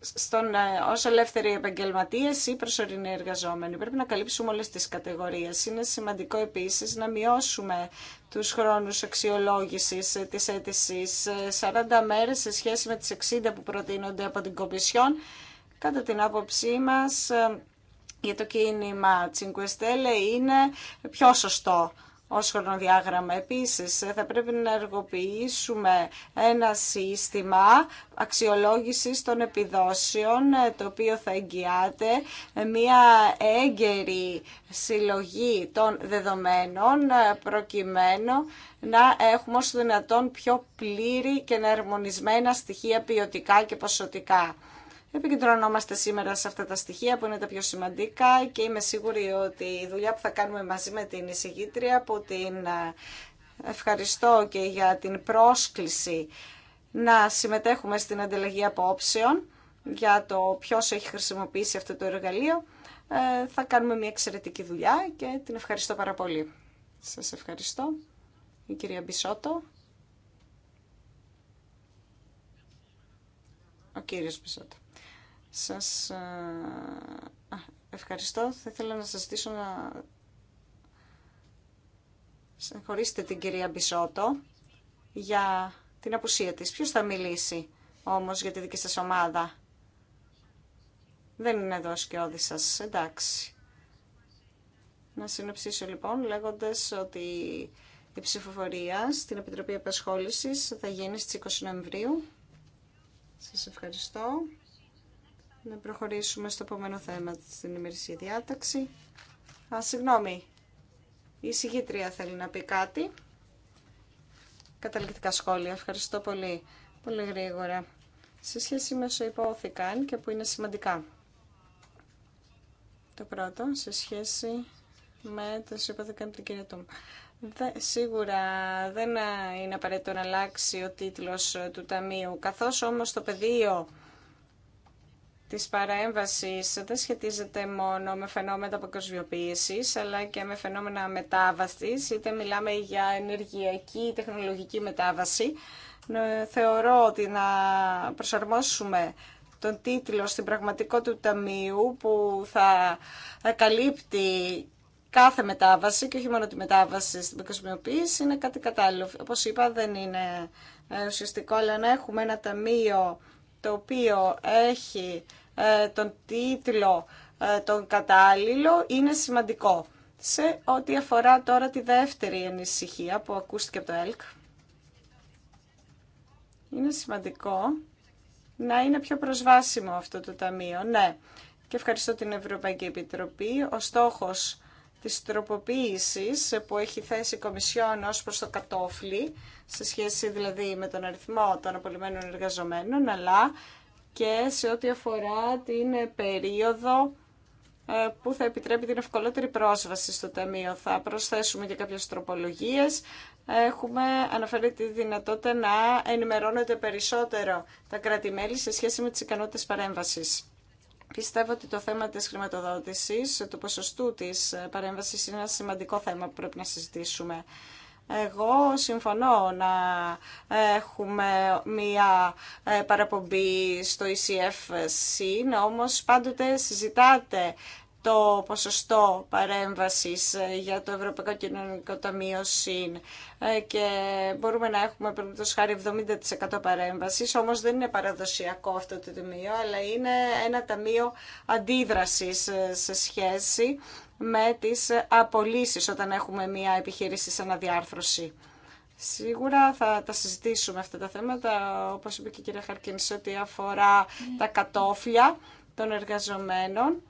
στον, ε, ως ελεύθεροι επαγγελματίες ή προσωρινοί εργαζόμενοι. Πρέπει να καλύψουμε όλες τις κατηγορίες. Είναι σημαντικό επίσης να μειώσουμε τους χρόνους αξιολόγησης ε, της αίτηση 40 ε, μέρες σε σχέση με τις 60 που προτείνονται από την Κομπισιόν. Κατά την άποψή μας για το κίνημα Τσινκουεστέλε είναι πιο σωστό ως χρονοδιάγραμμα. Επίσης, θα πρέπει να εργοποιήσουμε ένα σύστημα αξιολόγησης των επιδόσεων, το οποίο θα εγγυάται μια έγκαιρη συλλογή των δεδομένων, προκειμένου να έχουμε όσο δυνατόν πιο πλήρη και ερμονισμένα στοιχεία ποιοτικά και ποσοτικά. Επικεντρωνόμαστε σήμερα σε αυτά τα στοιχεία που είναι τα πιο σημαντικά και είμαι σίγουρη ότι η δουλειά που θα κάνουμε μαζί με την εισηγήτρια που την ε, ευχαριστώ και για την πρόσκληση να συμμετέχουμε στην ανταλλαγή απόψεων για το ποιος έχει χρησιμοποιήσει αυτό το εργαλείο. Ε, θα κάνουμε μια εξαιρετική δουλειά και την ευχαριστώ πάρα πολύ. Σας ευχαριστώ. Η κυρία Μπισότο. Ο κύριος Μπισότο. Σας ευχαριστώ. Θα ήθελα να σας ζητήσω να συγχωρήσετε την κυρία Μπισότο για την απουσία της. Ποιος θα μιλήσει όμως για τη δική σας ομάδα. Δεν είναι εδώ σκιώδη σας. Εντάξει. Να συνοψίσω λοιπόν λέγοντας ότι η ψηφοφορία στην Επιτροπή Επασχόλησης θα γίνει στις 20 Νοεμβρίου. Σας ευχαριστώ να προχωρήσουμε στο επόμενο θέμα στην ημερησία διάταξη. Α, συγγνώμη. Η συγγήτρια θέλει να πει κάτι. Καταληκτικά σχόλια. Ευχαριστώ πολύ. Πολύ γρήγορα. Σε σχέση με όσο υπόθηκαν και που είναι σημαντικά. Το πρώτο, σε σχέση με το υπόθηκαν από την κυρία Τούμ. σίγουρα δεν είναι απαραίτητο να αλλάξει ο τίτλος του Ταμείου, καθώς όμως το πεδίο της παρέμβασης δεν σχετίζεται μόνο με φαινόμενα παγκοσμιοποίησης, αλλά και με φαινόμενα μετάβασης, είτε μιλάμε για ενεργειακή ή τεχνολογική μετάβαση. Θεωρώ ότι να προσαρμόσουμε τον τίτλο στην πραγματικότητα του ταμείου που θα καλύπτει κάθε μετάβαση και όχι μόνο τη μετάβαση στην αποκοσμιοποίηση είναι κάτι κατάλληλο. Όπως είπα δεν είναι ε, ουσιαστικό, αλλά να έχουμε ένα ταμείο το οποίο έχει ε, τον τίτλο ε, τον κατάλληλο είναι σημαντικό. Σε ό,τι αφορά τώρα τη δεύτερη ανησυχία που ακούστηκε από το ΕΛΚ, είναι σημαντικό να είναι πιο προσβάσιμο αυτό το ταμείο. Ναι, και ευχαριστώ την Ευρωπαϊκή Επιτροπή. Ο στόχος της τροποποίησης που έχει θέσει η Κομισιόν ως προς το κατόφλι σε σχέση δηλαδή με τον αριθμό των απολυμμένων εργαζομένων, αλλά και σε ό,τι αφορά την περίοδο ε, που θα επιτρέπει την ευκολότερη πρόσβαση στο Ταμείο. Θα προσθέσουμε και κάποιες τροπολογίες. Έχουμε αναφέρει τη δυνατότητα να ενημερώνεται περισσότερο τα κράτη-μέλη σε σχέση με τις ικανότητες παρέμβασης. Πιστεύω ότι το θέμα της χρηματοδότησης, του ποσοστού της παρέμβασης είναι ένα σημαντικό θέμα που πρέπει να συζητήσουμε. Εγώ συμφωνώ να έχουμε μία ε, παραπομπή στο ECF συν, όμως πάντοτε συζητάτε το ποσοστό παρέμβασης ε, για το Ευρωπαϊκό Κοινωνικό Ταμείο ΣΥΝ ε, και μπορούμε να έχουμε το χάρη 70% παρέμβασης, όμως δεν είναι παραδοσιακό αυτό το ταμείο, αλλά είναι ένα ταμείο αντίδρασης σε σχέση με τις απολύσεις όταν έχουμε μια επιχείρηση σαν αναδιάρθρωση. Σίγουρα θα τα συζητήσουμε αυτά τα θέματα, όπως είπε και η κυρία Χαρκίνη, σε ό,τι αφορά τα κατόφλια των εργαζομένων.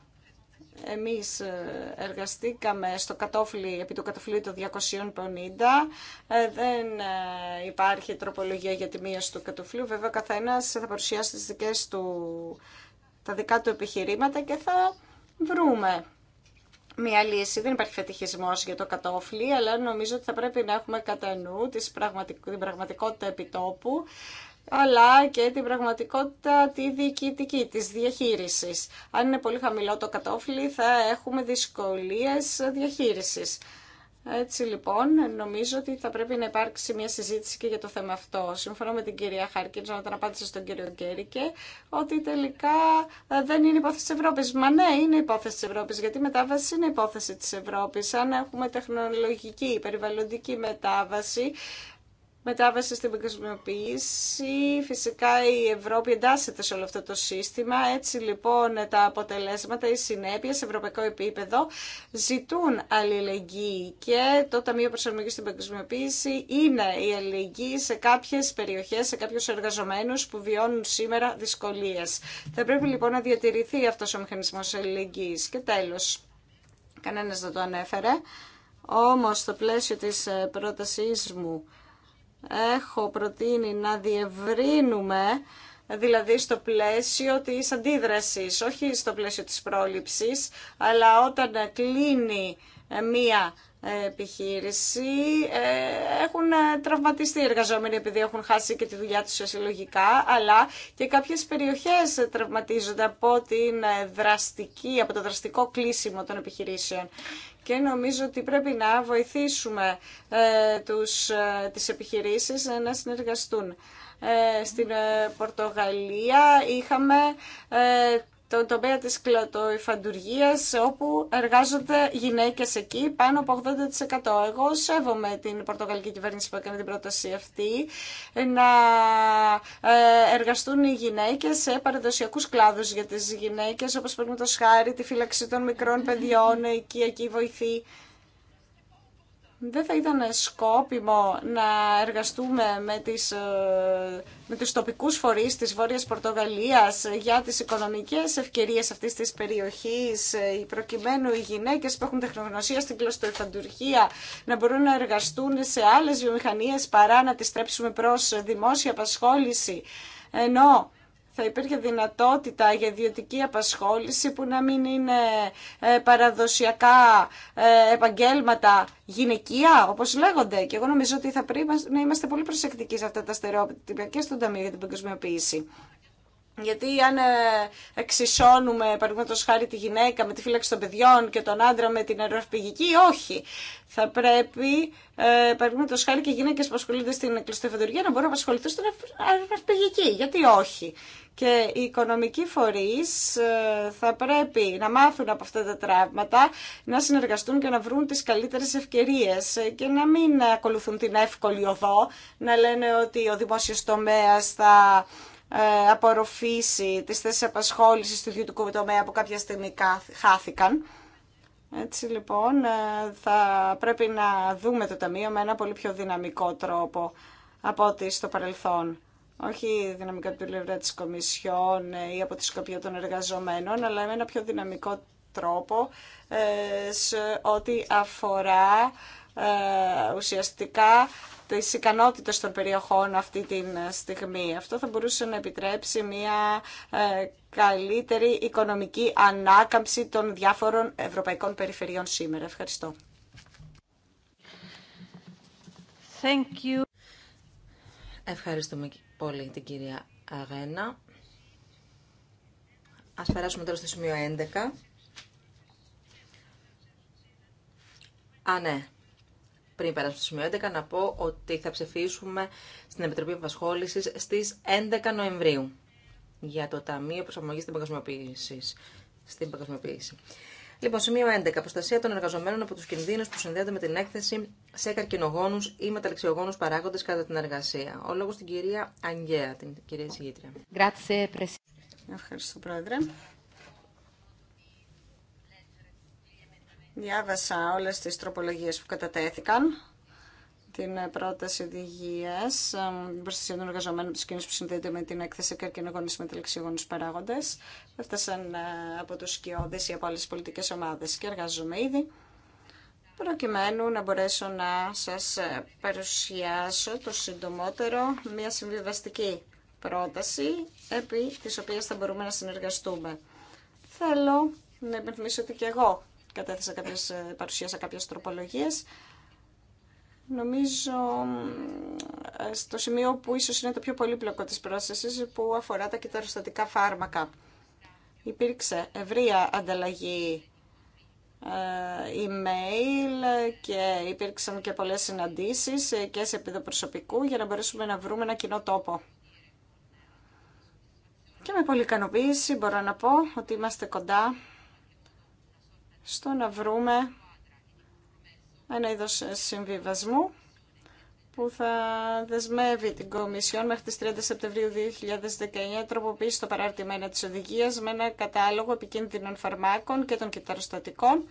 Εμείς ε, εργαστήκαμε στο κατόφλι, επί του κατοφλίου το 250. Ε, δεν ε, υπάρχει τροπολογία για τη μείωση του κατοφλίου. Βέβαια, καθένας θα παρουσιάσει τις δικές του, τα δικά του επιχειρήματα και θα βρούμε μια λύση. Δεν υπάρχει φετιχισμός για το κατόφλι, αλλά νομίζω ότι θα πρέπει να έχουμε κατά νου την πραγματικότητα επιτόπου, αλλά και την πραγματικότητα τη διοικητική, της διαχείρισης. Αν είναι πολύ χαμηλό το κατόφλι θα έχουμε δυσκολίες διαχείρισης. Έτσι λοιπόν, νομίζω ότι θα πρέπει να υπάρξει μια συζήτηση και για το θέμα αυτό. Συμφωνώ με την κυρία Χάρκιντζα, όταν απάντησε στον κύριο Γκέρικε, ότι τελικά ε, δεν είναι υπόθεση τη Ευρώπη. Μα ναι, είναι υπόθεση τη Ευρώπη, γιατί η μετάβαση είναι υπόθεση τη Ευρώπη. Αν έχουμε τεχνολογική, περιβαλλοντική μετάβαση, μετάβαση στην παγκοσμιοποίηση. Φυσικά η Ευρώπη εντάσσεται σε όλο αυτό το σύστημα. Έτσι λοιπόν τα αποτελέσματα, ή συνέπειε σε ευρωπαϊκό επίπεδο ζητούν αλληλεγγύη και το Ταμείο Προσαρμογής στην Παγκοσμιοποίηση είναι η αλληλεγγύη σε κάποιες περιοχές, σε κάποιους εργαζομένους που βιώνουν σήμερα δυσκολίες. Θα πρέπει λοιπόν να διατηρηθεί αυτός ο μηχανισμός αλληλεγγύης. Και τέλος, κανένας δεν το ανέφερε, όμως στο πλαίσιο της ε, πρότασής μου έχω προτείνει να διευρύνουμε δηλαδή στο πλαίσιο της αντίδρασης, όχι στο πλαίσιο της πρόληψης, αλλά όταν κλείνει ε, μία ε, επιχείρηση ε, έχουν τραυματιστεί οι εργαζόμενοι επειδή έχουν χάσει και τη δουλειά τους συλλογικά αλλά και κάποιες περιοχές τραυματίζονται από, την δραστική, από το δραστικό κλείσιμο των επιχειρήσεων και νομίζω ότι πρέπει να βοηθήσουμε ε, τους, ε, τις επιχειρήσεις ε, να συνεργαστούν. Στην Πορτογαλία είχαμε τον τομέα της κλωτοϊφαντουργίας όπου εργάζονται γυναίκες εκεί πάνω από 80%. Εγώ σέβομαι την πορτογαλική κυβέρνηση που έκανε την πρόταση αυτή να ε, εργαστούν οι γυναίκες σε παραδοσιακούς κλάδους για τις γυναίκες όπως παίρνουμε το σχάρι, τη φύλαξη των μικρών παιδιών, παιδιών, εκεί-εκεί βοηθή δεν θα ήταν σκόπιμο να εργαστούμε με, τις, ε, με τους τοπικούς φορείς της Βόρειας Πορτογαλίας για τις οικονομικές ευκαιρίες αυτής της περιοχής, ε, προκειμένου οι γυναίκες που έχουν τεχνογνωσία στην κλωστοεφαντουργία να μπορούν να εργαστούν σε άλλες βιομηχανίες παρά να τις τρέψουμε προς δημόσια απασχόληση. Ενώ θα υπήρχε δυνατότητα για ιδιωτική απασχόληση που να μην είναι ε, παραδοσιακά ε, επαγγέλματα γυναικεία, όπω λέγονται. Και εγώ νομίζω ότι θα πρέπει να είμαστε πολύ προσεκτικοί σε αυτά τα στερεότυπα και στον Ταμείο για την Παγκοσμιοποίηση. Γιατί αν ε, εξισώνουμε, παραδείγματο χάρη, τη γυναίκα με τη φύλαξη των παιδιών και τον άντρα με την αεροαυπηγική, όχι. Θα πρέπει, ε, παραδείγματο χάρη, και οι γυναίκε που ασχολούνται στην κλωστή να μπορούν να απασχοληθούν στην Γιατί όχι και οι οικονομικοί φορείς ε, θα πρέπει να μάθουν από αυτά τα τραύματα, να συνεργαστούν και να βρουν τις καλύτερες ευκαιρίες ε, και να μην ακολουθούν την εύκολη οδό, να λένε ότι ο δημόσιος τομέας θα ε, απορροφήσει τις θέσεις απασχόλησης του ιδιωτικού τομέα που κάποια στιγμή χάθηκαν. Έτσι λοιπόν θα πρέπει να δούμε το Ταμείο με ένα πολύ πιο δυναμικό τρόπο από ό,τι στο παρελθόν όχι δυναμικά από την πλευρά της Κομισιόν ε, ή από τη σκοπιά των εργαζομένων, αλλά με ένα πιο δυναμικό τρόπο ε, σε ό,τι αφορά ε, ουσιαστικά τις ικανότητες των περιοχών αυτή τη στιγμή. Αυτό θα μπορούσε να επιτρέψει μια καλύτερη οικονομική ανάκαμψη των διάφορων ευρωπαϊκών περιφερειών σήμερα. Ευχαριστώ. Thank you. Ευχαριστούμε πολύ την κυρία Αγένα. Ας περάσουμε τώρα στο σημείο 11. Α, ναι. Πριν περάσουμε στο σημείο 11, να πω ότι θα ψηφίσουμε στην Επιτροπή Επασχόλησης στις 11 Νοεμβρίου για το Ταμείο Προσαρμογής στην Παγκοσμιοποίηση. Στην παγκοσμιοποίηση. Λοιπόν, σημείο 11. Αποστασία των εργαζομένων από του κινδύνου που συνδέονται με την έκθεση σε καρκινογόνου ή μεταλλεξιογόνου παράγοντε κατά την εργασία. Ο λόγο στην κυρία Αγγέα, την κυρία Συγήτρια. Ευχαριστώ, Πρόεδρε. Διάβασα όλες τις τροπολογίες που κατατέθηκαν την ε, πρόταση οδηγία ε, την προστασία των εργαζομένων τη κοινή που συνδέεται με την έκθεση καρκινογόνου με τελεξιγόνου παράγοντε. Έφτασαν ε, από του σκιώδε ή από άλλε πολιτικέ ομάδε και εργάζομαι ήδη προκειμένου να μπορέσω να σα παρουσιάσω το συντομότερο μια συμβιβαστική πρόταση επί τη οποία θα μπορούμε να συνεργαστούμε. Θέλω να υπενθυμίσω ότι και εγώ κατέθεσα κάποιες, παρουσίασα κάποιες τροπολογίες Νομίζω στο σημείο που ίσως είναι το πιο πολύπλοκο της πρόσθεσης που αφορά τα κυταροστατικά φάρμακα. Υπήρξε ευρεία ανταλλαγή ε, email και υπήρξαν και πολλές συναντήσεις ε, και σε επίπεδο προσωπικού για να μπορέσουμε να βρούμε ένα κοινό τόπο. Και με πολύ ικανοποίηση μπορώ να πω ότι είμαστε κοντά στο να βρούμε ένα είδος συμβιβασμού που θα δεσμεύει την Κομισιόν μέχρι τις 30 Σεπτεμβρίου 2019 τροποποιήσει το παράρτημα 1 της οδηγίας με ένα κατάλογο επικίνδυνων φαρμάκων και των κυταροστατικών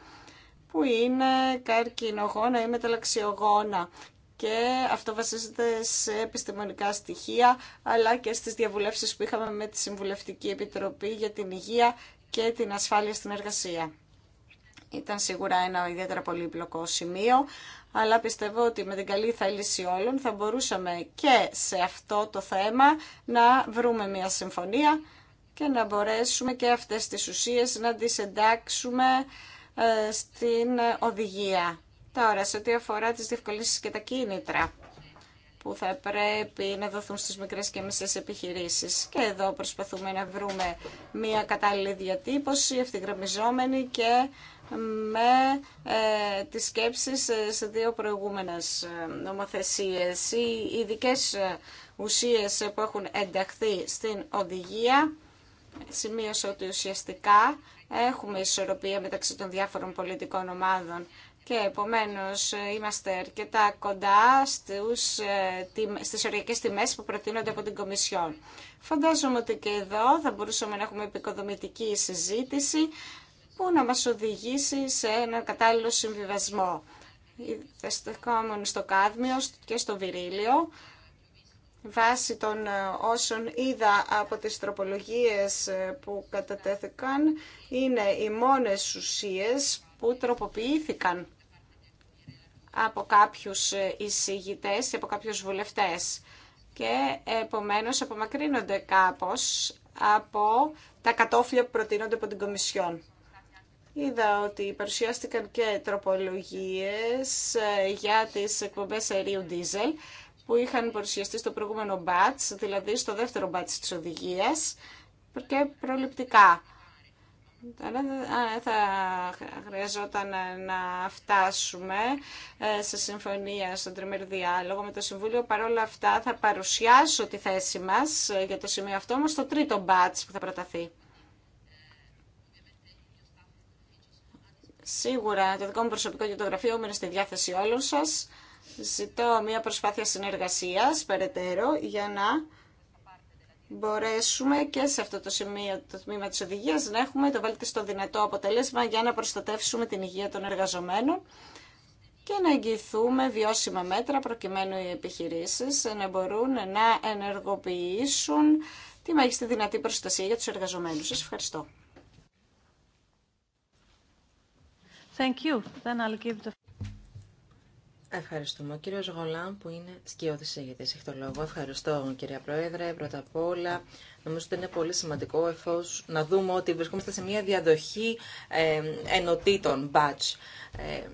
που είναι καρκινογόνα ή μεταλλαξιογόνα και αυτό βασίζεται σε επιστημονικά στοιχεία αλλά και στις διαβουλεύσεις που είχαμε με τη Συμβουλευτική Επιτροπή για την Υγεία και την Ασφάλεια στην Εργασία. Ήταν σίγουρα ένα ιδιαίτερα πολύπλοκο σημείο, αλλά πιστεύω ότι με την καλή θέληση όλων θα μπορούσαμε και σε αυτό το θέμα να βρούμε μια συμφωνία και να μπορέσουμε και αυτές τις ουσίες να τις εντάξουμε ε, στην οδηγία. Τώρα, σε ό,τι αφορά τις διευκολύνσεις και τα κίνητρα που θα πρέπει να δοθούν στις μικρές και μισές επιχειρήσεις. Και εδώ προσπαθούμε να βρούμε μια κατάλληλη διατύπωση, ευθυγραμμιζόμενη και με ε, τις σκέψεις ε, σε δύο προηγούμενες ε, νομοθεσίες. Οι ειδικέ ε, ουσίες που έχουν ενταχθεί στην οδηγία, σημείωσα ότι ουσιαστικά έχουμε ισορροπία μεταξύ των διάφορων πολιτικών ομάδων και επομένως ε, είμαστε αρκετά κοντά στους, ε, στις οριακές τιμές που προτείνονται από την Κομισιόν. Φαντάζομαι ότι και εδώ θα μπορούσαμε να έχουμε επικοδομητική συζήτηση που να μας οδηγήσει σε έναν κατάλληλο συμβιβασμό. Θα στο κάδμιο και στο βυρίλιο βάσει των ε, όσων είδα από τις τροπολογίες που κατατέθηκαν είναι οι μόνες ουσίες που τροποποιήθηκαν από κάποιους ε, εισηγητές, από κάποιους βουλευτές και επομένως απομακρύνονται κάπως από τα κατόφλια που προτείνονται από την Κομισιόν. Είδα ότι παρουσιάστηκαν και τροπολογίες ε, για τις εκπομπές αερίου δίζελ που είχαν παρουσιαστεί στο προηγούμενο μπάτς, δηλαδή στο δεύτερο μπάτς της οδηγίας και προληπτικά. Τώρα, θα χρειαζόταν να φτάσουμε ε, σε συμφωνία στον τριμερή διάλογο με το Συμβούλιο. Παρ' όλα αυτά θα παρουσιάσω τη θέση μας ε, για το σημείο αυτό, όμως το τρίτο μπάτς που θα προταθεί. Σίγουρα το δικό μου προσωπικό και το γραφείο μου είναι στη διάθεση όλων σας. Ζητώ μια προσπάθεια συνεργασίας περαιτέρω για να μπορέσουμε και σε αυτό το σημείο, το τμήμα της οδηγίας, να έχουμε το στο δυνατό αποτέλεσμα για να προστατεύσουμε την υγεία των εργαζομένων και να εγγυηθούμε βιώσιμα μέτρα προκειμένου οι επιχειρήσεις να μπορούν να ενεργοποιήσουν τη μέγιστη δυνατή προστασία για τους εργαζομένους. Σας ευχαριστώ. Thank you. Then I'll give the... Ευχαριστούμε. Ο κύριος Γολάν που είναι σκιώδης ηγητής έχει το λόγο. Ευχαριστώ κυρία Πρόεδρε. Πρώτα απ' όλα νομίζω ότι είναι πολύ σημαντικό εφόσον να δούμε ότι βρισκόμαστε σε μια διαδοχή ενωτήτων, batch. Ε,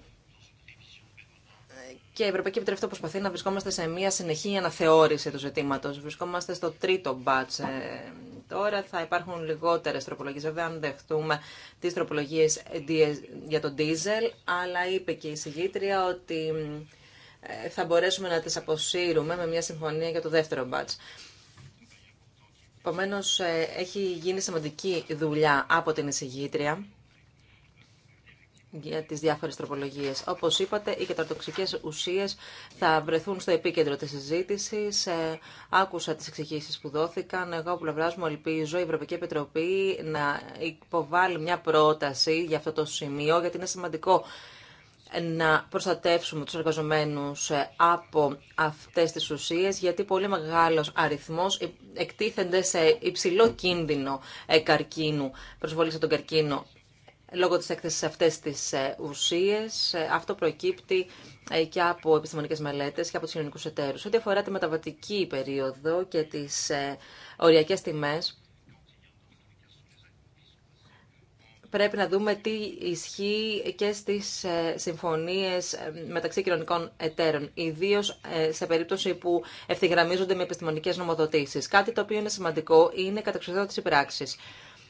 και η Ευρωπαϊκή Επιτροπή αυτό προσπαθεί να βρισκόμαστε σε μια συνεχή αναθεώρηση του ζητήματος. Βρισκόμαστε στο τρίτο μπάτ ε, τώρα. Θα υπάρχουν λιγότερε τροπολογίε, βέβαια, αν δεχτούμε τι τροπολογίε για τον ντίζελ. Αλλά είπε και η συγγήτρια ότι ε, θα μπορέσουμε να τις αποσύρουμε με μια συμφωνία για το δεύτερο μπάτς. Επομένω, ε, έχει γίνει σημαντική δουλειά από την εισηγήτρια για τις διάφορες τροπολογίες. Όπως είπατε, οι κατατοξικές ουσίες θα βρεθούν στο επίκεντρο της συζήτησης. Ε, άκουσα τις εξηγήσεις που δόθηκαν. Εγώ από πλευρά μου ελπίζω η Ευρωπαϊκή Επιτροπή να υποβάλει μια πρόταση για αυτό το σημείο, γιατί είναι σημαντικό να προστατεύσουμε τους εργαζομένους ε, από αυτές τις ουσίες, γιατί πολύ μεγάλος αριθμός ε, εκτίθενται σε υψηλό κίνδυνο καρκίνου, προσβολή τον καρκίνο λόγω της έκθεσης αυτές τις ε, ουσίες. Ε, αυτό προκύπτει ε, και από επιστημονικές μελέτες και από τους κοινωνικούς εταίρους. Ό,τι αφορά τη μεταβατική περίοδο και τις οριακές τιμές, πρέπει να δούμε τι ισχύει και στις συμφωνίες μεταξύ κοινωνικών εταίρων, ιδίως σε περίπτωση που ευθυγραμμίζονται με επιστημονικές νομοδοτήσεις. Κάτι το οποίο είναι σημαντικό είναι η καταξιδότηση πράξης.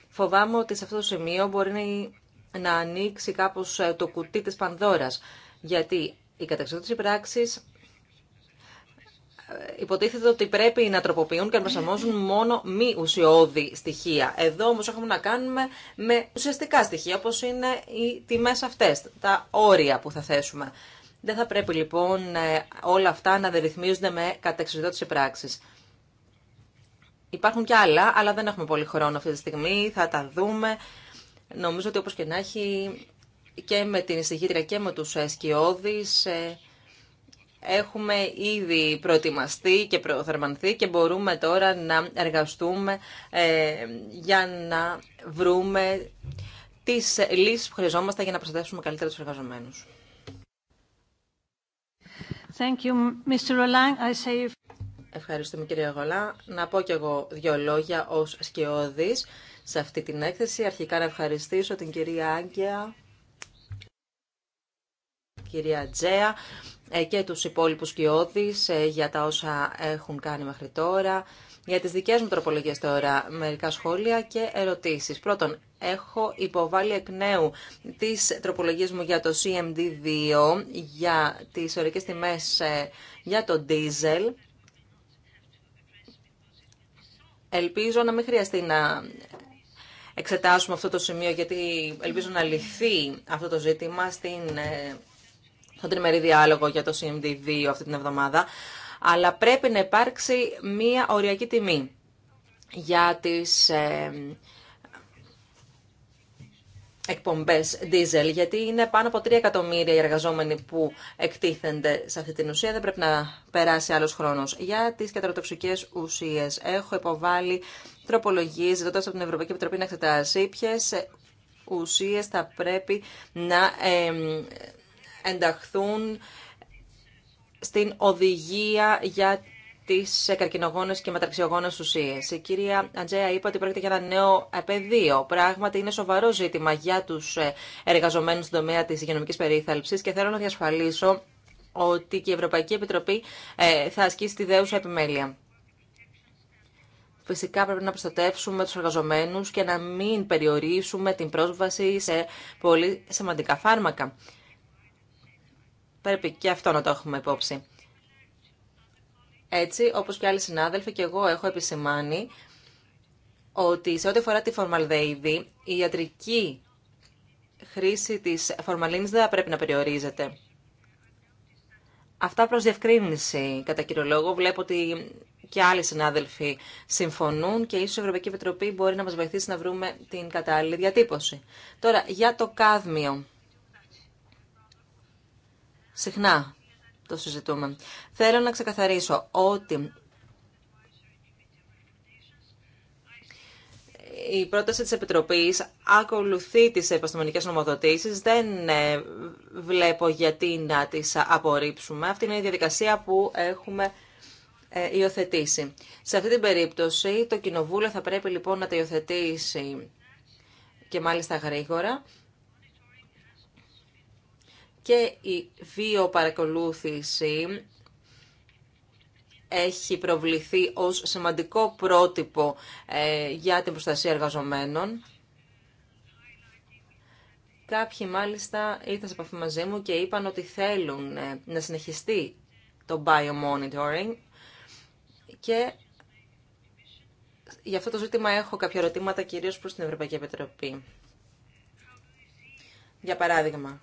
Φοβάμαι ότι σε αυτό το σημείο μπορεί να ανοίξει κάπως ε, το κουτί της Πανδώρας. Γιατί οι καταξιδότητες πράξεις ε, υποτίθεται ότι πρέπει να τροποποιούν και να προσαρμόζουν μόνο μη ουσιώδη στοιχεία. Εδώ όμως έχουμε να κάνουμε με ουσιαστικά στοιχεία, όπως είναι οι τιμές αυτές, τα όρια που θα θέσουμε. Δεν θα πρέπει λοιπόν ε, όλα αυτά να δερυθμίζονται με καταξιδότηση πράξης. Υπάρχουν και άλλα, αλλά δεν έχουμε πολύ χρόνο αυτή τη στιγμή, θα τα δούμε. Νομίζω ότι όπως και να έχει και με την εισηγήτρια και με τους σκιώδεις ε, έχουμε ήδη προετοιμαστεί και προθερμανθεί και μπορούμε τώρα να εργαστούμε ε, για να βρούμε τις λύσεις που χρειαζόμαστε για να προστατεύσουμε καλύτερα τους εργαζομένους. Thank you, Mr. Roland. I Ευχαριστούμε κύριε Γολά. Να πω κι εγώ δύο λόγια ως σκιώδης σε αυτή την έκθεση. Αρχικά να ευχαριστήσω την κυρία την κυρία Τζέα ε, και τους υπόλοιπους κοιόδης ε, για τα όσα έχουν κάνει μέχρι τώρα. Για τις δικές μου τροπολογίες τώρα, μερικά σχόλια και ερωτήσεις. Πρώτον, έχω υποβάλει εκ νέου τις τροπολογίες μου για το CMD2, για τις ωρικές τιμές ε, για το diesel. Ελπίζω να μην χρειαστεί να εξετάσουμε αυτό το σημείο, γιατί ελπίζω να λυθεί αυτό το ζήτημα στην, ε, στον τριμερή διάλογο για το CMD2 αυτή την εβδομάδα. Αλλά πρέπει να υπάρξει μία οριακή τιμή για τις ε, εκπομπές diesel, γιατί είναι πάνω από 3 εκατομμύρια οι εργαζόμενοι που εκτίθενται σε αυτή την ουσία. Δεν πρέπει να περάσει άλλος χρόνος. Για τις κατροτοξικές ουσίες έχω υποβάλει τροπολογίε, ζητώντα από την Ευρωπαϊκή Επιτροπή να εξετάσει ποιε ουσίε θα πρέπει να ενταχθούν στην οδηγία για τι καρκινογόνε και μεταξιογόνε ουσίε. Η κυρία Αντζέα είπε ότι πρόκειται για ένα νέο πεδίο. Πράγματι, είναι σοβαρό ζήτημα για του ε, εργαζομένου στον τομέα τη υγειονομική περίθαλψη και θέλω να διασφαλίσω ότι και η Ευρωπαϊκή Επιτροπή ε, θα ασκήσει τη δέουσα επιμέλεια. Φυσικά πρέπει να προστατεύσουμε τους εργαζομένους και να μην περιορίσουμε την πρόσβαση σε πολύ σημαντικά φάρμακα. Πρέπει και αυτό να το έχουμε υπόψη. Έτσι, όπως και άλλοι συνάδελφοι, και εγώ έχω επισημάνει ότι σε ό,τι αφορά τη φορμαλδεϊδή, η ιατρική χρήση της φορμαλίνης δεν θα πρέπει να περιορίζεται. Αυτά προς διευκρίνηση, κατά κύριο λόγο. Βλέπω ότι και άλλοι συνάδελφοι συμφωνούν και ίσω η Ευρωπαϊκή Επιτροπή μπορεί να μας βοηθήσει να βρούμε την κατάλληλη διατύπωση. Τώρα, για το κάδμιο. Συχνά το συζητούμε. Θέλω να ξεκαθαρίσω ότι η πρόταση της Επιτροπής ακολουθεί τις επαστομονικές νομοδοτήσεις. Δεν ε, βλέπω γιατί να τις απορρίψουμε. Αυτή είναι η διαδικασία που έχουμε ε, υιοθετήσει. Σε αυτή την περίπτωση το Κοινοβούλιο θα πρέπει λοιπόν να τα υιοθετήσει και μάλιστα γρήγορα και η βιοπαρακολούθηση έχει προβληθεί ως σημαντικό πρότυπο ε, για την προστασία εργαζομένων. Κάποιοι μάλιστα ήρθαν σε επαφή μαζί μου και είπαν ότι θέλουν ε, να συνεχιστεί το biomonitoring και για αυτό το ζήτημα έχω κάποια ερωτήματα κυρίως προς την Ευρωπαϊκή Επιτροπή. Για παράδειγμα,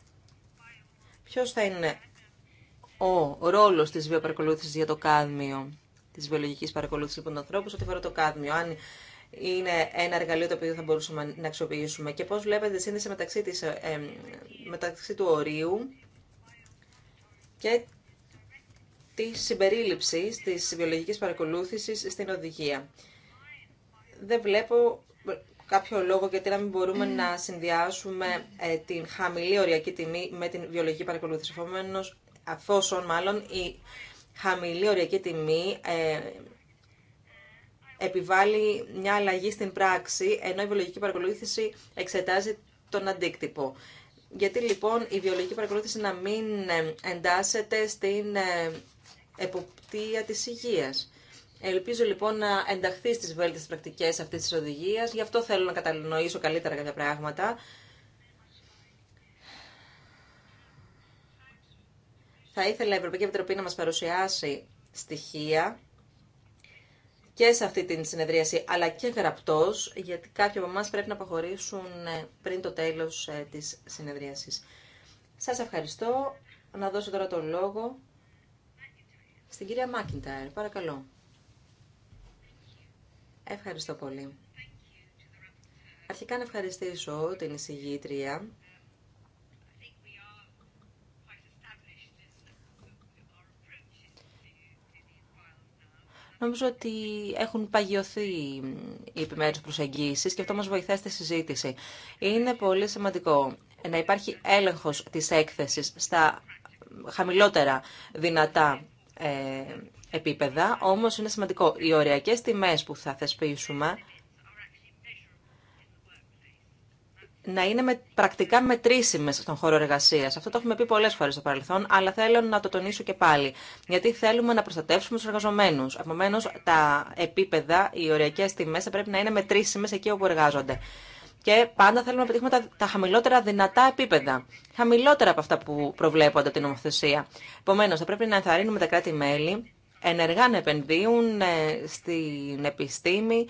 ποιος θα είναι ο ρόλος της βιοπαρακολούθησης για το κάδμιο, της βιολογικής παρακολούθησης λοιπόν των ανθρώπων, ό,τι φορά το κάδμιο, αν είναι ένα εργαλείο το οποίο θα μπορούσαμε να αξιοποιήσουμε και πώς βλέπετε τη σύνδεση μεταξύ, ε, ε, του ορίου και τη συμπερίληψη τη βιολογική παρακολούθηση στην οδηγία. Δεν βλέπω κάποιο λόγο γιατί να μην μπορούμε να συνδυάσουμε ε, την χαμηλή οριακή τιμή με την βιολογική παρακολούθηση. Εφόμενος αφόσον μάλλον η χαμηλή οριακή τιμή ε, επιβάλλει μια αλλαγή στην πράξη, ενώ η βιολογική παρακολούθηση εξετάζει τον αντίκτυπο. Γιατί λοιπόν η βιολογική παρακολούθηση να μην ε, εντάσσεται στην ε, εποπτεία της υγείας. Ελπίζω λοιπόν να ενταχθεί στις βέλτιστες πρακτικές αυτής της οδηγίας. Γι' αυτό θέλω να κατανοήσω καλύτερα κάποια πράγματα. Θα ήθελα η Ευρωπαϊκή Επιτροπή να μας παρουσιάσει στοιχεία και σε αυτή την συνεδρίαση, αλλά και γραπτός, γιατί κάποιοι από εμά πρέπει να αποχωρήσουν ε, πριν το τέλος ε, της συνεδρίασης. Σας ευχαριστώ. Να δώσω τώρα τον λόγο στην κυρία Μάκιντάερ. Παρακαλώ. Ευχαριστώ πολύ. Αρχικά να ευχαριστήσω την εισηγήτρια. Νομίζω ότι έχουν παγιωθεί οι επιμέρους προσεγγίσεις και αυτό μας βοηθάει στη συζήτηση. Είναι πολύ σημαντικό να υπάρχει έλεγχος της έκθεσης στα χαμηλότερα δυνατά ε, επίπεδα, όμως είναι σημαντικό. Οι οριακές τιμές που θα θεσπίσουμε να είναι με, πρακτικά μετρήσιμες στον χώρο εργασίας. Αυτό το έχουμε πει πολλές φορές στο παρελθόν, αλλά θέλω να το τονίσω και πάλι, γιατί θέλουμε να προστατεύσουμε τους εργαζομένους. επομένως τα επίπεδα, οι οριακές τιμές θα πρέπει να είναι μετρήσιμες εκεί όπου εργάζονται και πάντα θέλουμε να πετύχουμε τα, χαμηλότερα δυνατά επίπεδα. Χαμηλότερα από αυτά που προβλέπονται από την νομοθεσία. Επομένω, θα πρέπει να ενθαρρύνουμε τα κράτη-μέλη ενεργά να επενδύουν ε, στην επιστήμη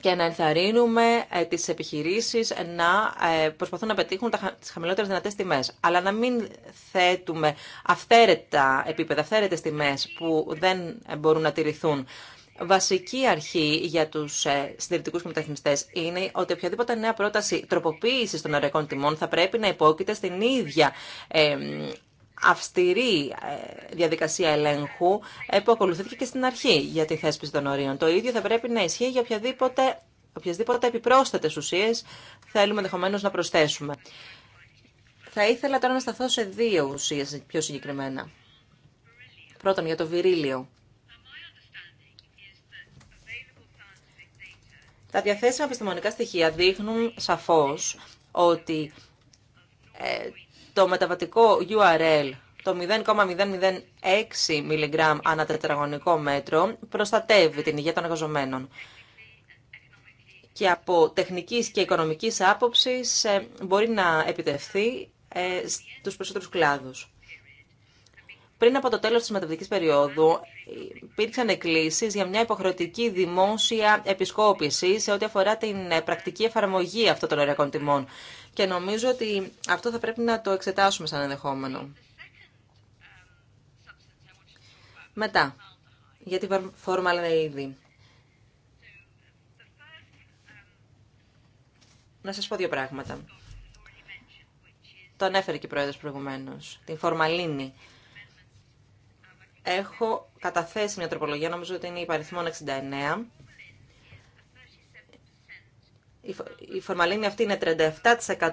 και να ενθαρρύνουμε ε, τις επιχειρήσεις να ε, προσπαθούν να πετύχουν τις χαμηλότερες δυνατές τιμές. Αλλά να μην θέτουμε αυθαίρετα επίπεδα, αυθαίρετες τιμές που δεν μπορούν να τηρηθούν βασική αρχή για του ε, συντηρητικού και μεταρρυθμιστέ είναι ότι οποιαδήποτε νέα πρόταση τροποποίηση των ωριακών τιμών θα πρέπει να υπόκειται στην ίδια αυστηρή ε, διαδικασία ελέγχου ε, που ακολουθήθηκε και στην αρχή για τη θέσπιση των ορίων. Το ίδιο θα πρέπει να ισχύει για οποιαδήποτε, οποιασδήποτε επιπρόσθετες ουσίες θέλουμε ενδεχομένω να προσθέσουμε. Θα ήθελα τώρα να σταθώ σε δύο ουσίες πιο συγκεκριμένα. Πρώτον, για το βυρίλιο. Τα διαθέσιμα επιστημονικά στοιχεία δείχνουν σαφώς ότι ε, το μεταβατικό URL, το 0,006 mg ανά τετραγωνικό μέτρο, προστατεύει την υγεία των εργαζομένων. Και από τεχνικής και οικονομικής άποψης ε, μπορεί να επιτευχθεί ε, στους περισσότερους κλάδους. Πριν από το τέλος της μεταδικής περίοδου υπήρξαν εκκλήσεις για μια υποχρεωτική δημόσια επισκόπηση σε ό,τι αφορά την ε, πρακτική εφαρμογή αυτών των ωριακών τιμών. Και νομίζω ότι αυτό θα πρέπει να το εξετάσουμε σαν ενδεχόμενο. Μετά, για την φορμαλδεΐδη. Να σας πω δύο πράγματα. Το ανέφερε και η Πρόεδρος προηγουμένως. Την φορμαλίνη έχω καταθέσει μια τροπολογία, νομίζω ότι είναι παριθμόν 69. Η φορμαλίνη αυτή είναι 37%,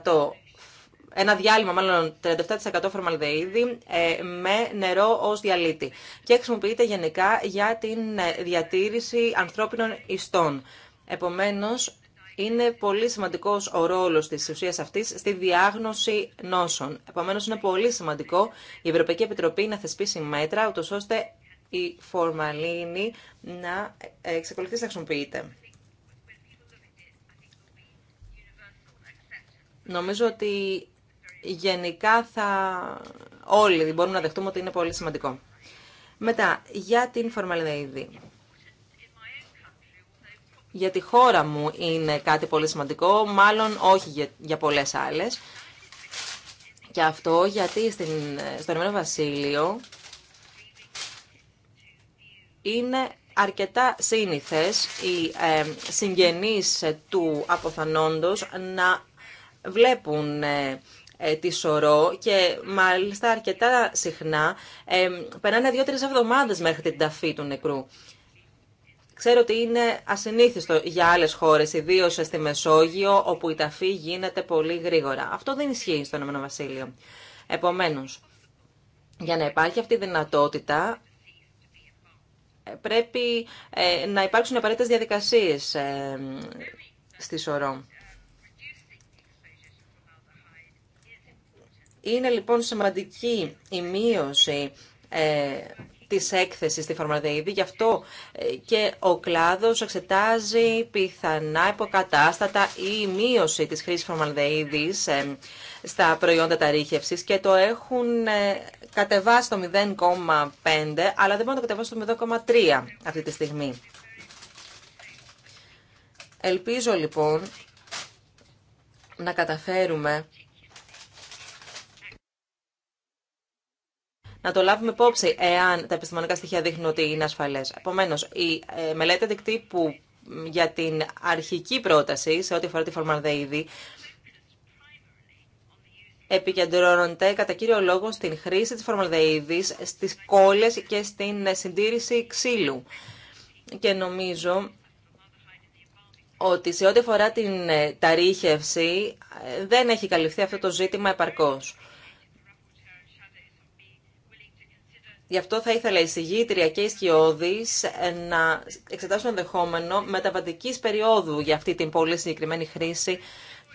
ένα διάλειμμα μάλλον 37% φορμαλδεΐδη ε, με νερό ως διαλύτη και χρησιμοποιείται γενικά για την ε, διατήρηση ανθρώπινων ιστών. Επομένως, είναι πολύ σημαντικό ο ρόλο τη ουσία αυτή στη διάγνωση νόσων. Επομένω, είναι πολύ σημαντικό η Ευρωπαϊκή Επιτροπή να θεσπίσει μέτρα, ούτω ώστε η φορμαλίνη να εξακολουθήσει να χρησιμοποιείται. Νομίζω ότι γενικά θα όλοι μπορούμε να δεχτούμε ότι είναι πολύ σημαντικό. Μετά, για την φορμαλίνη για τη χώρα μου είναι κάτι πολύ σημαντικό, μάλλον όχι για, για πολλές άλλες. Και αυτό γιατί στην, στο Ηνωμένο Βασίλειο είναι αρκετά σύνηθες οι ε, συγγενείς του αποθανόντος να βλέπουν ε, ε, τη σωρό και μάλιστα αρκετά συχνά περνάνε δύο-τρεις εβδομάδες μέχρι την ταφή του νεκρού. Ξέρω ότι είναι ασυνήθιστο για άλλες χώρες, ιδίως στη Μεσόγειο, όπου η ταφή γίνεται πολύ γρήγορα. Αυτό δεν ισχύει στον Ηνωμένο Βασίλειο. Επομένως, για να υπάρχει αυτή η δυνατότητα, πρέπει ε, να υπάρξουν απαραίτητες διαδικασίες ε, στη σωρό. Είναι λοιπόν σημαντική η μείωση ε, Τη έκθεση στη Φορμαδεϊδη. Γι' αυτό ε, και ο κλάδος εξετάζει πιθανά υποκατάστατα ή μείωση της χρήση φορμαλδεΐδης ε, στα προϊόντα ρήχευση και το έχουν ε, κατεβάσει το 0,5 αλλά δεν μπορούν να το κατεβάσουν το 0,3 αυτή τη στιγμή. Ελπίζω λοιπόν να καταφέρουμε να το λάβουμε υπόψη εάν τα επιστημονικά στοιχεία δείχνουν ότι είναι ασφαλές. Επομένω, η ε, μελέτη αντικτύπου για την αρχική πρόταση σε ό,τι αφορά τη φορμαλδέιδη επικεντρώνονται κατά κύριο λόγο στην χρήση της φορμαλδεΐδης, στις κόλλες και στην συντήρηση ξύλου. Και νομίζω ότι σε ό,τι αφορά την ε, ταρίχευση ε, δεν έχει καλυφθεί αυτό το ζήτημα επαρκώς. Γι' αυτό θα ήθελα η συγγήτρια και οι ε, να εξετάσουν ενδεχόμενο μεταβατικής περίοδου για αυτή την πολύ συγκεκριμένη χρήση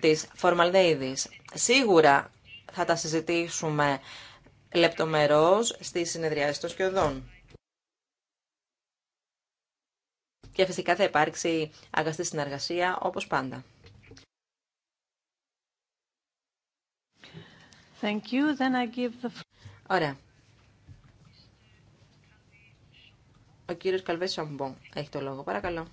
της φορμαλδέιδης. Σίγουρα θα τα συζητήσουμε λεπτομερώς στη συνεδρίαση των σκιωδών. Και φυσικά θα υπάρξει αγαστή συνεργασία όπως πάντα. Ωραία. Ο κύριος Καλβέ Σαμπον έχει το λόγο. Παρακαλώ.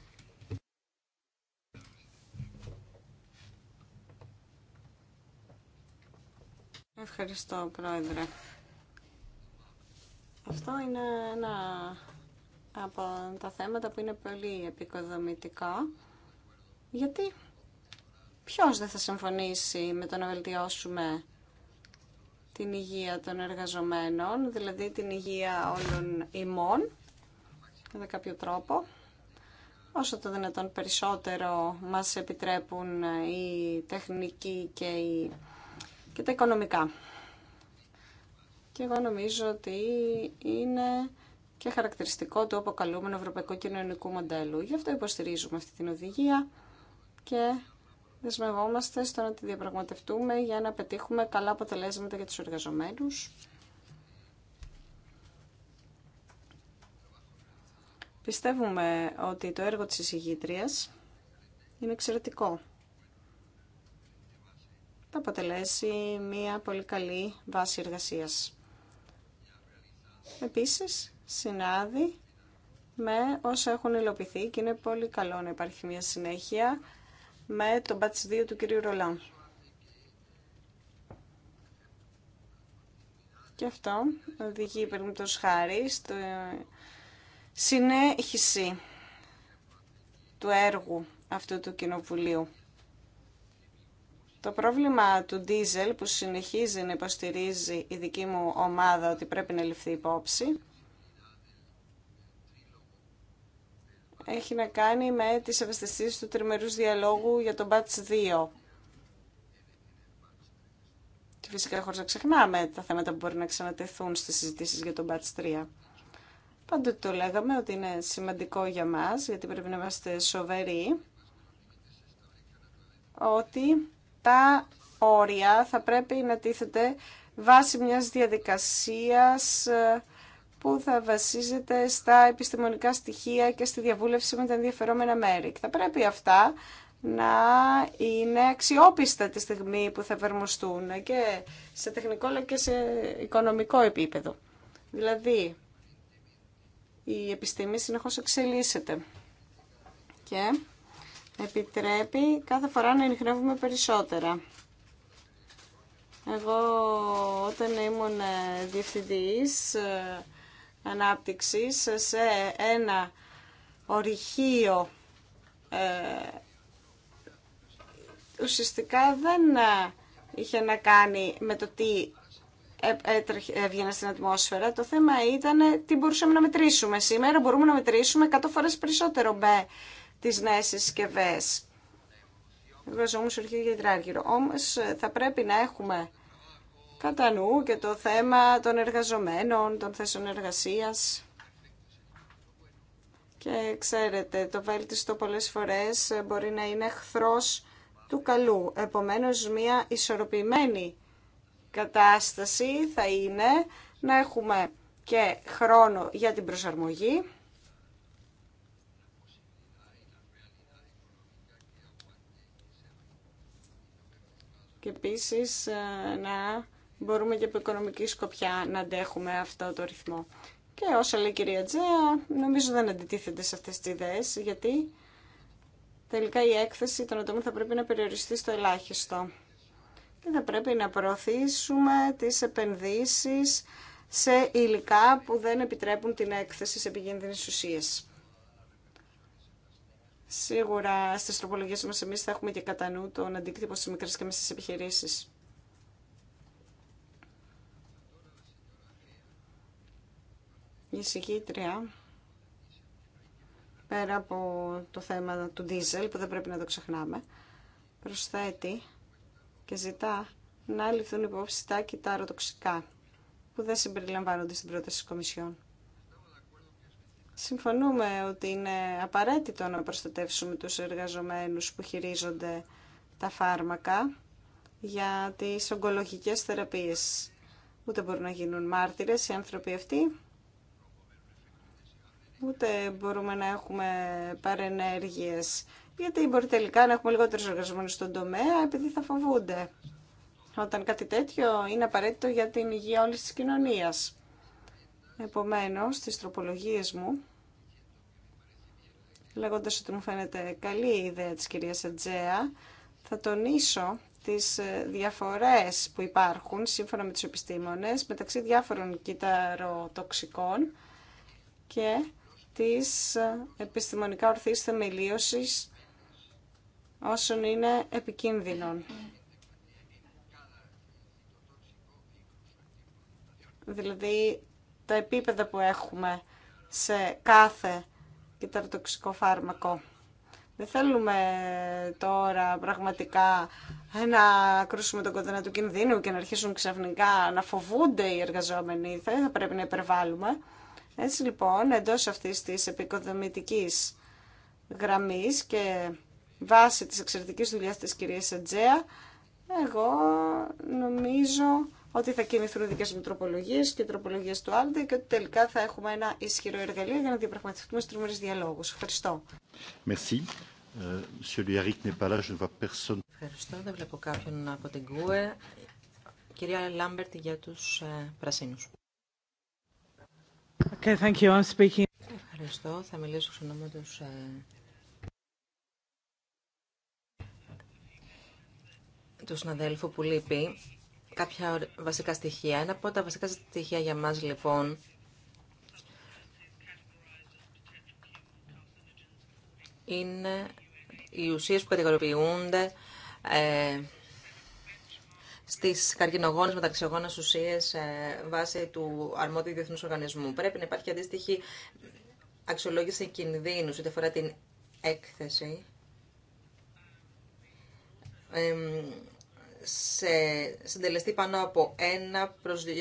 Ευχαριστώ, Πρόεδρε. Αυτό είναι ένα από τα θέματα που είναι πολύ επικοδομητικά. Γιατί ποιος δεν θα συμφωνήσει με το να βελτιώσουμε την υγεία των εργαζομένων, δηλαδή την υγεία όλων ημών κατά κάποιο τρόπο όσο το δυνατόν περισσότερο μας επιτρέπουν οι τεχνικοί και, οι... και τα οικονομικά. Και εγώ νομίζω ότι είναι και χαρακτηριστικό του αποκαλούμενου ευρωπαϊκού κοινωνικού μοντέλου. Γι' αυτό υποστηρίζουμε αυτή την οδηγία και δεσμευόμαστε στο να τη διαπραγματευτούμε για να πετύχουμε καλά αποτελέσματα για τους εργαζομένους Πιστεύουμε ότι το έργο της εισηγήτριας είναι εξαιρετικό. Θα αποτελέσει μια πολύ καλή βάση εργασίας. Επίσης, συνάδει με όσα έχουν υλοποιηθεί και είναι πολύ καλό να υπάρχει μια συνέχεια με το batch 2 του κυρίου Ρολάν. Και αυτό οδηγεί, περίπτωση χάρη, στο συνέχιση του έργου αυτού του Κοινοβουλίου. Το πρόβλημα του ντίζελ που συνεχίζει να υποστηρίζει η δική μου ομάδα ότι πρέπει να ληφθεί υπόψη έχει να κάνει με τις ευαισθησίες του τριμερούς διαλόγου για τον ΠΑΤΣ 2. Και φυσικά χωρίς να ξεχνάμε τα θέματα που μπορεί να ξανατεθούν στις συζητήσεις για τον ΠΑΤΣ 3. Πάντοτε το λέγαμε ότι είναι σημαντικό για μας, γιατί πρέπει να είμαστε σοβαροί, ότι τα όρια θα πρέπει να τίθεται βάσει μιας διαδικασίας ε, που θα βασίζεται στα επιστημονικά στοιχεία και στη διαβούλευση με τα ενδιαφερόμενα μέρη. θα πρέπει αυτά να είναι αξιόπιστα τη στιγμή που θα εφαρμοστούν και σε τεχνικό αλλά και σε οικονομικό επίπεδο. Δηλαδή, η επιστήμη συνεχώς εξελίσσεται και επιτρέπει κάθε φορά να ενιχνεύουμε περισσότερα. Εγώ όταν ήμουν διευθυντής ε, ανάπτυξης σε ένα ορυχείο ε, ουσιαστικά δεν ε, είχε να κάνει με το τι ε, έβγαινε στην ατμόσφαιρα. Το θέμα ήταν ε, τι μπορούσαμε να μετρήσουμε. Σήμερα μπορούμε να μετρήσουμε 100 φορές περισσότερο με τις νέες συσκευέ. Εργαζόμουν σε ορχή για Όμως ε, θα πρέπει να έχουμε κατά νου και το θέμα των εργαζομένων, των θέσεων εργασίας. Και ξέρετε, το βέλτιστο πολλές φορές μπορεί να είναι εχθρός του καλού. Επομένως, μια ισορροπημένη κατάσταση θα είναι να έχουμε και χρόνο για την προσαρμογή. Και επίσης ε, να μπορούμε και από οικονομική σκοπιά να αντέχουμε αυτό το ρυθμό. Και όσα λέει η κυρία Τζέα, νομίζω δεν αντιτίθεται σε αυτές τις ιδέες, γιατί τελικά η έκθεση των ατόμων θα πρέπει να περιοριστεί στο ελάχιστο και θα πρέπει να προωθήσουμε τις επενδύσεις σε υλικά που δεν επιτρέπουν την έκθεση σε επικίνδυνες ουσίες. Σίγουρα στις τροπολογίες μας εμείς θα έχουμε και κατά νου τον αντίκτυπο στις μικρές και μεσές επιχειρήσεις. Η συγκήτρια, πέρα από το θέμα του ντίζελ που δεν πρέπει να το ξεχνάμε, προσθέτει και ζητά να ληφθούν υπόψη τα κυτάροτοξικά που δεν συμπεριλαμβάνονται στην πρόταση της Κομισιόν. Συμφωνούμε ότι είναι απαραίτητο να προστατεύσουμε τους εργαζομένους που χειρίζονται τα φάρμακα για τις ογκολογικές θεραπείες. Ούτε μπορούν να γίνουν μάρτυρες οι άνθρωποι αυτοί, ούτε μπορούμε να έχουμε παρενέργειες γιατί μπορεί τελικά να έχουμε λιγότερου εργαζομένου στον τομέα επειδή θα φοβούνται. Όταν κάτι τέτοιο είναι απαραίτητο για την υγεία όλη τη κοινωνία. Επομένω, στι τροπολογίε μου, λέγοντα ότι μου φαίνεται καλή η ιδέα τη κυρία Ατζέα, θα τονίσω τις ε, διαφορές που υπάρχουν σύμφωνα με τους επιστήμονες μεταξύ διάφορων κυταροτοξικών και της ε, επιστημονικά ορθής θεμελίωσης όσων είναι επικίνδυνων. Δηλαδή τα επίπεδα που έχουμε σε κάθε κυταρτοξικό φάρμακο. Δεν θέλουμε τώρα πραγματικά να κρούσουμε τον κοντά του κινδύνου και να αρχίσουν ξαφνικά να φοβούνται οι εργαζόμενοι. θα πρέπει να υπερβάλλουμε. Έτσι λοιπόν, εντός αυτής της επικοδομητικής γραμμής και βάσει της εξαιρετικής δουλειάς της κυρίας Ατζέα, εγώ νομίζω ότι θα κινηθούν δικέ μου τροπολογίε και τροπολογίε του Άλντε και ότι τελικά θα έχουμε ένα ισχυρό εργαλείο για να διαπραγματευτούμε στους τριμερεί διαλόγου. Ευχαριστώ. Euh, Ευχαριστώ. Δεν βλέπω κάποιον από την ΚΟΕ. Κυρία Λάμπερτ για του ε, πρασίνου. Okay, thank you. I'm speaking. Ευχαριστώ. Θα μιλήσω στον με του ε, του συναδέλφου που λείπει κάποια βασικά στοιχεία. Ένα από τα βασικά στοιχεία για μας λοιπόν είναι οι ουσίες που κατηγοριοποιούνται ε, στις καρκινογόνες μεταξυγόνες ουσίες ε, βάσει του αρμόδιου διεθνούς οργανισμού. Πρέπει να υπάρχει αντίστοιχη αξιολόγηση κινδύνου σε αφορά την έκθεση σε συντελεστή πάνω από 1 προς 2.500.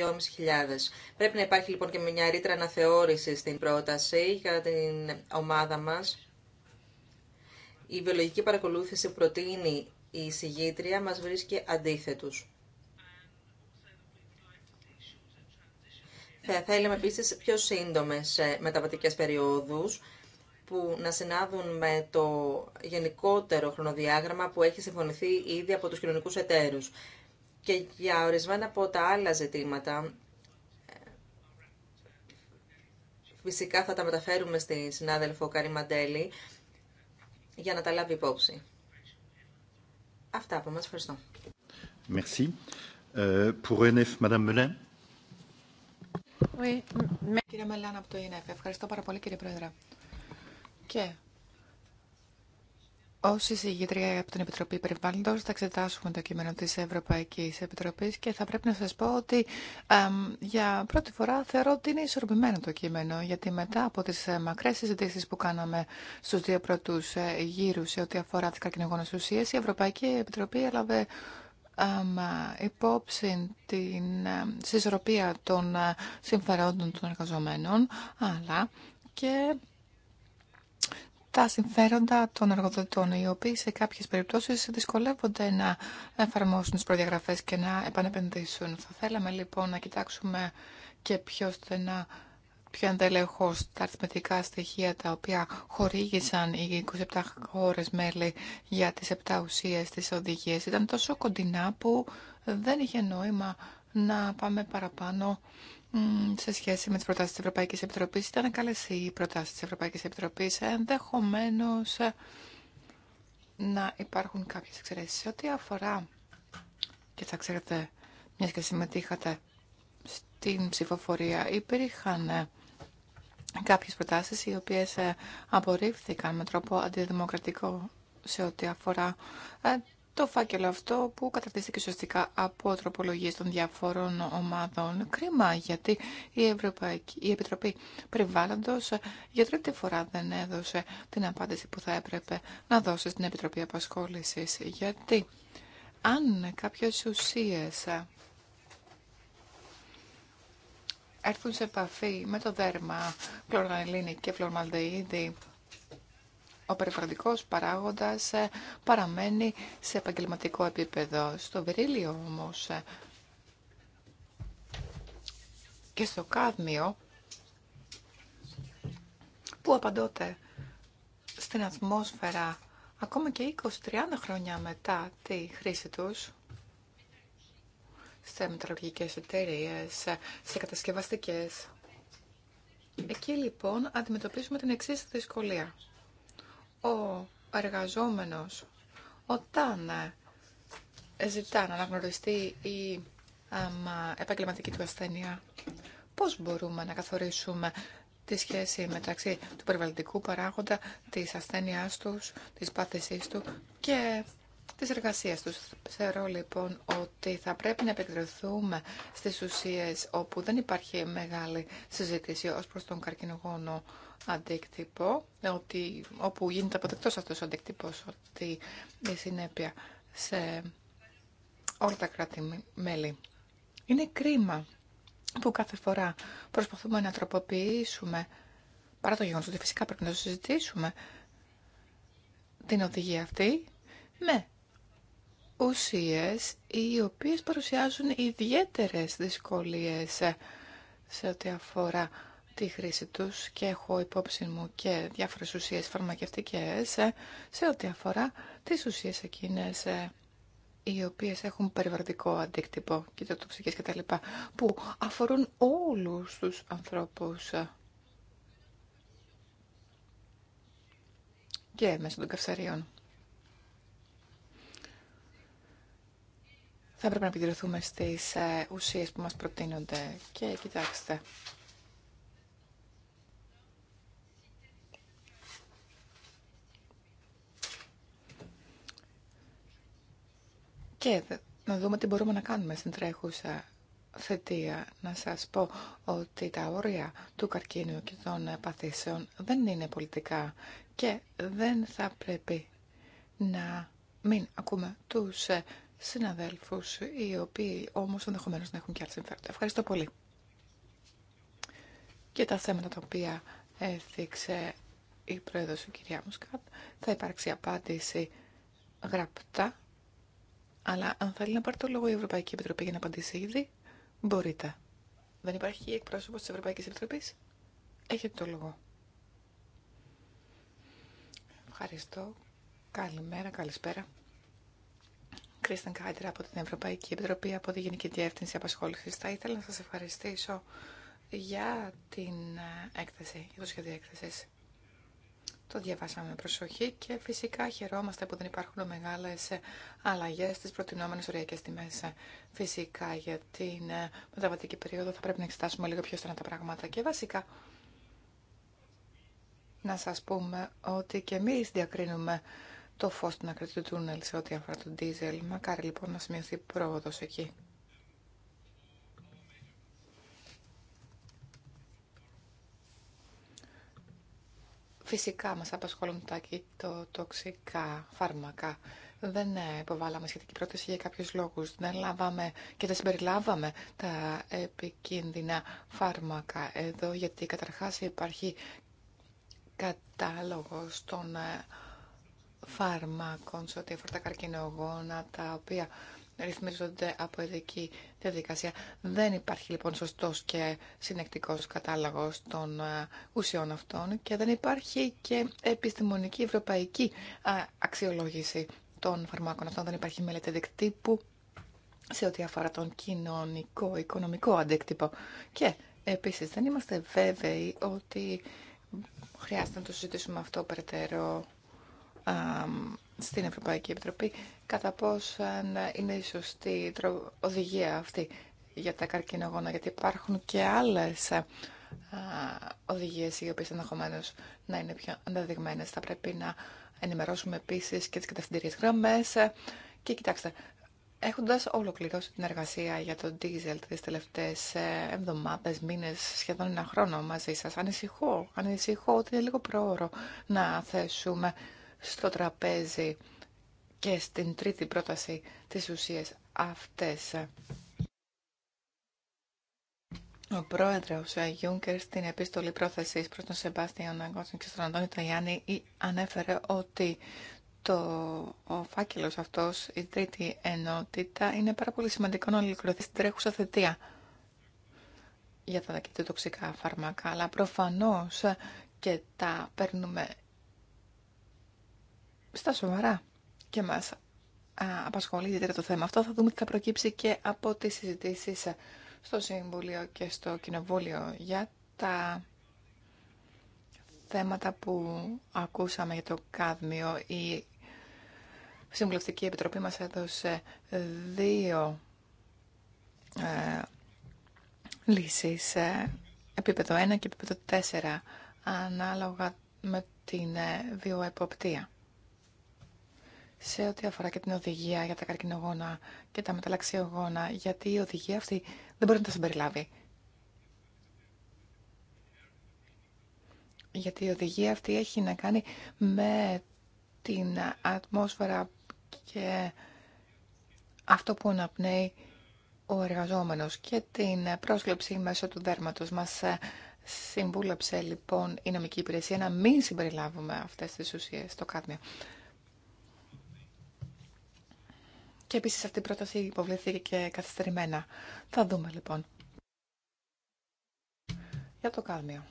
Πρέπει να υπάρχει λοιπόν και μια ρήτρα αναθεώρηση στην πρόταση για την ομάδα μας. Η βιολογική παρακολούθηση που προτείνει η συγγήτρια μας βρίσκει αντίθετους. Θα θέλαμε επίσης πιο σύντομες ε, μεταβατικές περιόδους που να συνάδουν με το γενικότερο χρονοδιάγραμμα που έχει συμφωνηθεί ήδη από τους κοινωνικού εταίρους. Και για ορισμένα από τα άλλα ζητήματα, φυσικά θα τα μεταφέρουμε στη συνάδελφο Καρή Μαντέλη για να τα λάβει υπόψη. Αυτά από μας. Ευχαριστώ. Merci. Ε, pour e NF, Madame Melin. Oui. Κύριε Μελάν από το ΕΝΕΦ. E Ευχαριστώ πάρα πολύ κύριε Πρόεδρε. Και Ω εισηγήτρια από την Επιτροπή Περιβάλλοντος θα εξετάσουμε το κείμενο της Ευρωπαϊκής Επιτροπής και θα πρέπει να σας πω ότι ε, για πρώτη φορά θεωρώ ότι είναι ισορροπημένο το κείμενο, γιατί μετά από τι ε, μακρέ συζητήσει που κάναμε στου δύο πρώτου ε, γύρου σε ό,τι αφορά τις καρκινογόνε ουσίες η Ευρωπαϊκή Επιτροπή έλαβε υπόψη την ε, συσσωροπία των συμφερόντων των εργαζομένων, αλλά και τα συμφέροντα των εργοδοτών, οι οποίοι σε κάποιε περιπτώσει δυσκολεύονται να εφαρμόσουν τι προδιαγραφέ και να επανεπενδύσουν. Θα θέλαμε λοιπόν να κοιτάξουμε και πιο στενά, πιο αντελεχώ τα αριθμητικά στοιχεία τα οποία χορήγησαν οι 27 χώρε μέλη για τι 7 ουσίες τη οδηγία. Ήταν τόσο κοντινά που δεν είχε νόημα να πάμε παραπάνω σε σχέση με τις προτάσεις της Ευρωπαϊκής Επιτροπής. Ήταν καλές οι προτάσεις της Ευρωπαϊκής Επιτροπής. Ε, Ενδεχομένω ε, να υπάρχουν κάποιες εξαιρέσεις. Σε ό,τι αφορά, και θα ξέρετε, μια και συμμετείχατε στην ψηφοφορία, υπήρχαν ε, κάποιες προτάσεις οι οποίες απορρίφθηκαν με τρόπο αντιδημοκρατικό σε ό,τι αφορά το φάκελο αυτό που καταρτίστηκε ουσιαστικά από τροπολογίε των διαφορών ομάδων. Κρίμα γιατί η, Ευρωπαϊκή, η Επιτροπή Περιβάλλοντο για τρίτη φορά δεν έδωσε την απάντηση που θα έπρεπε να δώσει στην Επιτροπή Απασχόληση. Γιατί αν κάποιε ουσίε έρθουν σε επαφή με το δέρμα, φλωρανελίνη και φλωρμαλδεΐδη, ο περιβαλλοντικός παράγοντας ε, παραμένει σε επαγγελματικό επίπεδο. Στο βερίλιο όμως ε, και στο κάδμιο που απαντώται στην ατμόσφαιρα ακόμα και 20-30 χρόνια μετά τη χρήση τους σε μεταλλουργικές εταιρείε, ε, σε κατασκευαστικές. Εκεί λοιπόν αντιμετωπίζουμε την εξή δυσκολία ο εργαζόμενος όταν ε, ζητά να αναγνωριστεί η επαγγελματική του ασθένεια, πώς μπορούμε να καθορίσουμε τη σχέση μεταξύ του περιβαλλοντικού παράγοντα, της ασθένειάς τους, της πάθησής του και της εργασίας τους. Θεωρώ λοιπόν ότι θα πρέπει να επικριθούμε στις ουσίες όπου δεν υπάρχει μεγάλη συζήτηση ως προς τον καρκινογόνο αντίκτυπο, ότι όπου γίνεται αποδεκτός αυτός ο αντίκτυπος, ότι η συνέπεια σε όλα τα κράτη-μέλη. Είναι κρίμα που κάθε φορά προσπαθούμε να τροποποιήσουμε, παρά το γεγονός ότι φυσικά πρέπει να το συζητήσουμε, την οδηγία αυτή με ουσίες οι οποίες παρουσιάζουν ιδιαίτερες δυσκολίες σε ό,τι αφορά τη χρήση τους και έχω υπόψη μου και διάφορες ουσίες φαρμακευτικές ε, σε ό,τι αφορά τις ουσίες εκείνες ε, οι οποίες έχουν περιβαλλοντικό αντίκτυπο και το τοξικές κτλ. που αφορούν όλους τους ανθρώπους και μέσω των καυσαρίων. Θα πρέπει να επικεντρωθούμε στις ε, ουσίες που μας προτείνονται και κοιτάξτε, Και να δούμε τι μπορούμε να κάνουμε στην τρέχουσα θετία. Να σας πω ότι τα όρια του καρκίνου και των παθήσεων δεν είναι πολιτικά και δεν θα πρέπει να μην ακούμε τους ε, συναδέλφους οι οποίοι όμως ενδεχομένω να έχουν και άλλα συμφέροντα. Ευχαριστώ πολύ. Και τα θέματα τα οποία έθιξε η πρόεδρος η κυρία Μουσκάτ θα υπάρξει απάντηση γραπτά αλλά αν θέλει να πάρει το λόγο η Ευρωπαϊκή Επιτροπή για να απαντήσει ήδη, μπορείτε. Δεν υπάρχει εκπρόσωπο τη Ευρωπαϊκή Επιτροπή, Έχετε το λόγο. Ευχαριστώ. Καλημέρα, καλησπέρα. Κρίστεν Κάιντρα από την Ευρωπαϊκή Επιτροπή, από τη Γενική Διεύθυνση Απασχόληση. Θα ήθελα να σα ευχαριστήσω για την ε, έκθεση, για το σχέδιο έκθεση. Το διαβάσαμε με προσοχή και φυσικά χαιρόμαστε που δεν υπάρχουν μεγάλες αλλαγέ στις προτινόμενε οριακέ τιμέ. Φυσικά για την μεταβατική περίοδο θα πρέπει να εξετάσουμε λίγο πιο στενά τα πράγματα και βασικά να σας πούμε ότι και εμεί διακρίνουμε το φω στην ακρίβεια του τούνελ σε ό,τι αφορά τον ντίζελ. Μακάρι λοιπόν να σημειωθεί πρόοδο εκεί. Φυσικά μας απασχολούν τα το τοξικά φάρμακα. Δεν ε, υποβάλαμε σχετική πρόταση για κάποιους λόγους. Δεν λάβαμε και δεν συμπεριλάβαμε τα επικίνδυνα φάρμακα εδώ, γιατί καταρχάς υπάρχει κατάλογος των ε, φάρμακων σε ό,τι αφορά τα καρκινογόνα, τα οποία ρυθμίζονται από ειδική διαδικασία. Δεν υπάρχει λοιπόν σωστός και συνεκτικός κατάλογος των ε, ουσιών αυτών και δεν υπάρχει και επιστημονική ευρωπαϊκή ε, αξιολόγηση των φαρμάκων αυτών. Δεν υπάρχει μελέτη δεκτύπου σε ό,τι αφορά τον κοινωνικό, οικονομικό αντίκτυπο. Και επίσης δεν είμαστε βέβαιοι ότι χρειάζεται να το συζητήσουμε αυτό περαιτέρω ε, στην Ευρωπαϊκή Επιτροπή κατά πώς είναι η σωστή οδηγία αυτή για τα καρκινογόνα, γιατί υπάρχουν και άλλες οδηγίες οι οποίες ενδεχομένω να είναι πιο ανταδειγμένες. Θα πρέπει να ενημερώσουμε επίσης και τις κατευθυντήριες γραμμές. Και κοιτάξτε, έχοντας ολοκληρώσει την εργασία για το diesel τις τελευταίες ε, εβδομάδες, μήνες, σχεδόν ένα χρόνο μαζί σας, ανησυχώ, ανησυχώ ότι είναι λίγο πρόωρο να θέσουμε στο τραπέζι και στην τρίτη πρόταση τις ουσίες αυτές. Ο πρόεδρος Γιούγκερ στην επίστολη πρόθεση προς τον Σεμπάστιαν Αγκόσιν και στον Αντώνη Ταγιάννη ανέφερε ότι το, ο φάκελος αυτός, η τρίτη ενότητα, είναι πάρα πολύ σημαντικό να ολοκληρωθεί στην τρέχουσα θετία για τα τοξικά φάρμακα, αλλά προφανώς και τα παίρνουμε στα σοβαρά και μας απασχολεί ιδιαίτερα το θέμα αυτό. Θα δούμε τι θα προκύψει και από τις συζητήσεις στο Συμβούλιο και στο Κοινοβούλιο για τα θέματα που ακούσαμε για το κάδμιο. Η Συμβουλευτική Επιτροπή μας έδωσε δύο ε, λύσεις, ε, επίπεδο 1 και επίπεδο 4, ανάλογα με την ε, βιοεποπτεία σε ό,τι αφορά και την οδηγία για τα καρκινογόνα και τα μεταλλαξιογόνα, γιατί η οδηγία αυτή δεν μπορεί να τα συμπεριλάβει. Γιατί η οδηγία αυτή έχει να κάνει με την ατμόσφαιρα και αυτό που αναπνέει ο εργαζόμενος και την πρόσληψη μέσω του δέρματος μας συμβούλεψε λοιπόν η νομική υπηρεσία να μην συμπεριλάβουμε αυτές τις ουσίες στο κάτμιο. Και επίσης αυτή η πρόταση υποβλήθηκε και καθυστερημένα. Θα δούμε λοιπόν. Για το κάδμιο.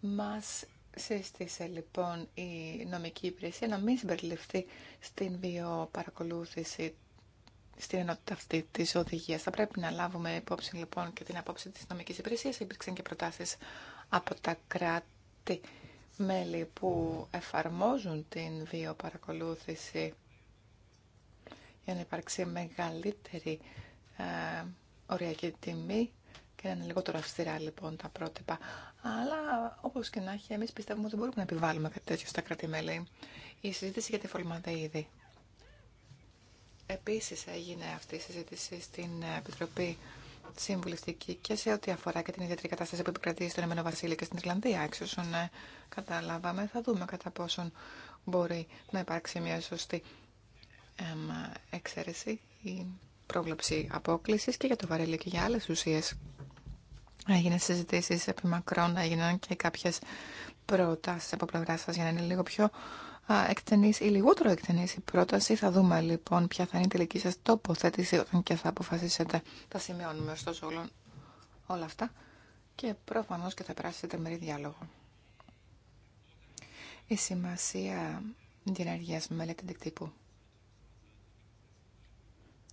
Μας σύστησε λοιπόν η νομική υπηρεσία να μην συμπεριληφθεί στην βιοπαρακολούθηση στην ενότητα αυτή τη οδηγία. Θα πρέπει να λάβουμε υπόψη λοιπόν και την απόψη τη νομική υπηρεσία. Υπήρξαν και προτάσει από τα κράτη μέλη που εφαρμόζουν την βιοπαρακολούθηση για να υπάρξει μεγαλύτερη ε, οριακή τιμή και να είναι λιγότερο αυστηρά λοιπόν τα πρότυπα. Αλλά όπως και να έχει, εμεί πιστεύουμε ότι μπορούμε να επιβάλλουμε κάτι τέτοιο στα κράτη-μέλη. Η συζήτηση για τη φορμαδεΐδη. Επίσης έγινε αυτή η συζήτηση στην Επιτροπή συμβουλευτική και σε ό,τι αφορά και την ιδιαίτερη κατάσταση που επικρατεί στον Εμένο Βασίλειο και στην Ιρλανδία. έξω όσων ε, καταλάβαμε, θα δούμε κατά πόσον μπορεί να υπάρξει μια σωστή εξαίρεση ή πρόβλεψη απόκλησης και για το βαρέλιο και για άλλες ουσίες. Έγινε συζητήσεις επί μακρόν, έγιναν και κάποιες προτάσεις από πλευρά σα για να είναι λίγο πιο εκτενήσει ή λιγότερο εκτενήσει η λιγοτερο εκτενή η προταση Θα δούμε λοιπόν ποια θα είναι η τελική σα τοποθέτηση όταν και θα αποφασίσετε. Τα σημειώνουμε ωστόσο όλα αυτά και προφανώς και θα περάσετε μερή διάλογο. Η σημασία διενεργίας μελέτη αντικτύπου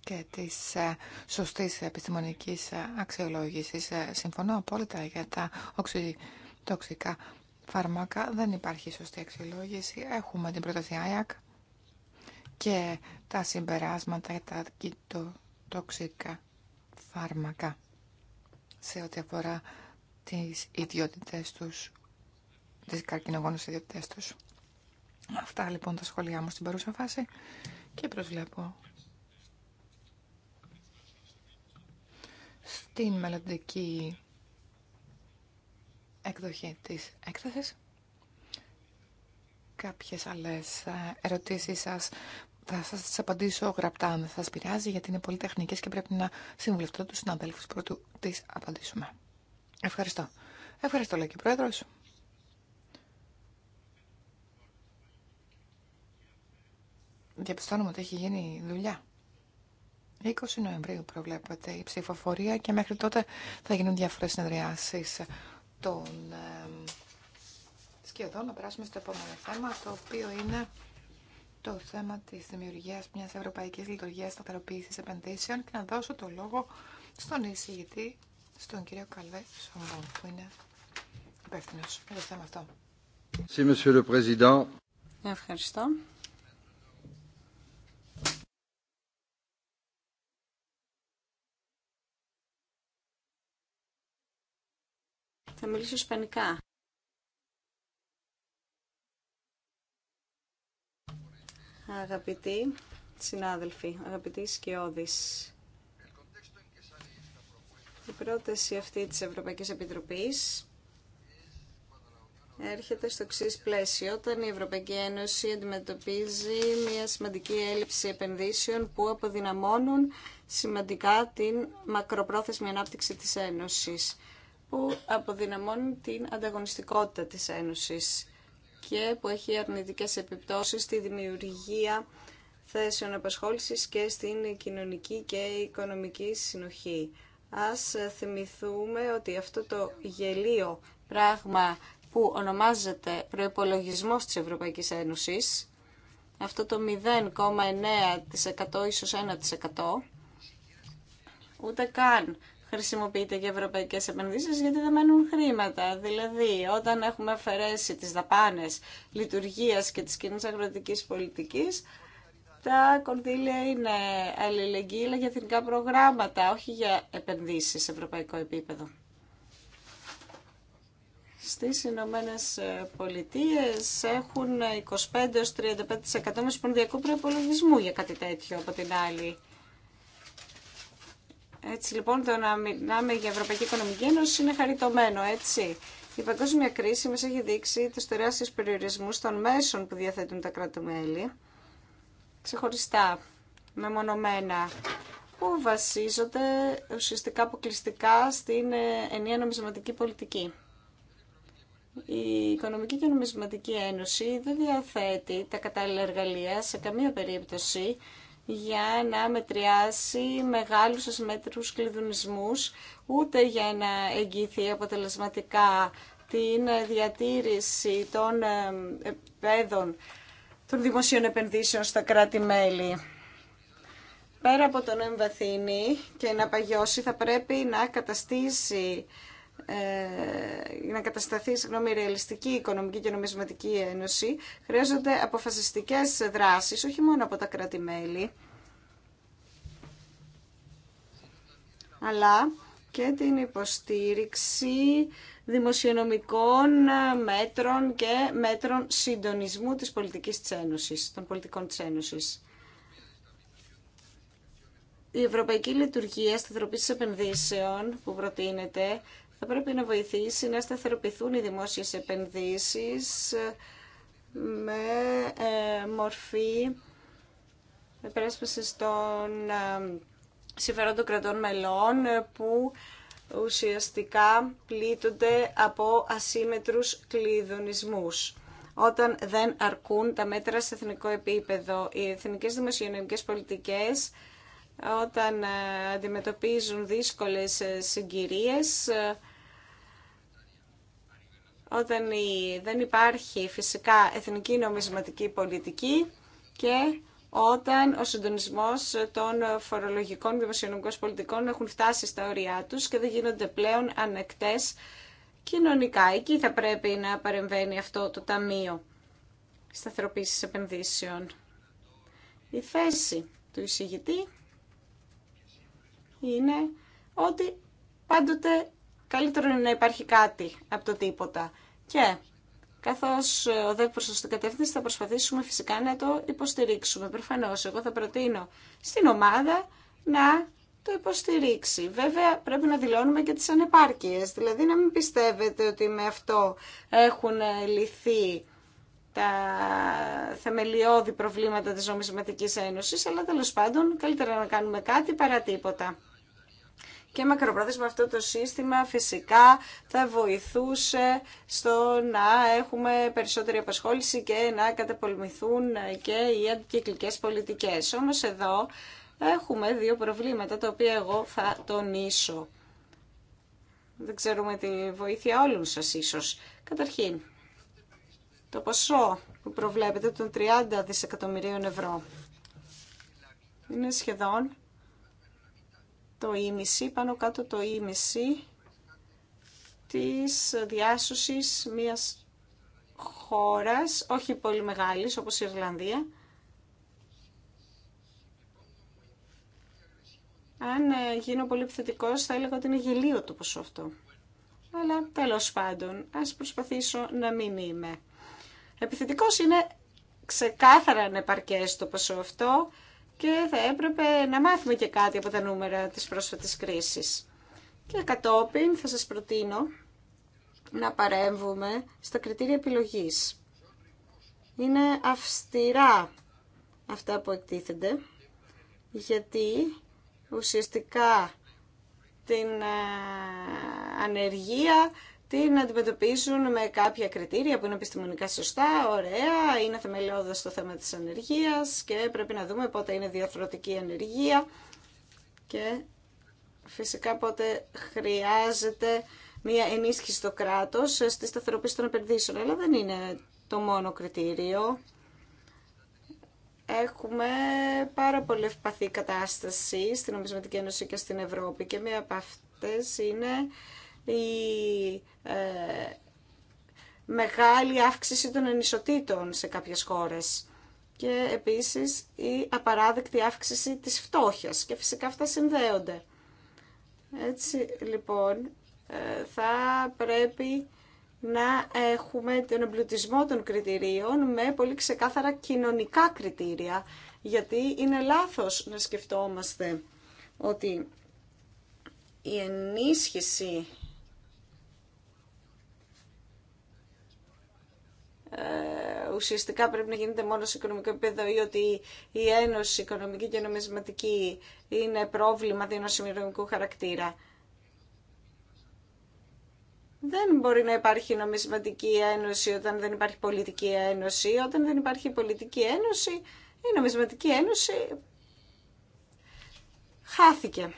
και της ε, σωστής επιστημονικής ε, αξιολόγησης. Ε, συμφωνώ απόλυτα για τα οξυτοξικά φάρμακα δεν υπάρχει σωστή αξιολόγηση. Έχουμε την πρόταση ΆΙΑΚ και τα συμπεράσματα για τα το, φάρμακα σε ό,τι αφορά τις ιδιότητες τους, τις καρκινογόνες ιδιότητες τους. Αυτά λοιπόν τα σχόλιά μου στην παρούσα φάση και προσβλέπω στην μελλοντική εκδοχή της έκθεσης. Κάποιες άλλες ε, ερωτήσεις σας θα σας τις απαντήσω γραπτά αν σας πειράζει γιατί είναι πολύ τεχνικές και πρέπει να συμβουλευτώ τους συναδέλφους πρώτου τις απαντήσουμε. Ευχαριστώ. Ευχαριστώ λέει και Πρόεδρος. Διαπιστώνουμε ότι έχει γίνει δουλειά. 20 Νοεμβρίου προβλέπεται η ψηφοφορία και μέχρι τότε θα γίνουν διάφορες συνεδριάσεις ε, σχεδόν να περάσουμε στο επόμενο θέμα, το οποίο είναι το θέμα της δημιουργίας μιας ευρωπαϊκής λειτουργίας σταθεροποίησης επενδύσεων και να δώσω το λόγο στον εισηγητή, στον κύριο Καλβέ Σομπον, που είναι υπεύθυνο για το θέμα αυτό. Ευχαριστώ. Θα μιλήσω ισπανικά. Αγαπητοί συνάδελφοι, αγαπητοί σκιώδεις, η πρόταση αυτή της Ευρωπαϊκής Επιτροπής έρχεται στο εξή πλαίσιο, όταν η Ευρωπαϊκή Ένωση αντιμετωπίζει μια σημαντική έλλειψη επενδύσεων που αποδυναμώνουν σημαντικά την μακροπρόθεσμη ανάπτυξη της Ένωσης που αποδυναμώνει την ανταγωνιστικότητα της Ένωσης και που έχει αρνητικές επιπτώσεις στη δημιουργία θέσεων απασχόλησης και στην κοινωνική και οικονομική συνοχή. Ας θυμηθούμε ότι αυτό το γελίο πράγμα που ονομάζεται προϋπολογισμός της Ευρωπαϊκής Ένωσης, αυτό το 0,9% ίσως 1%, ούτε καν χρησιμοποιείται για ευρωπαϊκέ επενδύσει γιατί δεν μένουν χρήματα. Δηλαδή, όταν έχουμε αφαιρέσει τι δαπάνε λειτουργία και τη κοινή αγροτική πολιτική, τα κονδύλια είναι αλληλεγγύη, αλλά για εθνικά προγράμματα, όχι για επενδύσεις σε ευρωπαϊκό επίπεδο. Στις Ηνωμένε Πολιτείε έχουν 25-35% μεσοπονδιακού προπολογισμού για κάτι τέτοιο από την άλλη. Έτσι λοιπόν το να μιλάμε για Ευρωπαϊκή Οικονομική Ένωση είναι χαριτωμένο, έτσι. Η παγκόσμια κρίση μας έχει δείξει τους τεράστιους περιορισμούς των μέσων που διαθέτουν τα κράτη-μέλη, ξεχωριστά, μεμονωμένα, που βασίζονται ουσιαστικά αποκλειστικά στην ε, ενιαία νομισματική πολιτική. Η Οικονομική και Νομισματική Ένωση δεν διαθέτει τα κατάλληλα εργαλεία σε καμία περίπτωση για να μετριάσει μεγάλους ασμέτρους κλειδονισμούς, ούτε για να εγγυηθεί αποτελεσματικά την διατήρηση των ε, επέδων των δημοσίων επενδύσεων στα κράτη-μέλη. Πέρα από τον εμβαθύνει και να παγιώσει, θα πρέπει να καταστήσει ε, να κατασταθεί συγγνώμη, ρεαλιστική οικονομική και νομισματική ένωση, χρειάζονται αποφασιστικές δράσεις, όχι μόνο από τα κράτη-μέλη, αλλά και την υποστήριξη δημοσιονομικών μέτρων και μέτρων συντονισμού της πολιτικής των πολιτικών της Ένωσης. Η Ευρωπαϊκή Λειτουργία Σταθεροποίησης Επενδύσεων που προτείνεται πρέπει να βοηθήσει να σταθεροποιηθούν οι δημόσιες επενδύσεις με ε, μορφή επέσπαση των ε, συμφερόντων κρατών μελών ε, που ουσιαστικά πλήττονται από ασύμετρους κλειδονισμούς όταν δεν αρκούν τα μέτρα σε εθνικό επίπεδο. Οι εθνικές δημοσιονομικές πολιτικές όταν αντιμετωπίζουν δύσκολες συγκυρίες όταν δεν υπάρχει φυσικά εθνική νομισματική πολιτική και όταν ο συντονισμός των φορολογικών δημοσιονομικών πολιτικών έχουν φτάσει στα όρια τους και δεν γίνονται πλέον ανεκτές κοινωνικά. Εκεί θα πρέπει να παρεμβαίνει αυτό το Ταμείο Σταθεροποίησης Επενδύσεων. Η θέση του εισηγητή είναι ότι πάντοτε καλύτερο είναι να υπάρχει κάτι από το τίποτα. Και καθώς ε, οδεύει προ την κατεύθυνση θα προσπαθήσουμε φυσικά να το υποστηρίξουμε. Προφανώ εγώ θα προτείνω στην ομάδα να το υποστηρίξει. Βέβαια πρέπει να δηλώνουμε και τις ανεπάρκειες, δηλαδή να μην πιστεύετε ότι με αυτό έχουν λυθεί τα θεμελιώδη προβλήματα της Νομισματικής Ένωσης, αλλά τέλος πάντων καλύτερα να κάνουμε κάτι παρά τίποτα και μακροπρόθεσμα αυτό το σύστημα φυσικά θα βοηθούσε στο να έχουμε περισσότερη απασχόληση και να καταπολμηθούν και οι αντικυκλικές πολιτικές. Όμως εδώ έχουμε δύο προβλήματα τα οποία εγώ θα τονίσω. Δεν ξέρουμε τη βοήθεια όλων σας ίσως. Καταρχήν, το ποσό που προβλέπετε των 30 δισεκατομμυρίων ευρώ είναι σχεδόν το ίμιση, πάνω κάτω το ίμιση της διάσωσης μιας χώρας, όχι πολύ μεγάλης όπως η Ιρλανδία. Αν ε, γίνω πολύ επιθετικός θα έλεγα ότι είναι γελίο το ποσό αυτό. Αλλά τέλος πάντων, ας προσπαθήσω να μην είμαι. Επιθετικός είναι ξεκάθαρα ανεπαρκές το ποσό αυτό και θα έπρεπε να μάθουμε και κάτι από τα νούμερα της πρόσφατης κρίσης. Και κατόπιν θα σας προτείνω να παρέμβουμε στα κριτήρια επιλογής. Είναι αυστηρά αυτά που εκτίθενται, γιατί ουσιαστικά την ε, ανεργία την αντιμετωπίσουν με κάποια κριτήρια που είναι επιστημονικά σωστά, ωραία, είναι θεμελιώδε στο θέμα της ανεργίας και πρέπει να δούμε πότε είναι διαθροτική ανεργία και φυσικά πότε χρειάζεται μία ενίσχυση στο κράτος στη σταθεροποίηση των επενδύσεων. Αλλά δεν είναι το μόνο κριτήριο. Έχουμε πάρα πολύ ευπαθή κατάσταση στην Νομισματική Ένωση και στην Ευρώπη και μία από αυτές είναι η ε, μεγάλη αύξηση των ενισοτήτων σε κάποιες χώρες και επίσης η απαράδεκτη αύξηση της φτώχειας και φυσικά αυτά συνδέονται. Έτσι λοιπόν ε, θα πρέπει να έχουμε τον εμπλουτισμό των κριτηρίων με πολύ ξεκάθαρα κοινωνικά κριτήρια γιατί είναι λάθος να σκεφτόμαστε ότι η ενίσχυση Ε, ουσιαστικά πρέπει να γίνεται μόνο σε οικονομικό επίπεδο ή ότι η Ένωση Οικονομική και Νομισματική είναι πρόβλημα δημοσιονομικού χαρακτήρα. Δεν μπορεί να υπάρχει νομισματική ένωση όταν δεν υπάρχει πολιτική ένωση. Όταν δεν υπάρχει πολιτική ένωση, η νομισματική ένωση χάθηκε.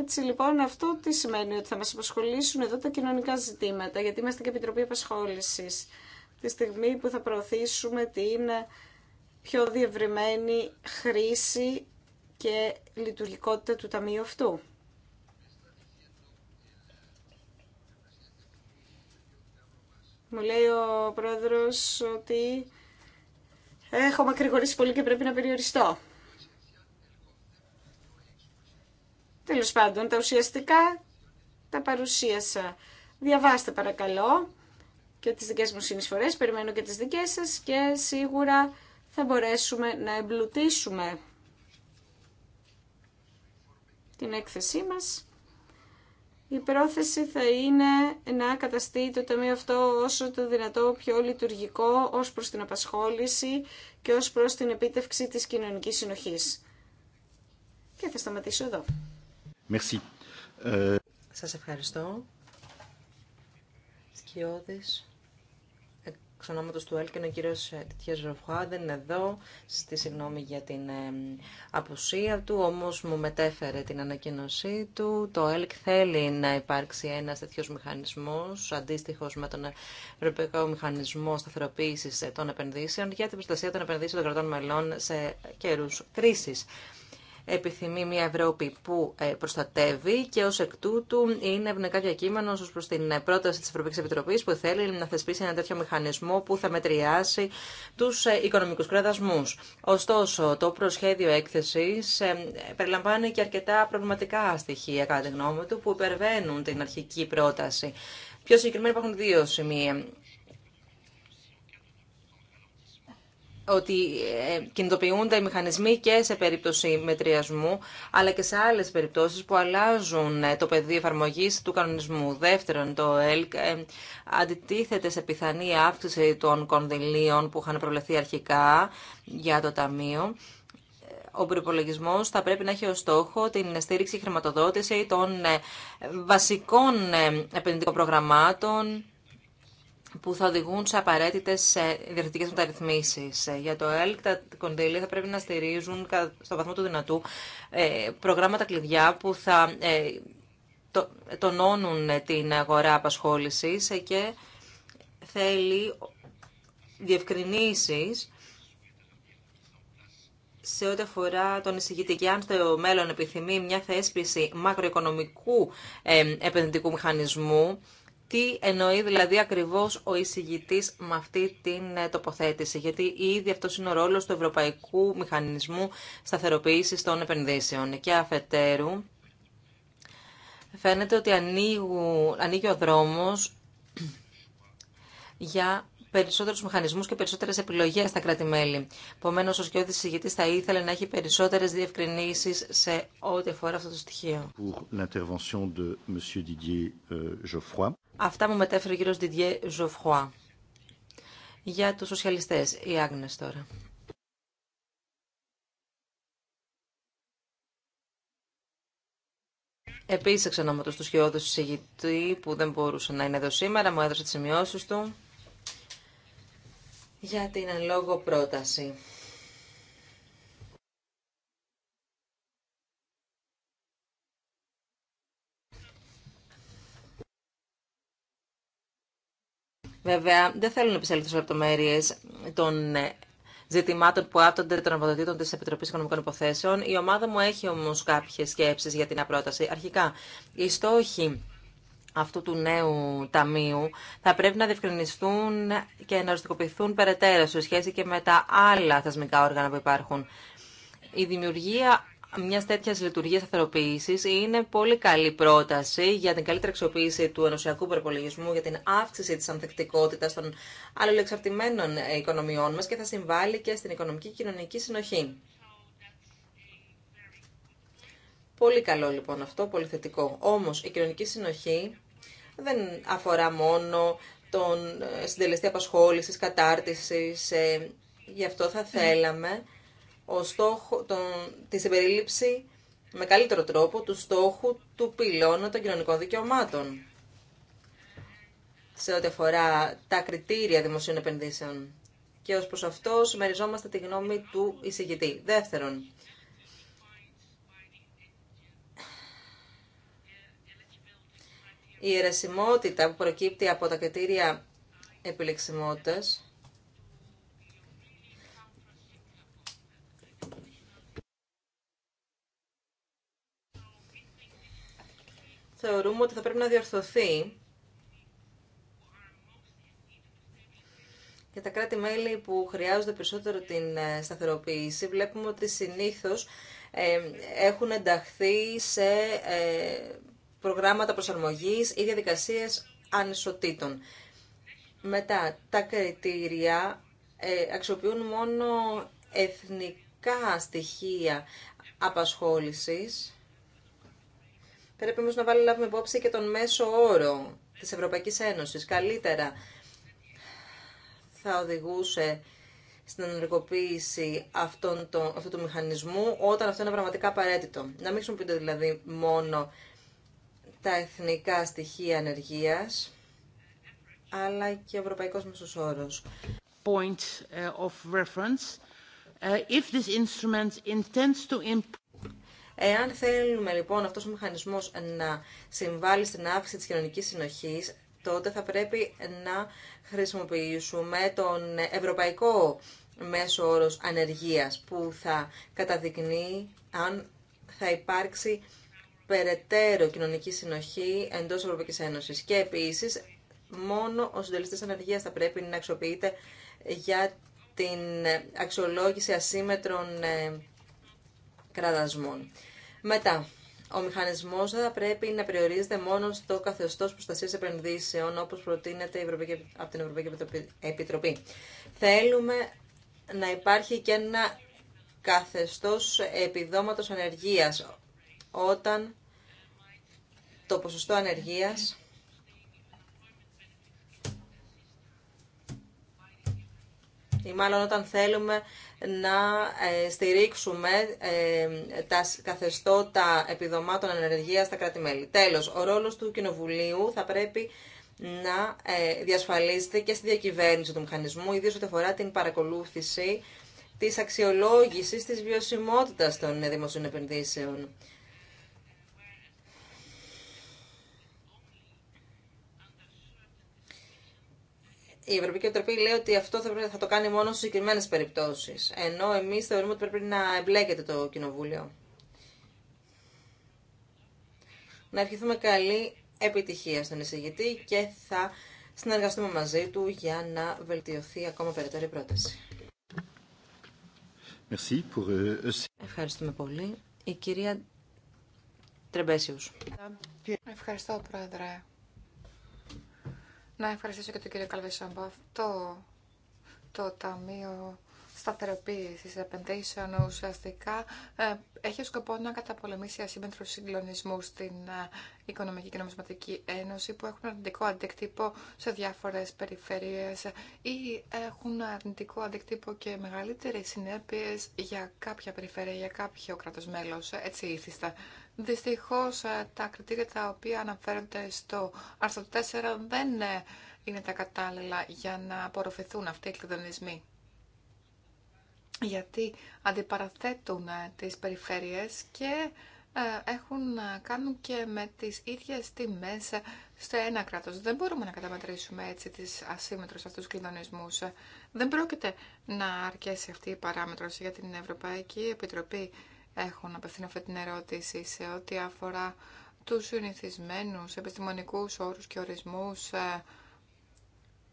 Έτσι λοιπόν αυτό τι σημαίνει ότι θα μας απασχολήσουν εδώ τα κοινωνικά ζητήματα, γιατί είμαστε και Επιτροπή απασχόληση. Τη στιγμή που θα προωθήσουμε την πιο διευρυμένη χρήση και λειτουργικότητα του Ταμείου αυτού. Μου λέει ο πρόεδρος ότι έχω μακρηγορήσει πολύ και πρέπει να περιοριστώ. Τέλο πάντων, τα ουσιαστικά τα παρουσίασα. Διαβάστε παρακαλώ και τις δικές μου συνεισφορές, περιμένω και τις δικές σας και σίγουρα θα μπορέσουμε να εμπλουτίσουμε την έκθεσή μας. Η πρόθεση θα είναι να καταστεί το Ταμείο αυτό όσο το δυνατό πιο λειτουργικό ως προς την απασχόληση και ως προς την επίτευξη της κοινωνικής συνοχής. Και θα σταματήσω εδώ. Merci. Σας ευχαριστώ. Σκιώδης. Εξ ονόματος του Έλκεν, ο κύριος ε, Τιτιές Ροφουά δεν είναι εδώ. Στη συγγνώμη για την απουσία του, όμως μου μετέφερε την ανακοίνωσή του. Το ΕΛΚ θέλει να υπάρξει ένας τέτοιος μηχανισμός, αντίστοιχος με τον Ευρωπαϊκό Μηχανισμό Σταθεροποίησης των Επενδύσεων, για την προστασία των επενδύσεων των κρατών μελών σε καιρούς κρίσης επιθυμεί μια Ευρώπη που ε, προστατεύει και ως εκ τούτου είναι ευνοϊκά διακείμενο ω προς την ε, πρόταση τη Ευρωπαϊκή Επιτροπή που θέλει να θεσπίσει ένα τέτοιο μηχανισμό που θα μετριάσει τους ε, οικονομικούς κραδασμού. Ωστόσο, το προσχέδιο έκθεσης περιλαμβάνει και αρκετά προβληματικά στοιχεία κατά τη γνώμη του που υπερβαίνουν την αρχική πρόταση. Πιο συγκεκριμένα υπάρχουν δύο σημεία. ότι ε, κινητοποιούνται οι μηχανισμοί και σε περίπτωση μετριασμού, αλλά και σε άλλε περιπτώσει που αλλάζουν ε, το πεδίο εφαρμογή του κανονισμού. Δεύτερον, το ΕΛΚ ε, αντιτίθεται σε πιθανή αύξηση των κονδυλίων που είχαν προβλεφθεί αρχικά για το Ταμείο. Ο προπολογισμό θα πρέπει να έχει ως στόχο την στήριξη χρηματοδότηση των βασικών επενδυτικών προγραμμάτων που θα οδηγούν σε απαραίτητε διευθυντικέ μεταρρυθμίσει. Ε, για το ΕΛΚ, τα κονδύλια θα πρέπει να στηρίζουν στο βαθμό του δυνατού ε, προγράμματα κλειδιά που θα ε, τονώνουν την αγορά απασχόληση και θέλει διευκρινήσει σε ό,τι αφορά τον εισηγητή και αν στο μέλλον επιθυμεί μια θέσπιση μακροοικονομικού επενδυτικού μηχανισμού τι εννοεί δηλαδή ακριβώς ο εισηγητής με αυτή την ε, τοποθέτηση, γιατί ήδη αυτό είναι ο ρόλος του Ευρωπαϊκού Μηχανισμού Σταθεροποίησης των Επενδύσεων και αφετέρου. Φαίνεται ότι ανοίγει ο δρόμος για περισσότερου μηχανισμού και περισσότερε επιλογέ στα κράτη-μέλη. Επομένω, ο Σκιώδη εισηγητή θα ήθελε να έχει περισσότερε διευκρινήσει σε ό,τι αφορά αυτό το στοιχείο. Pour de Didier euh, Geoffroy. Αυτά μου μετέφερε ο κύριο Διδιέ Ζοφχουά. Για τους σοσιαλιστές, οι Άγνε τώρα. Επίσης, εξ του σχεώδους εισηγητή που δεν μπορούσε να είναι εδώ σήμερα, μου έδωσε τι σημειώσει του για την εν λόγω πρόταση. Βέβαια, δεν θέλω να επισέλθω σε λεπτομέρειε των ε, ζητημάτων που άπτονται των αρμοδοτήτων τη Επιτροπή Οικονομικών Υποθέσεων. Η ομάδα μου έχει όμω κάποιε σκέψει για την απρόταση. Αρχικά, οι στόχοι αυτού του νέου ταμείου θα πρέπει να διευκρινιστούν και να οριστικοποιηθούν περαιτέρω σε σχέση και με τα άλλα θεσμικά όργανα που υπάρχουν. Η δημιουργία μια τέτοια λειτουργία σταθεροποίηση είναι πολύ καλή πρόταση για την καλύτερη αξιοποίηση του ενωσιακού προπολογισμού, για την αύξηση τη ανθεκτικότητα των αλληλεξαρτημένων οικονομιών μα και θα συμβάλλει και στην οικονομική και κοινωνική συνοχή. Πολύ καλό λοιπόν αυτό, πολύ θετικό. Όμω η κοινωνική συνοχή δεν αφορά μόνο τον ε, συντελεστή απασχόληση, κατάρτιση. Ε, γι' αυτό θα θέλαμε ο στόχο, τον, τη συμπερίληψη με καλύτερο τρόπο του στόχου του πυλώνα των κοινωνικών δικαιωμάτων σε ό,τι αφορά τα κριτήρια δημοσίων επενδύσεων. Και ως προς αυτό συμμεριζόμαστε τη γνώμη του εισηγητή. Δεύτερον, η αιρεσιμότητα που προκύπτει από τα κριτήρια επιλεξιμότητας θεωρούμε ότι θα πρέπει να διορθωθεί και τα κράτη-μέλη που χρειάζονται περισσότερο την ε, σταθεροποίηση βλέπουμε ότι συνήθως ε, έχουν ενταχθεί σε ε, προγράμματα προσαρμογής ή διαδικασίες ανισοτήτων. Μετά, τα κριτήρια αξιοποιούν μόνο εθνικά στοιχεία απασχόλησης Πρέπει όμω να βάλει λάβουμε υπόψη και τον μέσο όρο της Ευρωπαϊκής Ένωσης. Καλύτερα θα οδηγούσε στην ενεργοποίηση αυτών αυτού του μηχανισμού όταν αυτό είναι πραγματικά απαραίτητο. Να μην χρησιμοποιούνται δηλαδή μόνο τα εθνικά στοιχεία ενεργείας, αλλά και ο ευρωπαϊκός μέσος όρος. Point ε, of reference. Ε, if this instrument intends to Εάν θέλουμε λοιπόν αυτός ο μηχανισμός να συμβάλλει στην αύξηση της κοινωνικής συνοχής, τότε θα πρέπει να χρησιμοποιήσουμε τον ευρωπαϊκό μέσο όρος ανεργίας που θα καταδεικνύει αν θα υπάρξει περαιτέρω κοινωνική συνοχή εντός Ευρωπαϊκής Ένωσης. Και επίσης, μόνο ο συντελεστής ανεργίας θα πρέπει να αξιοποιείται για την αξιολόγηση ασύμετρων ε, κραδασμών. Μετά, ο μηχανισμό δεν θα πρέπει να περιορίζεται μόνο στο καθεστώ προστασία επενδύσεων, όπω προτείνεται από την Ευρωπαϊκή Επιτροπή. Θέλουμε να υπάρχει και ένα καθεστώ επιδόματο ανεργία, όταν το ποσοστό ανεργίας ή μάλλον όταν θέλουμε να ε, στηρίξουμε ε, τα καθεστώτα επιδομάτων ενεργείας στα κράτη-μέλη. Τέλος, ο ρόλος του Κοινοβουλίου θα πρέπει να ε, διασφαλίζεται και στη διακυβέρνηση του μηχανισμού, ιδίως ό,τι αφορά την παρακολούθηση της αξιολόγησης της βιωσιμότητας των δημοσίων επενδύσεων. η Ευρωπαϊκή Επιτροπή λέει ότι αυτό θα, το κάνει μόνο σε συγκεκριμένε περιπτώσει. Ενώ εμεί θεωρούμε ότι πρέπει να εμπλέκεται το Κοινοβούλιο. Να ευχηθούμε καλή επιτυχία στον εισηγητή και θα συνεργαστούμε μαζί του για να βελτιωθεί ακόμα περαιτέρω η πρόταση. Euh, Ευχαριστούμε πολύ. Η κυρία Τρεμπέσιους. Ευχαριστώ, Πρόεδρε. Να ευχαριστήσω και τον κύριο Καλβεσσαμπά. Αυτό το Ταμείο Σταθεροποίησης Επενδύσεων ουσιαστικά ε, έχει σκοπό να καταπολεμήσει ασύμμετρου συγκλονισμού στην ε, Οικονομική και Νομισματική Ένωση που έχουν αρνητικό αντικτύπο σε διάφορε περιφερειέ ή έχουν αρνητικό αντικτύπο και μεγαλύτερε συνέπειε για κάποια περιφέρεια, για κάποιο κράτο μέλο. Έτσι ήθιστα Δυστυχώ, ε, τα κριτήρια τα οποία αναφέρονται στο άρθρο 4 δεν ε, είναι τα κατάλληλα για να απορροφηθούν αυτοί οι κλειδονισμοί. Γιατί αντιπαραθέτουν ε, τις περιφέρειες και έχουν να κάνουν και με τις ίδιες τιμές στο ένα κράτος. Δεν μπορούμε να καταμετρήσουμε έτσι τις αυτού αυτούς κλειδονισμούς. Δεν πρόκειται να αρκέσει αυτή η παράμετρος για την Ευρωπαϊκή Επιτροπή έχω να απευθύνω αυτή την ερώτηση σε ό,τι αφορά τους συνηθισμένους επιστημονικούς όρους και ορισμούς. Ε,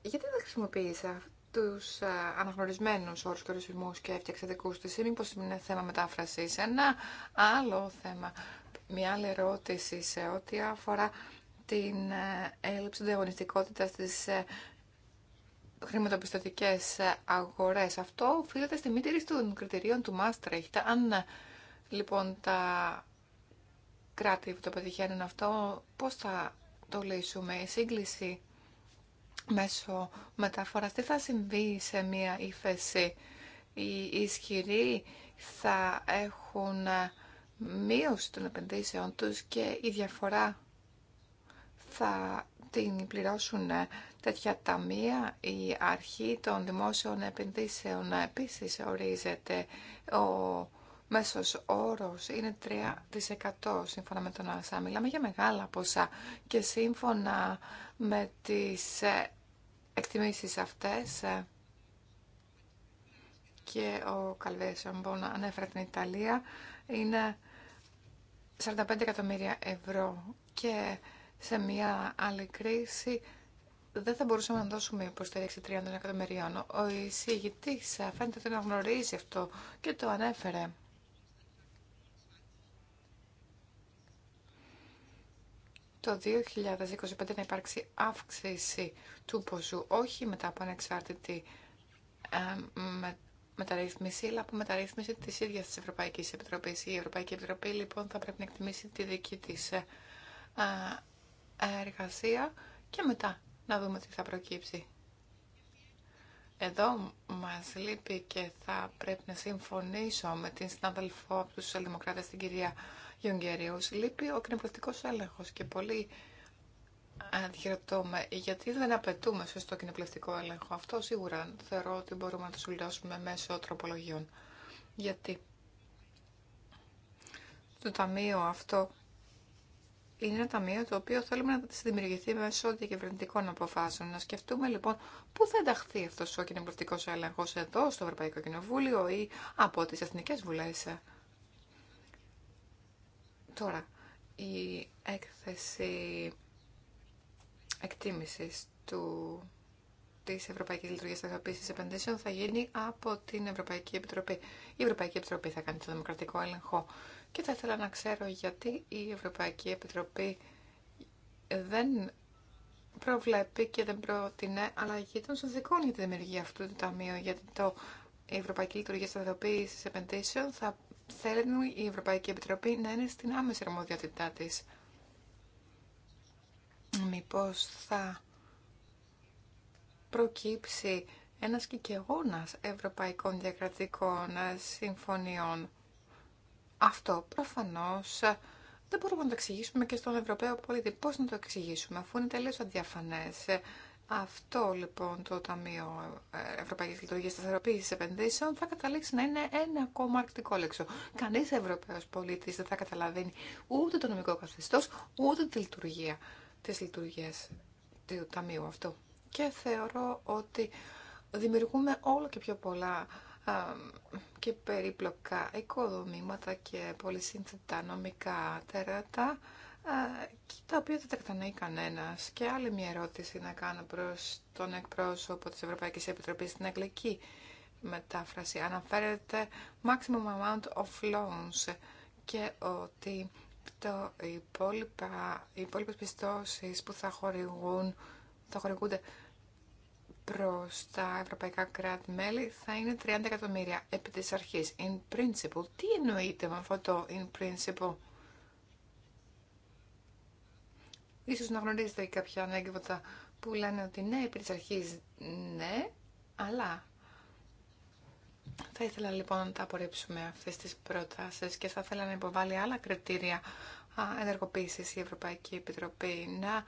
γιατί δεν χρησιμοποίησα τους ε, αναγνωρισμένους όρους και ορισμούς και έφτιαξα δικούς τη. ή μήπως είναι θέμα μετάφρασης. Ένα άλλο θέμα, μια άλλη ερώτηση σε ό,τι αφορά την ε, έλλειψη διαγωνιστικότητας της χρηματοπιστωτικές αγορές. Αυτό οφείλεται στη μήτηρη των κριτηρίων του Μάστρεχτ. Αν λοιπόν τα κράτη που το πετυχαίνουν αυτό, πώς θα το λύσουμε, η σύγκληση μέσω μεταφοράς, τι θα συμβεί σε μία ύφεση, οι ισχυροί θα έχουν μείωση των επενδύσεων τους και η διαφορά θα την πληρώσουν τέτοια ταμεία. Η αρχή των δημόσιων επενδύσεων επίσης ορίζεται ο μέσος όρος είναι 3% σύμφωνα με τον ΑΣΑ. Μιλάμε για μεγάλα ποσά και σύμφωνα με τις ε, εκτιμήσεις αυτές ε, και ο Καλβέσιο ανέφερε την Ιταλία είναι 45 εκατομμύρια ευρώ και σε μια άλλη κρίση δεν θα μπορούσαμε να δώσουμε υποστήριξη 30 εκατομμυρίων. Ο εισηγητής ε, φαίνεται ότι να γνωρίζει αυτό και το ανέφερε. το 2025 να υπάρξει αύξηση του ποσού, όχι μετά από ανεξάρτητη ε, με, μεταρρύθμιση, αλλά από μεταρρύθμιση της ίδιας της Ευρωπαϊκής Επιτροπής. Η Ευρωπαϊκή Επιτροπή λοιπόν θα πρέπει να εκτιμήσει τη δική της ε, ε, εργασία και μετά να δούμε τι θα προκύψει. Εδώ μας λείπει και θα πρέπει να συμφωνήσω με την συνάδελφο από τους Σοσιαλδημοκράτες, την κυρία Γιονγκέριους. Λείπει ο κοινοπλαστικός έλεγχος και πολύ αντιχειρωτώμε γιατί δεν απαιτούμε σωστό κοινοπλευτικό έλεγχο. Αυτό σίγουρα θεωρώ ότι μπορούμε να το συμπληρώσουμε μέσω τροπολογιών. Γιατί το ταμείο αυτό είναι ένα ταμείο το οποίο θέλουμε να δημιουργηθεί μέσω διακυβερνητικών αποφάσεων. Να σκεφτούμε λοιπόν πού θα ενταχθεί αυτό ο κοινοβουλευτικό έλεγχο εδώ, στο Ευρωπαϊκό Κοινοβούλιο ή από τι Εθνικέ Βουλέ. Τώρα, η έκθεση εκτίμησης του τη Ευρωπαϊκή Λειτουργία Αγαπήση Επενδύσεων θα γίνει από την Ευρωπαϊκή Επιτροπή. Η Ευρωπαϊκή Επιτροπή θα κάνει το δημοκρατικό έλεγχο και θα ήθελα να ξέρω γιατί η Ευρωπαϊκή Επιτροπή δεν προβλέπει και δεν προτείνει αλλαγή των συνθηκών για τη δημιουργία αυτού του ταμείου, γιατί το η Ευρωπαϊκή Λειτουργία Σταθεροποίηση Επενδύσεων θα θέλει η Ευρωπαϊκή Επιτροπή να είναι στην άμεση αρμοδιότητά τη. Μήπω θα προκύψει ένας κυκαιώνας ευρωπαϊκών διακρατικών ε, συμφωνιών αυτό προφανώς ε, δεν μπορούμε να το εξηγήσουμε και στον Ευρωπαίο πολίτη. Πώς να το εξηγήσουμε αφού είναι τελείω αδιαφανέ. Ε, αυτό λοιπόν το Ταμείο ε, Ευρωπαϊκής Λειτουργίας Σταθεροποίηση Επενδύσεων θα καταλήξει να είναι ένα ακόμα αρκτικό λέξο. Κανείς Ευρωπαίος πολίτης δεν θα καταλαβαίνει ούτε το νομικό καθεστώ, ούτε τη λειτουργία τη λειτουργία του Ταμείου αυτού. Και θεωρώ ότι δημιουργούμε όλο και πιο πολλά και περίπλοκα οικοδομήματα και σύνθετα νομικά τέρατα τα οποία δεν τα κανένα. κανένας. Και άλλη μια ερώτηση να κάνω προς τον εκπρόσωπο τη Ευρωπαϊκή Επιτροπή στην αγγλική μετάφραση. Αναφέρεται maximum amount of loans και ότι το υπόλοιπα, οι υπόλοιπε πιστώσεις που θα, χορηγούν, θα χορηγούνται προς τα ευρωπαϊκά κράτη-μέλη θα είναι 30 εκατομμύρια επί της αρχής. In principle, τι εννοείται με αυτό το in principle. Ίσως να γνωρίζετε κάποια ανέκδοτα που λένε ότι ναι, επί της αρχής ναι, αλλά θα ήθελα λοιπόν να τα απορρίψουμε αυτές τις προτάσεις και θα ήθελα να υποβάλει άλλα κριτήρια ενεργοποίησης η Ευρωπαϊκή Επιτροπή, να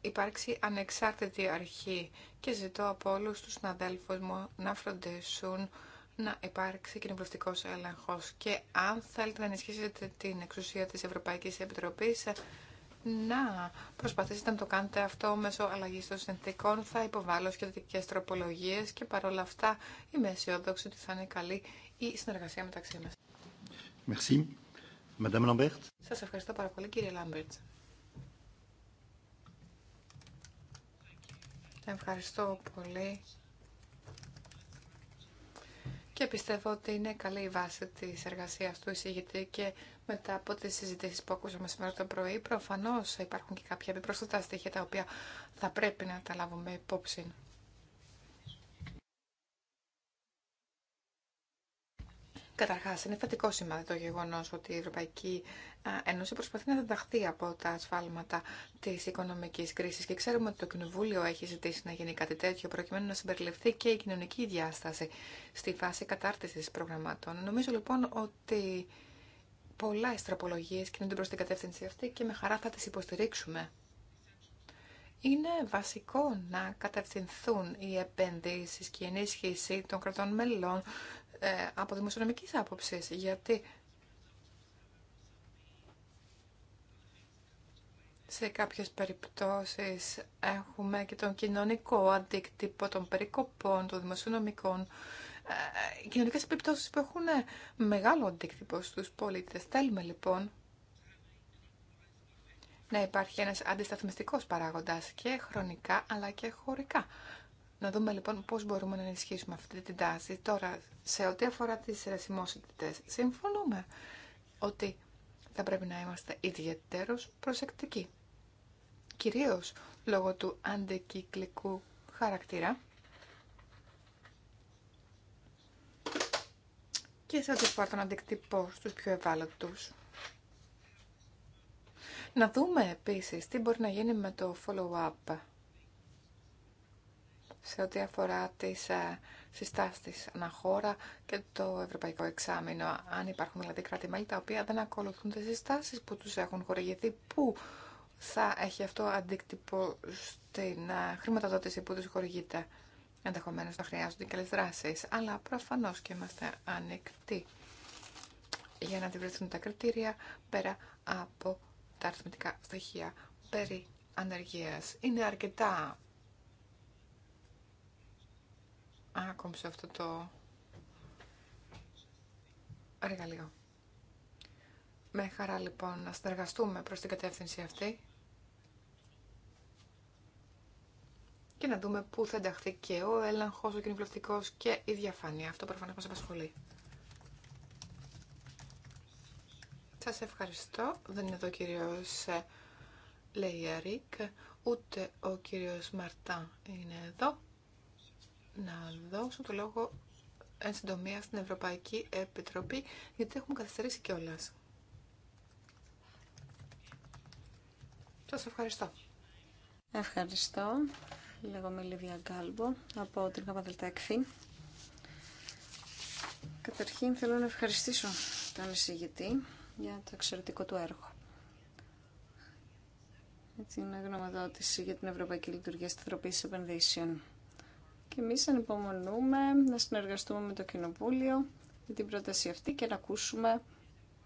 υπάρξει ανεξάρτητη αρχή και ζητώ από όλους τους συναδέλφους μου να φροντίσουν να υπάρξει κοινοβουλευτικό έλεγχο. Και αν θέλετε να ενισχύσετε την εξουσία της Ευρωπαϊκής Επιτροπής να προσπαθήσετε να το κάνετε αυτό μέσω αλλαγή των συνθήκων. Θα υποβάλω σχετικέ τροπολογίε και παρόλα αυτά είμαι αισιόδοξη ότι θα είναι καλή η συνεργασία μεταξύ μα. Σα ευχαριστώ πάρα πολύ, κύριε Λάμπερτ. Ευχαριστώ πολύ. Και πιστεύω ότι είναι καλή η βάση τη εργασία του εισηγητή και μετά από τι συζητήσει που ακούσαμε σήμερα το πρωί, προφανώ υπάρχουν και κάποια επιπρόσθετα στοιχεία τα οποία θα πρέπει να τα λάβουμε υπόψη. Καταρχά, είναι φατικό σημάδι το γεγονό ότι η Ευρωπαϊκή Ένωση προσπαθεί να διδαχθεί από τα ασφάλματα τη οικονομική κρίση και ξέρουμε ότι το Κοινοβούλιο έχει ζητήσει να γίνει κάτι τέτοιο προκειμένου να συμπεριληφθεί και η κοινωνική διάσταση στη φάση κατάρτιση προγραμμάτων. Νομίζω λοιπόν ότι πολλά εστραπολογίε κινούνται προ την κατεύθυνση αυτή και με χαρά θα τι υποστηρίξουμε. Είναι βασικό να κατευθυνθούν οι επενδύσεις και η ενίσχυση των κρατών μελών ε, από δημοσιονομικής άποψης, γιατί σε κάποιες περιπτώσεις έχουμε και τον κοινωνικό αντίκτυπο των περικοπών, των δημοσιονομικών, κοινωνικέ ε, κοινωνικές περιπτώσεις που έχουν μεγάλο αντίκτυπο στους πολίτες. Θέλουμε λοιπόν να υπάρχει ένας αντισταθμιστικός παράγοντας και χρονικά αλλά και χωρικά να δούμε λοιπόν πώς μπορούμε να ενισχύσουμε αυτή την τάση. Τώρα, σε ό,τι αφορά τις ερασιμότητες, συμφωνούμε ότι θα πρέπει να είμαστε ιδιαίτερω προσεκτικοί. Κυρίως λόγω του αντικυκλικού χαρακτήρα και σε ό,τι αφορά τον αντικτυπώ στους πιο ευάλωτους. Να δούμε επίσης τι μπορεί να γίνει με το follow-up σε ό,τι αφορά τις ε, συστάσεις αναχώρα και το ευρωπαϊκό εξάμεινο. Αν υπάρχουν δηλαδή κράτη-μέλη τα οποία δεν ακολουθούν τις συστάσεις που τους έχουν χορηγηθεί, πού θα έχει αυτό αντίκτυπο στην ε, χρηματοδότηση που τους χορηγείται. Ενδεχομένω να χρειάζονται και άλλε δράσει, αλλά προφανώ και είμαστε ανοιχτοί για να αντιβρεθούν τα κριτήρια πέρα από τα αριθμητικά στοιχεία περί ανεργία. Είναι αρκετά άκομψε αυτό το εργαλείο. Με χαρά λοιπόν να συνεργαστούμε προς την κατεύθυνση αυτή και να δούμε πού θα ενταχθεί και ο έλεγχος, ο κοινοβουλευτικός και η διαφάνεια. Αυτό προφανώς μας απασχολεί. Σας ευχαριστώ. Δεν είναι εδώ ο κύριος ε, Λέιαρικ, ούτε ο κύριος Μαρτά είναι εδώ να δώσω το λόγο εν συντομία στην Ευρωπαϊκή Επιτροπή, γιατί έχουμε καθυστερήσει κιόλα. Σα ευχαριστώ. Ευχαριστώ. Λέγομαι Λίβια Γκάλμπο από την Καπαδελτά Εκφή. Καταρχήν θέλω να ευχαριστήσω τον εισηγητή για το εξαιρετικό του έργο. Έτσι είναι γνωματότηση για την Ευρωπαϊκή Λειτουργία Σταθεροποίησης Επενδύσεων. Και εμείς ανυπομονούμε να συνεργαστούμε με το Κοινοβούλιο για την πρόταση αυτή και να ακούσουμε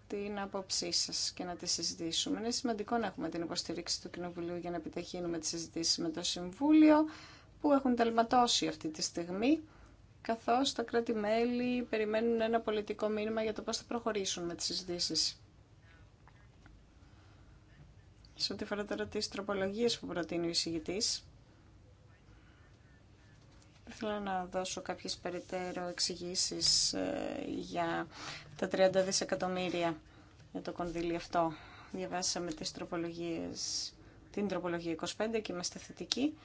την άποψή σα και να τη συζητήσουμε. Είναι σημαντικό να έχουμε την υποστήριξη του Κοινοβουλίου για να επιταχύνουμε τι συζητήσει με το Συμβούλιο, που έχουν τελματώσει αυτή τη στιγμή, καθώ τα κράτη-μέλη περιμένουν ένα πολιτικό μήνυμα για το πώ θα προχωρήσουν με τι συζητήσει. Σε ό,τι φορά τώρα τι τροπολογίε που προτείνει ο εισηγητή, Θέλω να δώσω κάποιες περιττέρω εξηγήσει ε, για τα 30 δισεκατομμύρια για το κονδύλι αυτό. Διαβάσαμε τις τροπολογίες, την τροπολογία 25 και είμαστε θετικοί.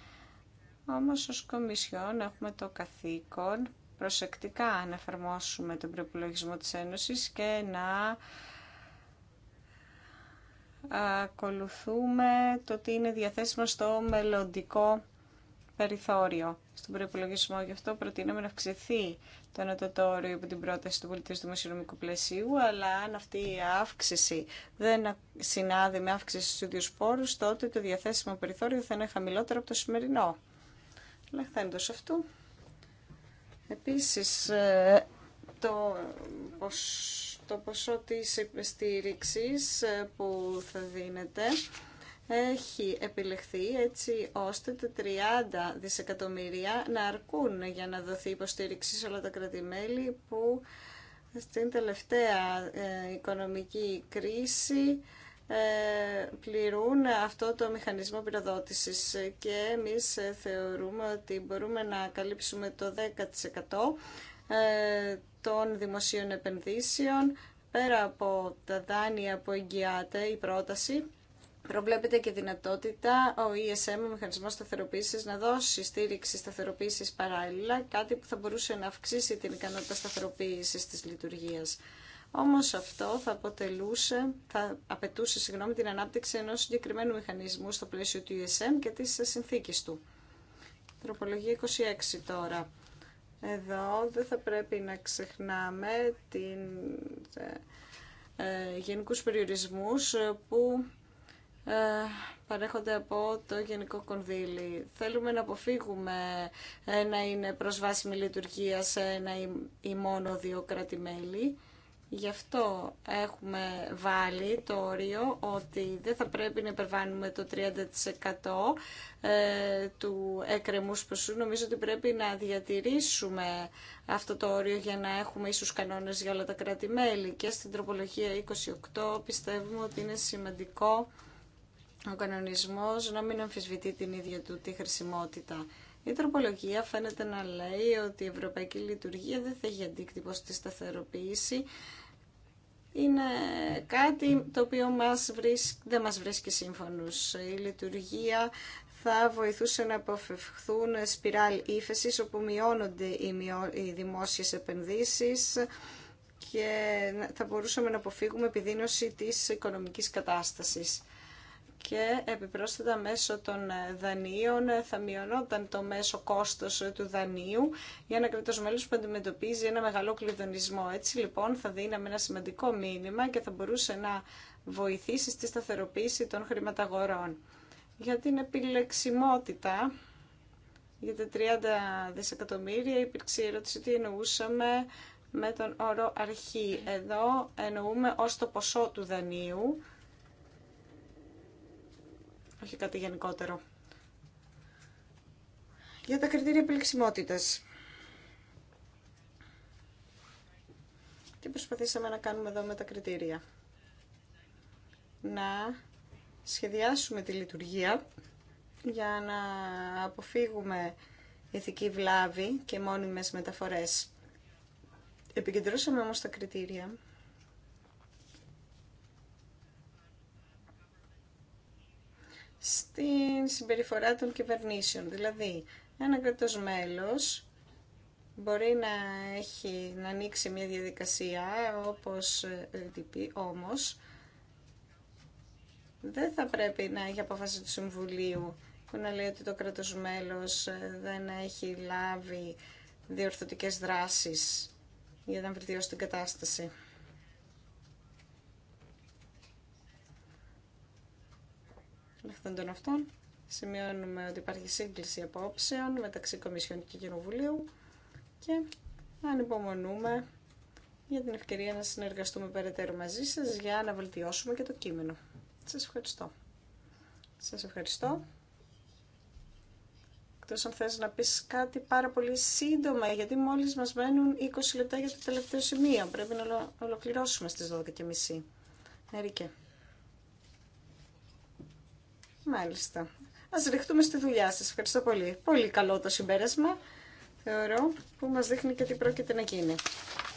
Όμως ως Κομισιόν έχουμε το καθήκον προσεκτικά να εφαρμόσουμε τον προπολογισμό της Ένωσης και να ακολουθούμε το τι είναι διαθέσιμο στο μελλοντικό περιθώριο στον προπολογισμό. Γι' αυτό προτείνουμε να αυξηθεί το ανατοτόριο από την πρόταση του του δημοσιονομικού πλαισίου, αλλά αν αυτή η αύξηση δεν συνάδει με αύξηση στους ίδιου πόρου, τότε το διαθέσιμο περιθώριο θα είναι χαμηλότερο από το σημερινό. είναι αυτού. Επίσης, ε, το, το ποσό της υπεστήριξης ε, που θα δίνεται έχει επιλεχθεί έτσι ώστε τα 30 δισεκατομμύρια να αρκούν για να δοθεί υποστήριξη σε όλα τα κρατημέλη που στην τελευταία ε, οικονομική κρίση ε, πληρούν αυτό το μηχανισμό πυροδότησης και εμείς ε, θεωρούμε ότι μπορούμε να καλύψουμε το 10% των δημοσίων επενδύσεων πέρα από τα δάνεια που εγγυάται η πρόταση Προβλέπεται και δυνατότητα ο ESM, ο μηχανισμό σταθεροποίηση, να δώσει στήριξη σταθεροποίηση παράλληλα, κάτι που θα μπορούσε να αυξήσει την ικανότητα σταθεροποίηση τη λειτουργία. Όμω αυτό θα θα απαιτούσε συγγνώμη, την ανάπτυξη ενό συγκεκριμένου μηχανισμού στο πλαίσιο του ESM και τη συνθήκη του. Τροπολογία 26 τώρα. Εδώ δεν θα πρέπει να ξεχνάμε την, ε, ε, γενικούς περιορισμούς που ε, παρέχονται από το Γενικό Κονδύλι. Θέλουμε να αποφύγουμε να είναι προσβάσιμη λειτουργία σε ένα ή μόνο δύο κράτη-μέλη. Γι' αυτό έχουμε βάλει το όριο ότι δεν θα πρέπει να υπερβάνουμε το 30% ε, του έκρεμους ποσού. Νομίζω ότι πρέπει να διατηρήσουμε αυτό το όριο για να έχουμε ίσους κανόνες για όλα τα κρατη Και στην τροπολογία 28 πιστεύουμε ότι είναι σημαντικό ο κανονισμός να μην αμφισβητεί την ίδια του τη χρησιμότητα. Η τροπολογία φαίνεται να λέει ότι η ευρωπαϊκή λειτουργία δεν θα έχει αντίκτυπο στη σταθεροποίηση. Είναι κάτι το οποίο μας βρίσκ, δεν μας βρίσκει σύμφωνος. Η λειτουργία θα βοηθούσε να αποφευχθούν σπιράλ ύφεση όπου μειώνονται οι δημόσιες επενδύσεις και θα μπορούσαμε να αποφύγουμε επιδείνωση της οικονομικής κατάστασης και επιπρόσθετα μέσω των δανείων θα μειωνόταν το μέσο κόστος του δανείου για ένα κρατός μέλος που αντιμετωπίζει ένα μεγάλο κλειδονισμό. Έτσι λοιπόν θα δίναμε ένα σημαντικό μήνυμα και θα μπορούσε να βοηθήσει στη σταθεροποίηση των χρηματαγορών. Για την επιλεξιμότητα για τα 30 δισεκατομμύρια υπήρξε η ερώτηση τι εννοούσαμε με τον όρο αρχή. Εδώ εννοούμε ως το ποσό του δανείου όχι κάτι γενικότερο. Για τα κριτήρια επιλεξιμότητας. Τι προσπαθήσαμε να κάνουμε εδώ με τα κριτήρια. Να σχεδιάσουμε τη λειτουργία για να αποφύγουμε ηθική βλάβη και μόνιμες μεταφορές. Επικεντρώσαμε όμως τα κριτήρια στην συμπεριφορά των κυβερνήσεων. Δηλαδή, ένα κρατός μπορεί να έχει να ανοίξει μια διαδικασία όπως ε, ε, όμως δεν θα πρέπει να έχει αποφάση του Συμβουλίου που να λέει ότι το κράτος ε, δεν έχει λάβει διορθωτικές δράσεις για να βελτιώσει την κατάσταση. των αυτών, σημειώνουμε ότι υπάρχει σύγκληση απόψεων μεταξύ Κομισιόν και Κοινοβουλίου και ανυπομονούμε για την ευκαιρία να συνεργαστούμε περαιτέρω μαζί σας για να βελτιώσουμε και το κείμενο. Σας ευχαριστώ. Σας ευχαριστώ. Εκτός αν θες να πεις κάτι πάρα πολύ σύντομα, γιατί μόλις μας μένουν 20 λεπτά για το τελευταίο σημείο. Πρέπει να ολοκληρώσουμε στις 12.30. Ερήκε. Μάλιστα. Ας ρηχτούμε στη δουλειά σα. Ευχαριστώ πολύ. Πολύ καλό το συμπέρασμα, θεωρώ, που μας δείχνει και τι πρόκειται να γίνει.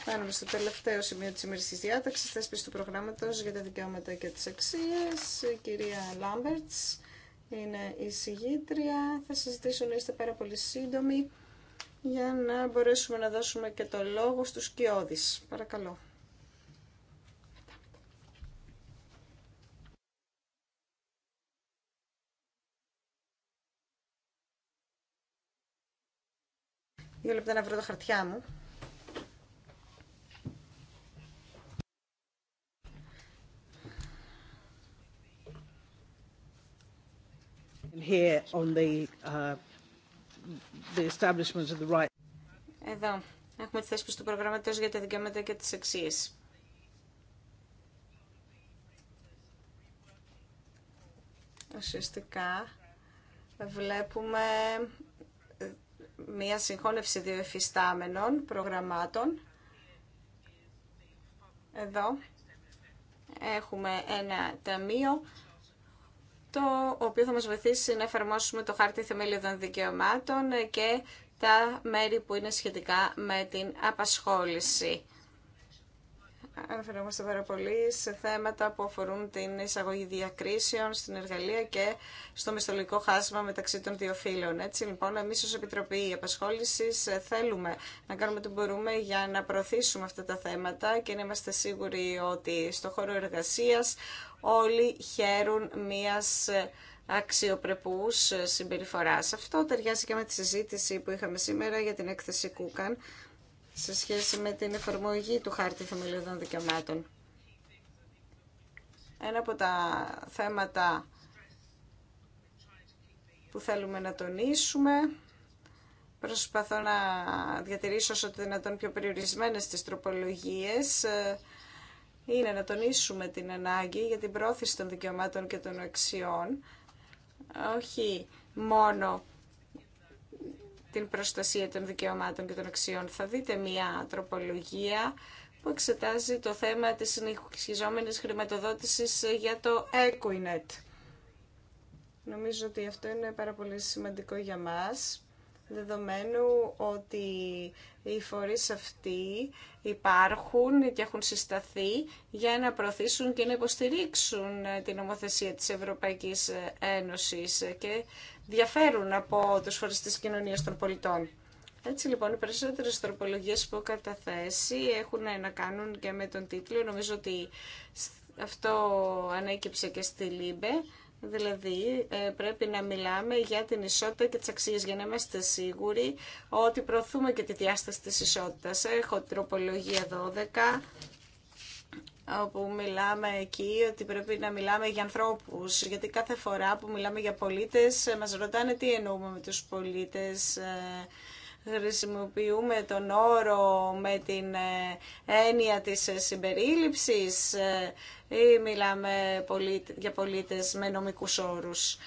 Πάμε στο τελευταίο σημείο της τη διάταξη. θέσπιση του προγράμματο για τα δικαιώματα και τις αξίες. Η κυρία Λάμπερτ, είναι η συγγήτρια. Θα σα ζητήσω να είστε πάρα πολύ σύντομοι για να μπορέσουμε να δώσουμε και το λόγο στους κοιόδης. Παρακαλώ. Δύο λεπτά να βρω τα χαρτιά μου. Here on the, uh, the establishment of the right. Εδώ έχουμε τη θέσπιση του προγράμματος για τα δικαιώματα και τις αξίες. Ουσιαστικά βλέπουμε μια συγχώνευση δύο εφιστάμενων προγραμμάτων. Εδώ έχουμε ένα ταμείο το οποίο θα μας βοηθήσει να εφαρμόσουμε το χάρτη θεμελιωδών δικαιωμάτων και τα μέρη που είναι σχετικά με την απασχόληση. Αναφερόμαστε πάρα πολύ σε θέματα που αφορούν την εισαγωγή διακρίσεων στην εργαλεία και στο μισθολογικό χάσμα μεταξύ των δύο φύλων. Έτσι λοιπόν, εμεί ω Επιτροπή Απασχόληση θέλουμε να κάνουμε ό,τι μπορούμε για να προωθήσουμε αυτά τα θέματα και να είμαστε σίγουροι ότι στο χώρο εργασία όλοι χαίρουν μια αξιοπρεπούς συμπεριφοράς. Αυτό ταιριάζει και με τη συζήτηση που είχαμε σήμερα για την έκθεση Κούκαν σε σχέση με την εφαρμογή του Χάρτη Θεμελιωδών Δικαιωμάτων. Ένα από τα θέματα που θέλουμε να τονίσουμε, προσπαθώ να διατηρήσω όσο το δυνατόν πιο περιορισμένες τις τροπολογίες, είναι να τονίσουμε την ανάγκη για την πρόθεση των δικαιωμάτων και των αξιών, όχι μόνο την προστασία των δικαιωμάτων και των αξιών. Θα δείτε μια τροπολογία που εξετάζει το θέμα της συνεχιζόμενης χρηματοδότησης για το Equinet. Νομίζω ότι αυτό είναι πάρα πολύ σημαντικό για μας, δεδομένου ότι οι φορείς αυτοί υπάρχουν και έχουν συσταθεί για να προωθήσουν και να υποστηρίξουν την νομοθεσία της Ευρωπαϊκής Ένωσης και διαφέρουν από του φορεί τη κοινωνία των πολιτών. Έτσι λοιπόν οι περισσότερε τροπολογίε που έχω καταθέσει έχουν να κάνουν και με τον τίτλο. Νομίζω ότι αυτό ανέκυψε και στη ΛΥΜΠΕ. Δηλαδή ε, πρέπει να μιλάμε για την ισότητα και τι αξίες για να είμαστε σίγουροι ότι προωθούμε και τη διάσταση τη ισότητας. Έχω τροπολογία 12 όπου μιλάμε εκεί ότι πρέπει να μιλάμε για ανθρώπους, γιατί κάθε φορά που μιλάμε για πολίτες ε, μας ρωτάνε τι εννοούμε με τους πολίτες. Ε, χρησιμοποιούμε τον όρο με την ε, έννοια της συμπερίληψης ή μιλάμε για πολίτες με νομικούς όρους.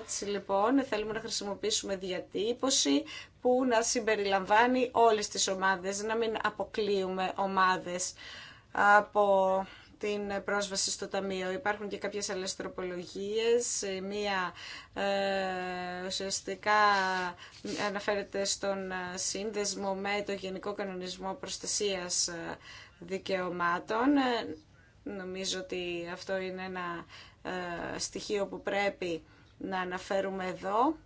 Έτσι λοιπόν θέλουμε να χρησιμοποιήσουμε διατύπωση που να συμπεριλαμβάνει όλες τις ομάδες, να μην αποκλείουμε ομάδες από την πρόσβαση στο Ταμείο. Υπάρχουν και κάποιες άλλες τροπολογίες. Ε, μία ε, ουσιαστικά αναφέρεται στον ε, σύνδεσμο με το Γενικό Κανονισμό Προστασίας ε, Δικαιωμάτων. Νομίζω ότι αυτό είναι ένα στοιχείο που πρέπει να αναφέρουμε εδώ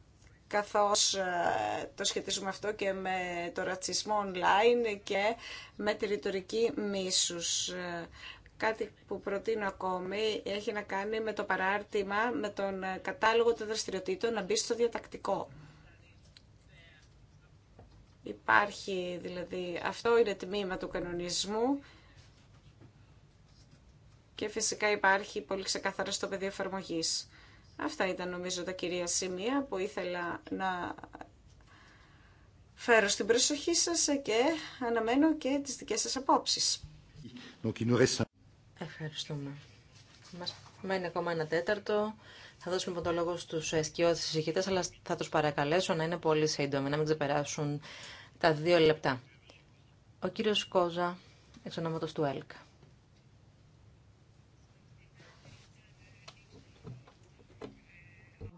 καθώς ε, το σχετίζουμε αυτό και με το ρατσισμό online και με τη ρητορική μίσους. Ε, κάτι που προτείνω ακόμη έχει να κάνει με το παράρτημα, με τον ε, κατάλογο των δραστηριοτήτων να μπει στο διατακτικό. Υπάρχει δηλαδή, αυτό είναι τμήμα του κανονισμού και φυσικά υπάρχει πολύ ξεκαθαρά στο πεδίο εφαρμογής. Αυτά ήταν νομίζω τα κυρία σημεία που ήθελα να φέρω στην προσοχή σας και αναμένω και τις δικές σας απόψεις. Ευχαριστούμε. Μας μένει ακόμα ένα τέταρτο. Θα δώσουμε λοιπόν το λόγο στους σκιώδεις συζητητές, αλλά θα τους παρακαλέσω να είναι πολύ σύντομοι, να μην ξεπεράσουν τα δύο λεπτά. Ο κύριος Κόζα, εξ ονόματος του ΕΛΚΑ.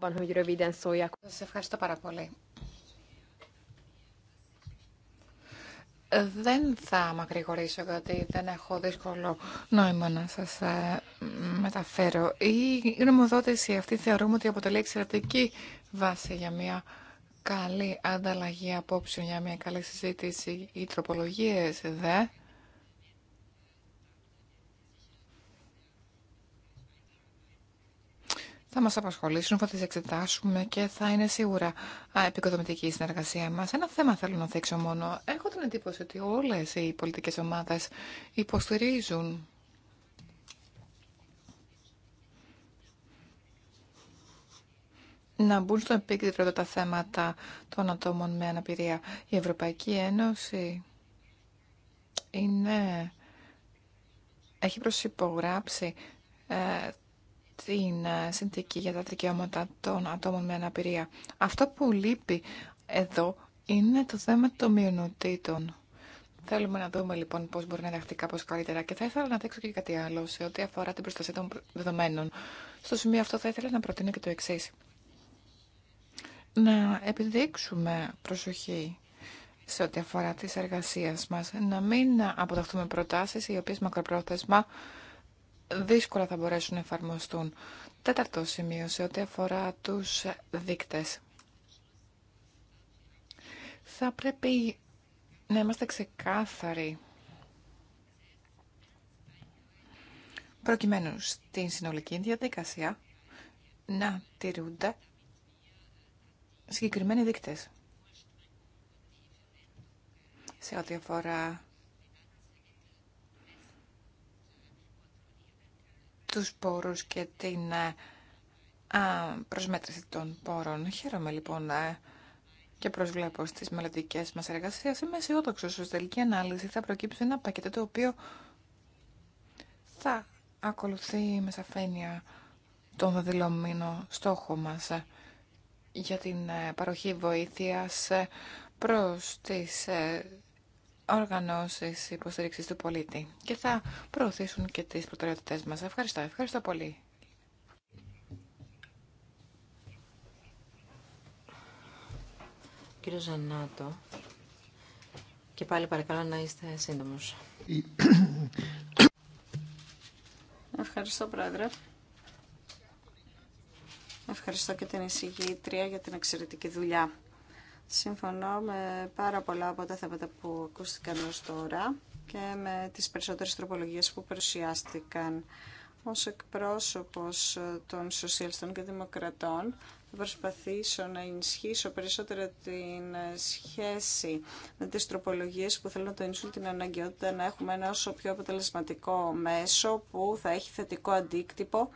Σα hogy ευχαριστώ πάρα πολύ. Δεν θα μακρηγορήσω, γιατί δεν έχω δύσκολο νόημα να σας ε, μεταφέρω. Η γνωμοδότηση αυτή θεωρούμε ότι αποτελεί εξαιρετική βάση για μια καλή ανταλλαγή απόψεων, για μια καλή συζήτηση. Οι τροπολογίε. δε θα μας απασχολήσουν, θα τις εξετάσουμε και θα είναι σίγουρα επικοδομητική η συνεργασία μας. Ένα θέμα θέλω να θέξω μόνο. Έχω την εντύπωση ότι όλες οι πολιτικές ομάδες υποστηρίζουν να μπουν στο επίκεντρο τα θέματα των ατόμων με αναπηρία. Η Ευρωπαϊκή Ένωση είναι... έχει προσυπογράψει ε, στην ε, συνθήκη για τα δικαιώματα των ατόμων με αναπηρία. Αυτό που λείπει εδώ είναι το θέμα των μειονοτήτων. Θέλουμε να δούμε λοιπόν πώς μπορεί να ενταχθεί κάπως καλύτερα. Και θα ήθελα να δείξω και κάτι άλλο σε ό,τι αφορά την προστασία των δεδομένων. Στο σημείο αυτό θα ήθελα να προτείνω και το εξή. Να επιδείξουμε προσοχή σε ό,τι αφορά τις εργασίες μας. Να μην αποταχθούμε προτάσεις οι οποίες μακροπρόθεσμα δύσκολα θα μπορέσουν να εφαρμοστούν. Τέταρτο σημείο σε ό,τι αφορά τους δείκτες. Θα πρέπει να είμαστε ξεκάθαροι προκειμένου στην συνολική διαδικασία να τηρούνται συγκεκριμένοι δείκτες σε ό,τι αφορά τους πόρους και την ε, προσμέτρηση των πόρων. Χαίρομαι λοιπόν ε, και προσβλέπω στις μελλοντικές μας εργασίες. Είμαι αισιόδοξο ότι τελική ανάλυση θα προκύψει ένα πακέτο το οποίο θα ακολουθεί με σαφένεια τον δεδηλωμένο στόχο μας ε, για την παροχή βοήθειας προς τις οργανώσεις υποστήριξης του πολίτη και θα προωθήσουν και τις προτεραιότητές μας. Ευχαριστώ, ευχαριστώ πολύ. Κύριο Ζανάτο, και πάλι παρακαλώ να είστε σύντομος. Ευχαριστώ, Πρόεδρε. Ευχαριστώ και την εισηγήτρια για την εξαιρετική δουλειά. Συμφωνώ με πάρα πολλά από τα θέματα που ακούστηκαν ως τώρα και με τις περισσότερες τροπολογίες που παρουσιάστηκαν. Ως εκπρόσωπος των σοσιαλιστών και δημοκρατών θα προσπαθήσω να ενισχύσω περισσότερο την σχέση με τις τροπολογίες που θέλουν να τονίσουν την αναγκαιότητα να έχουμε ένα όσο πιο αποτελεσματικό μέσο που θα έχει θετικό αντίκτυπο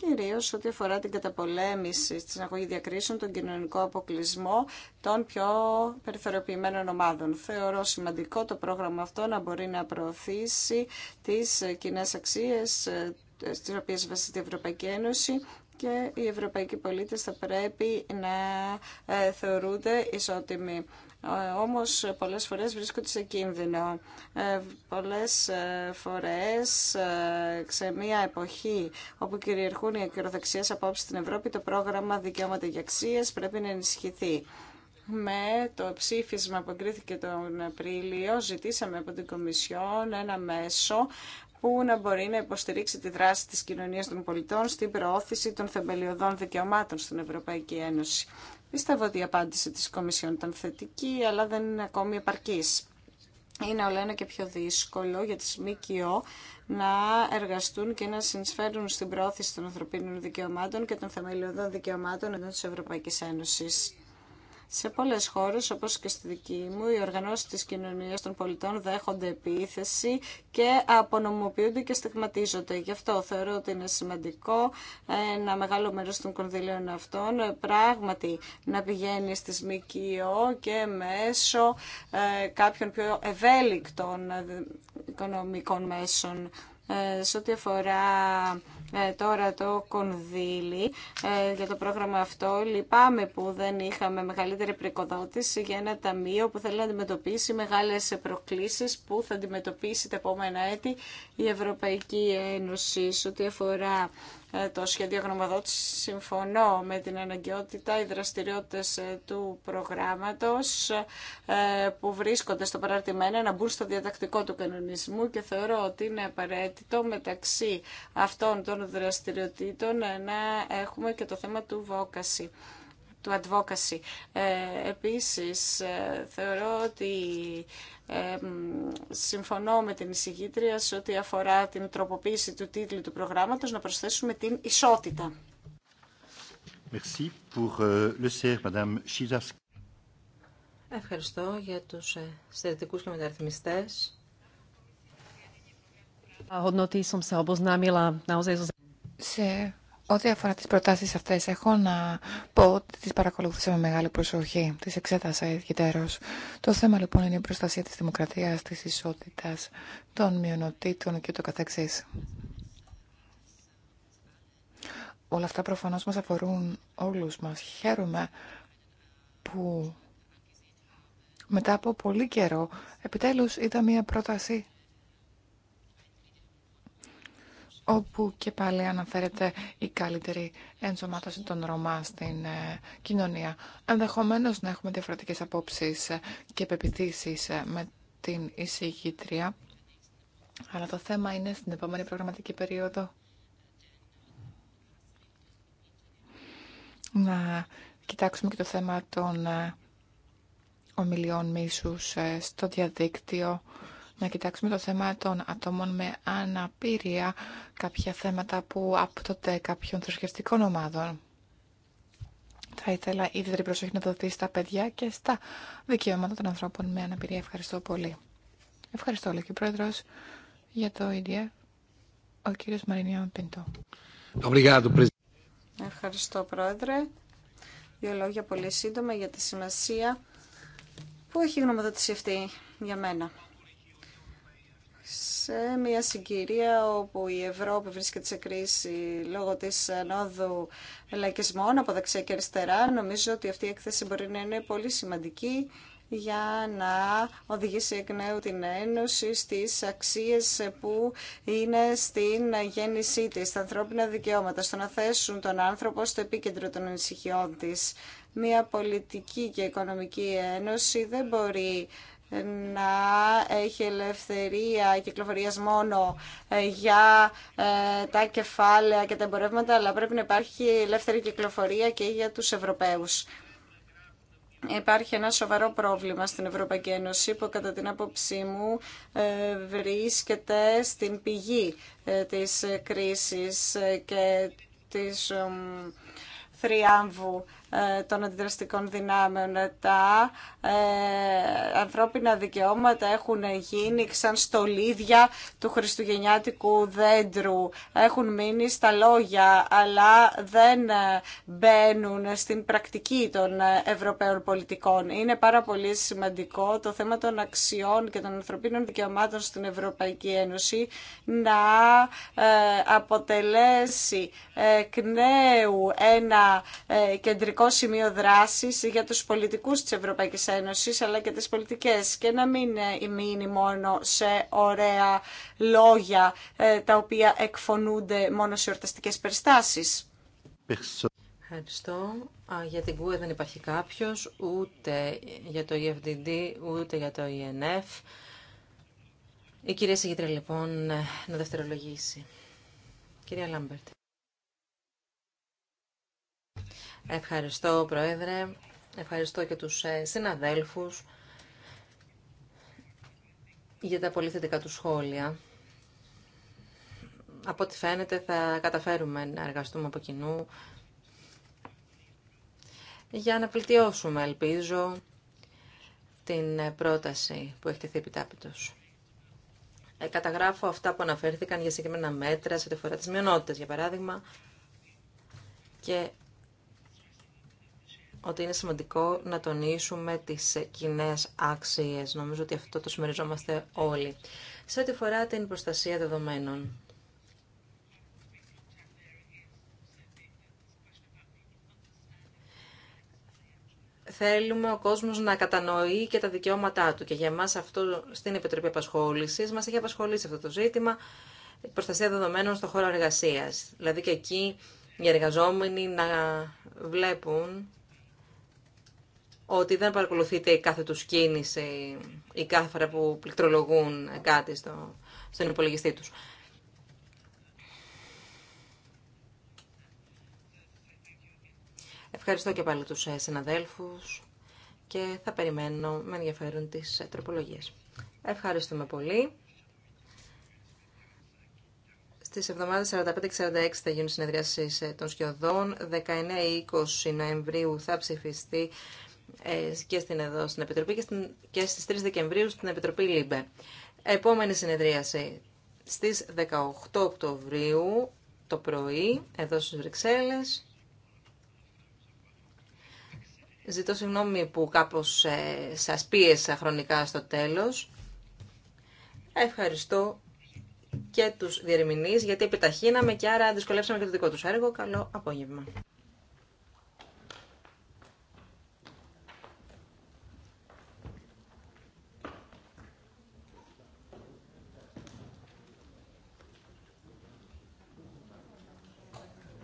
κυρίως ό,τι αφορά την καταπολέμηση τη συναγωγή διακρίσεων, τον κοινωνικό αποκλεισμό των πιο περιθωριοποιημένων ομάδων. Θεωρώ σημαντικό το πρόγραμμα αυτό να μπορεί να προωθήσει τις κοινέ αξίες ε, στι οποίε βασίζεται η Ευρωπαϊκή Ένωση και οι ευρωπαϊκοί πολίτες θα πρέπει να ε, θεωρούνται ισότιμοι. Ε, όμως πολλές φορές βρίσκονται σε κίνδυνο. Ε, πολλές ε, φορές σε μια εποχή όπου κυριαρχούν οι ακροδεξιές απόψεις στην Ευρώπη, το πρόγραμμα Δικαιώματα για Αξίες πρέπει να ενισχυθεί. Με το ψήφισμα που εγκρίθηκε τον Απρίλιο, ζητήσαμε από την Κομισιόν ένα μέσο που να μπορεί να υποστηρίξει τη δράση της κοινωνίας των πολιτών στην προώθηση των θεμελιωδών δικαιωμάτων στην Ευρωπαϊκή Ένωση. Πιστεύω ότι η απάντηση της Κομισιόν ήταν θετική, αλλά δεν είναι ακόμη επαρκής. Είναι όλο ένα και πιο δύσκολο για τις ΜΚΟ να εργαστούν και να συνσφέρουν στην πρόθεση των ανθρωπίνων δικαιωμάτων και των θεμελιωδών δικαιωμάτων εντός της Ευρωπαϊκής Ένωσης. Σε πολλές χώρες, όπως και στη δική μου, οι οργανώσει τη κοινωνία των πολιτών δέχονται επίθεση και απονομοποιούνται και στιγματίζονται. Γι' αυτό θεωρώ ότι είναι σημαντικό ε, ένα μεγάλο μέρο των κονδυλίων αυτών ε, πράγματι να πηγαίνει στις ΜΚΟ και μέσω ε, κάποιων πιο ευέλικτων οικονομικών μέσων σε ό,τι αφορά ε, τώρα το κονδύλι ε, για το πρόγραμμα αυτό. Λυπάμαι που δεν είχαμε μεγαλύτερη πρικοδότηση για ένα ταμείο που θέλει να αντιμετωπίσει μεγάλες προκλήσεις που θα αντιμετωπίσει τα επόμενα έτη η Ευρωπαϊκή Ένωση σε ό,τι αφορά ε, το σχέδιο γνωμοδότηση. Συμφωνώ με την αναγκαιότητα οι δραστηριότητε ε, του προγράμματο ε, που βρίσκονται στο παραρτημένο να μπουν στο διατακτικό του κανονισμού και θεωρώ ότι είναι απαραίτητο μεταξύ αυτών των δραστηριοτήτων να έχουμε και το θέμα του βόκαση του advocacy. Ε, επίσης, ε, θεωρώ ότι ε, συμφωνώ με την εισηγήτρια σε ό,τι αφορά την τροποποίηση του τίτλου του προγράμματος να προσθέσουμε την ισότητα. Ε, le Ευχαριστώ για τους στερετικούς και μεταρρυθμιστές. Σε Ό,τι αφορά τις προτάσεις αυτές, έχω να πω ότι τις παρακολουθήσαμε με μεγάλη προσοχή, τις εξέτασα ιδιαίτερως. Το θέμα λοιπόν είναι η προστασία της δημοκρατίας, της ισότητας, των μειονοτήτων και το καθεξής. Όλα αυτά προφανώς μας αφορούν όλους μας. Χαίρομαι που μετά από πολύ καιρό επιτέλους είδα μία πρόταση όπου και πάλι αναφέρεται η καλύτερη ενσωμάτωση των Ρωμά στην ε, κοινωνία. Ενδεχομένως να έχουμε διαφορετικές απόψεις ε, και πεπιθήσεις ε, με την εισηγήτρια, αλλά το θέμα είναι στην επόμενη προγραμματική περίοδο να κοιτάξουμε και το θέμα των ομιλιών μίσους στο διαδίκτυο να κοιτάξουμε το θέμα των ατόμων με αναπηρία, κάποια θέματα που απτονται κάποιων θρησκευτικών ομάδων. Θα ήθελα ιδιαίτερη προσοχή να δοθεί στα παιδιά και στα δικαιώματα των ανθρώπων με αναπηρία. Ευχαριστώ πολύ. Ευχαριστώ, λέει και ο Πρόεδρος, για το ίδιο. Ο κύριος Μαρινιάν Πιντό. Ευχαριστώ, Πρόεδρε. Δύο λόγια πολύ σύντομα για τη σημασία που έχει γνωμοδότηση αυτή για μένα σε μια συγκυρία όπου η Ευρώπη βρίσκεται σε κρίση λόγω της ανόδου λαϊκισμών από δεξιά και αριστερά, νομίζω ότι αυτή η έκθεση μπορεί να είναι πολύ σημαντική για να οδηγήσει εκ νέου την Ένωση στις αξίες που είναι στην γέννησή της, στα ανθρώπινα δικαιώματα, στο να θέσουν τον άνθρωπο στο επίκεντρο των ανησυχιών της. Μια πολιτική και οικονομική ένωση δεν μπορεί να έχει ελευθερία κυκλοφορίας μόνο ε, για ε, τα κεφάλαια και τα εμπορεύματα, αλλά πρέπει να υπάρχει ελεύθερη κυκλοφορία και για τους Ευρωπαίους. Υπάρχει ένα σοβαρό πρόβλημα στην Ευρωπαϊκή Ένωση που κατά την άποψή μου ε, βρίσκεται στην πηγή της κρίσης και της θριάμβου ε, των αντιδραστικών δυνάμεων. Τα ε, ανθρώπινα δικαιώματα έχουν γίνει σαν στολίδια του χριστουγεννιάτικου δέντρου. Έχουν μείνει στα λόγια, αλλά δεν ε, μπαίνουν στην πρακτική των ε, Ευρωπαίων πολιτικών. Είναι πάρα πολύ σημαντικό το θέμα των αξιών και των ανθρωπίνων δικαιωμάτων στην Ευρωπαϊκή Ένωση να αποτελέσει εκ ένα κεντρικό κεντρικό σημείο δράση για του πολιτικού τη Ευρωπαϊκή Ένωση, αλλά και τι πολιτικέ. και να μην μείνει μόνο σε ωραία λόγια ε, τα οποία εκφωνούνται μόνο σε ορταστικέ περιστάσεις. Ευχαριστώ. Για την ΚΟΕ δεν υπάρχει κάποιο, ούτε για το EFDD, ούτε για το ENF. Η κυρία Σιγήτρια λοιπόν ε, να δευτερολογήσει. Κυρία Λάμπερτ. Ευχαριστώ, Πρόεδρε. Ευχαριστώ και τους ε, συναδέλφους για τα πολύ θετικά του σχόλια. Από ό,τι φαίνεται θα καταφέρουμε να εργαστούμε από κοινού για να βελτιώσουμε, ελπίζω, την πρόταση που έχει τεθεί επιτάπητος. Ε, καταγράφω αυτά που αναφέρθηκαν για συγκεκριμένα μέτρα σε τη φορά της μειονότητας, για παράδειγμα, και ότι είναι σημαντικό να τονίσουμε τις κοινέ άξιες. Νομίζω ότι αυτό το συμμεριζόμαστε όλοι. Σε ό,τι φορά την προστασία δεδομένων. Θέλουμε ο κόσμος να κατανοεί και τα δικαιώματά του. Και για μας αυτό στην Επιτροπή απασχόληση, μας έχει απασχολήσει αυτό το ζήτημα προστασία δεδομένων στον χώρο εργασίας. Δηλαδή και εκεί οι εργαζόμενοι να βλέπουν ότι δεν παρακολουθείται κάθε του κίνηση η κάθε φορά που πληκτρολογούν κάτι στο, στον υπολογιστή τους. Ευχαριστώ και πάλι τους ε, συναδέλφους και θα περιμένω με ενδιαφέρον τις ε, τροπολογίες. Ευχαριστούμε πολύ. Στις εβδομάδες 45-46 θα γίνουν συνεδριάσεις ε, των σκιωδών. 19-20 Νοεμβρίου θα ψηφιστεί ε, και στην, εδώ στην Επιτροπή και, στην, και στις 3 Δεκεμβρίου στην Επιτροπή ΛΥΜΠΕ. Επόμενη συνεδρίαση στις 18 Οκτωβρίου το πρωί, εδώ στις Βρυξέλλες. Ζητώ συγγνώμη που κάπως ε, σας πίεσα χρονικά στο τέλος. Ευχαριστώ και τους διερμηνείς γιατί επιταχύναμε και άρα δυσκολεύσαμε και το δικό τους έργο. Καλό απόγευμα.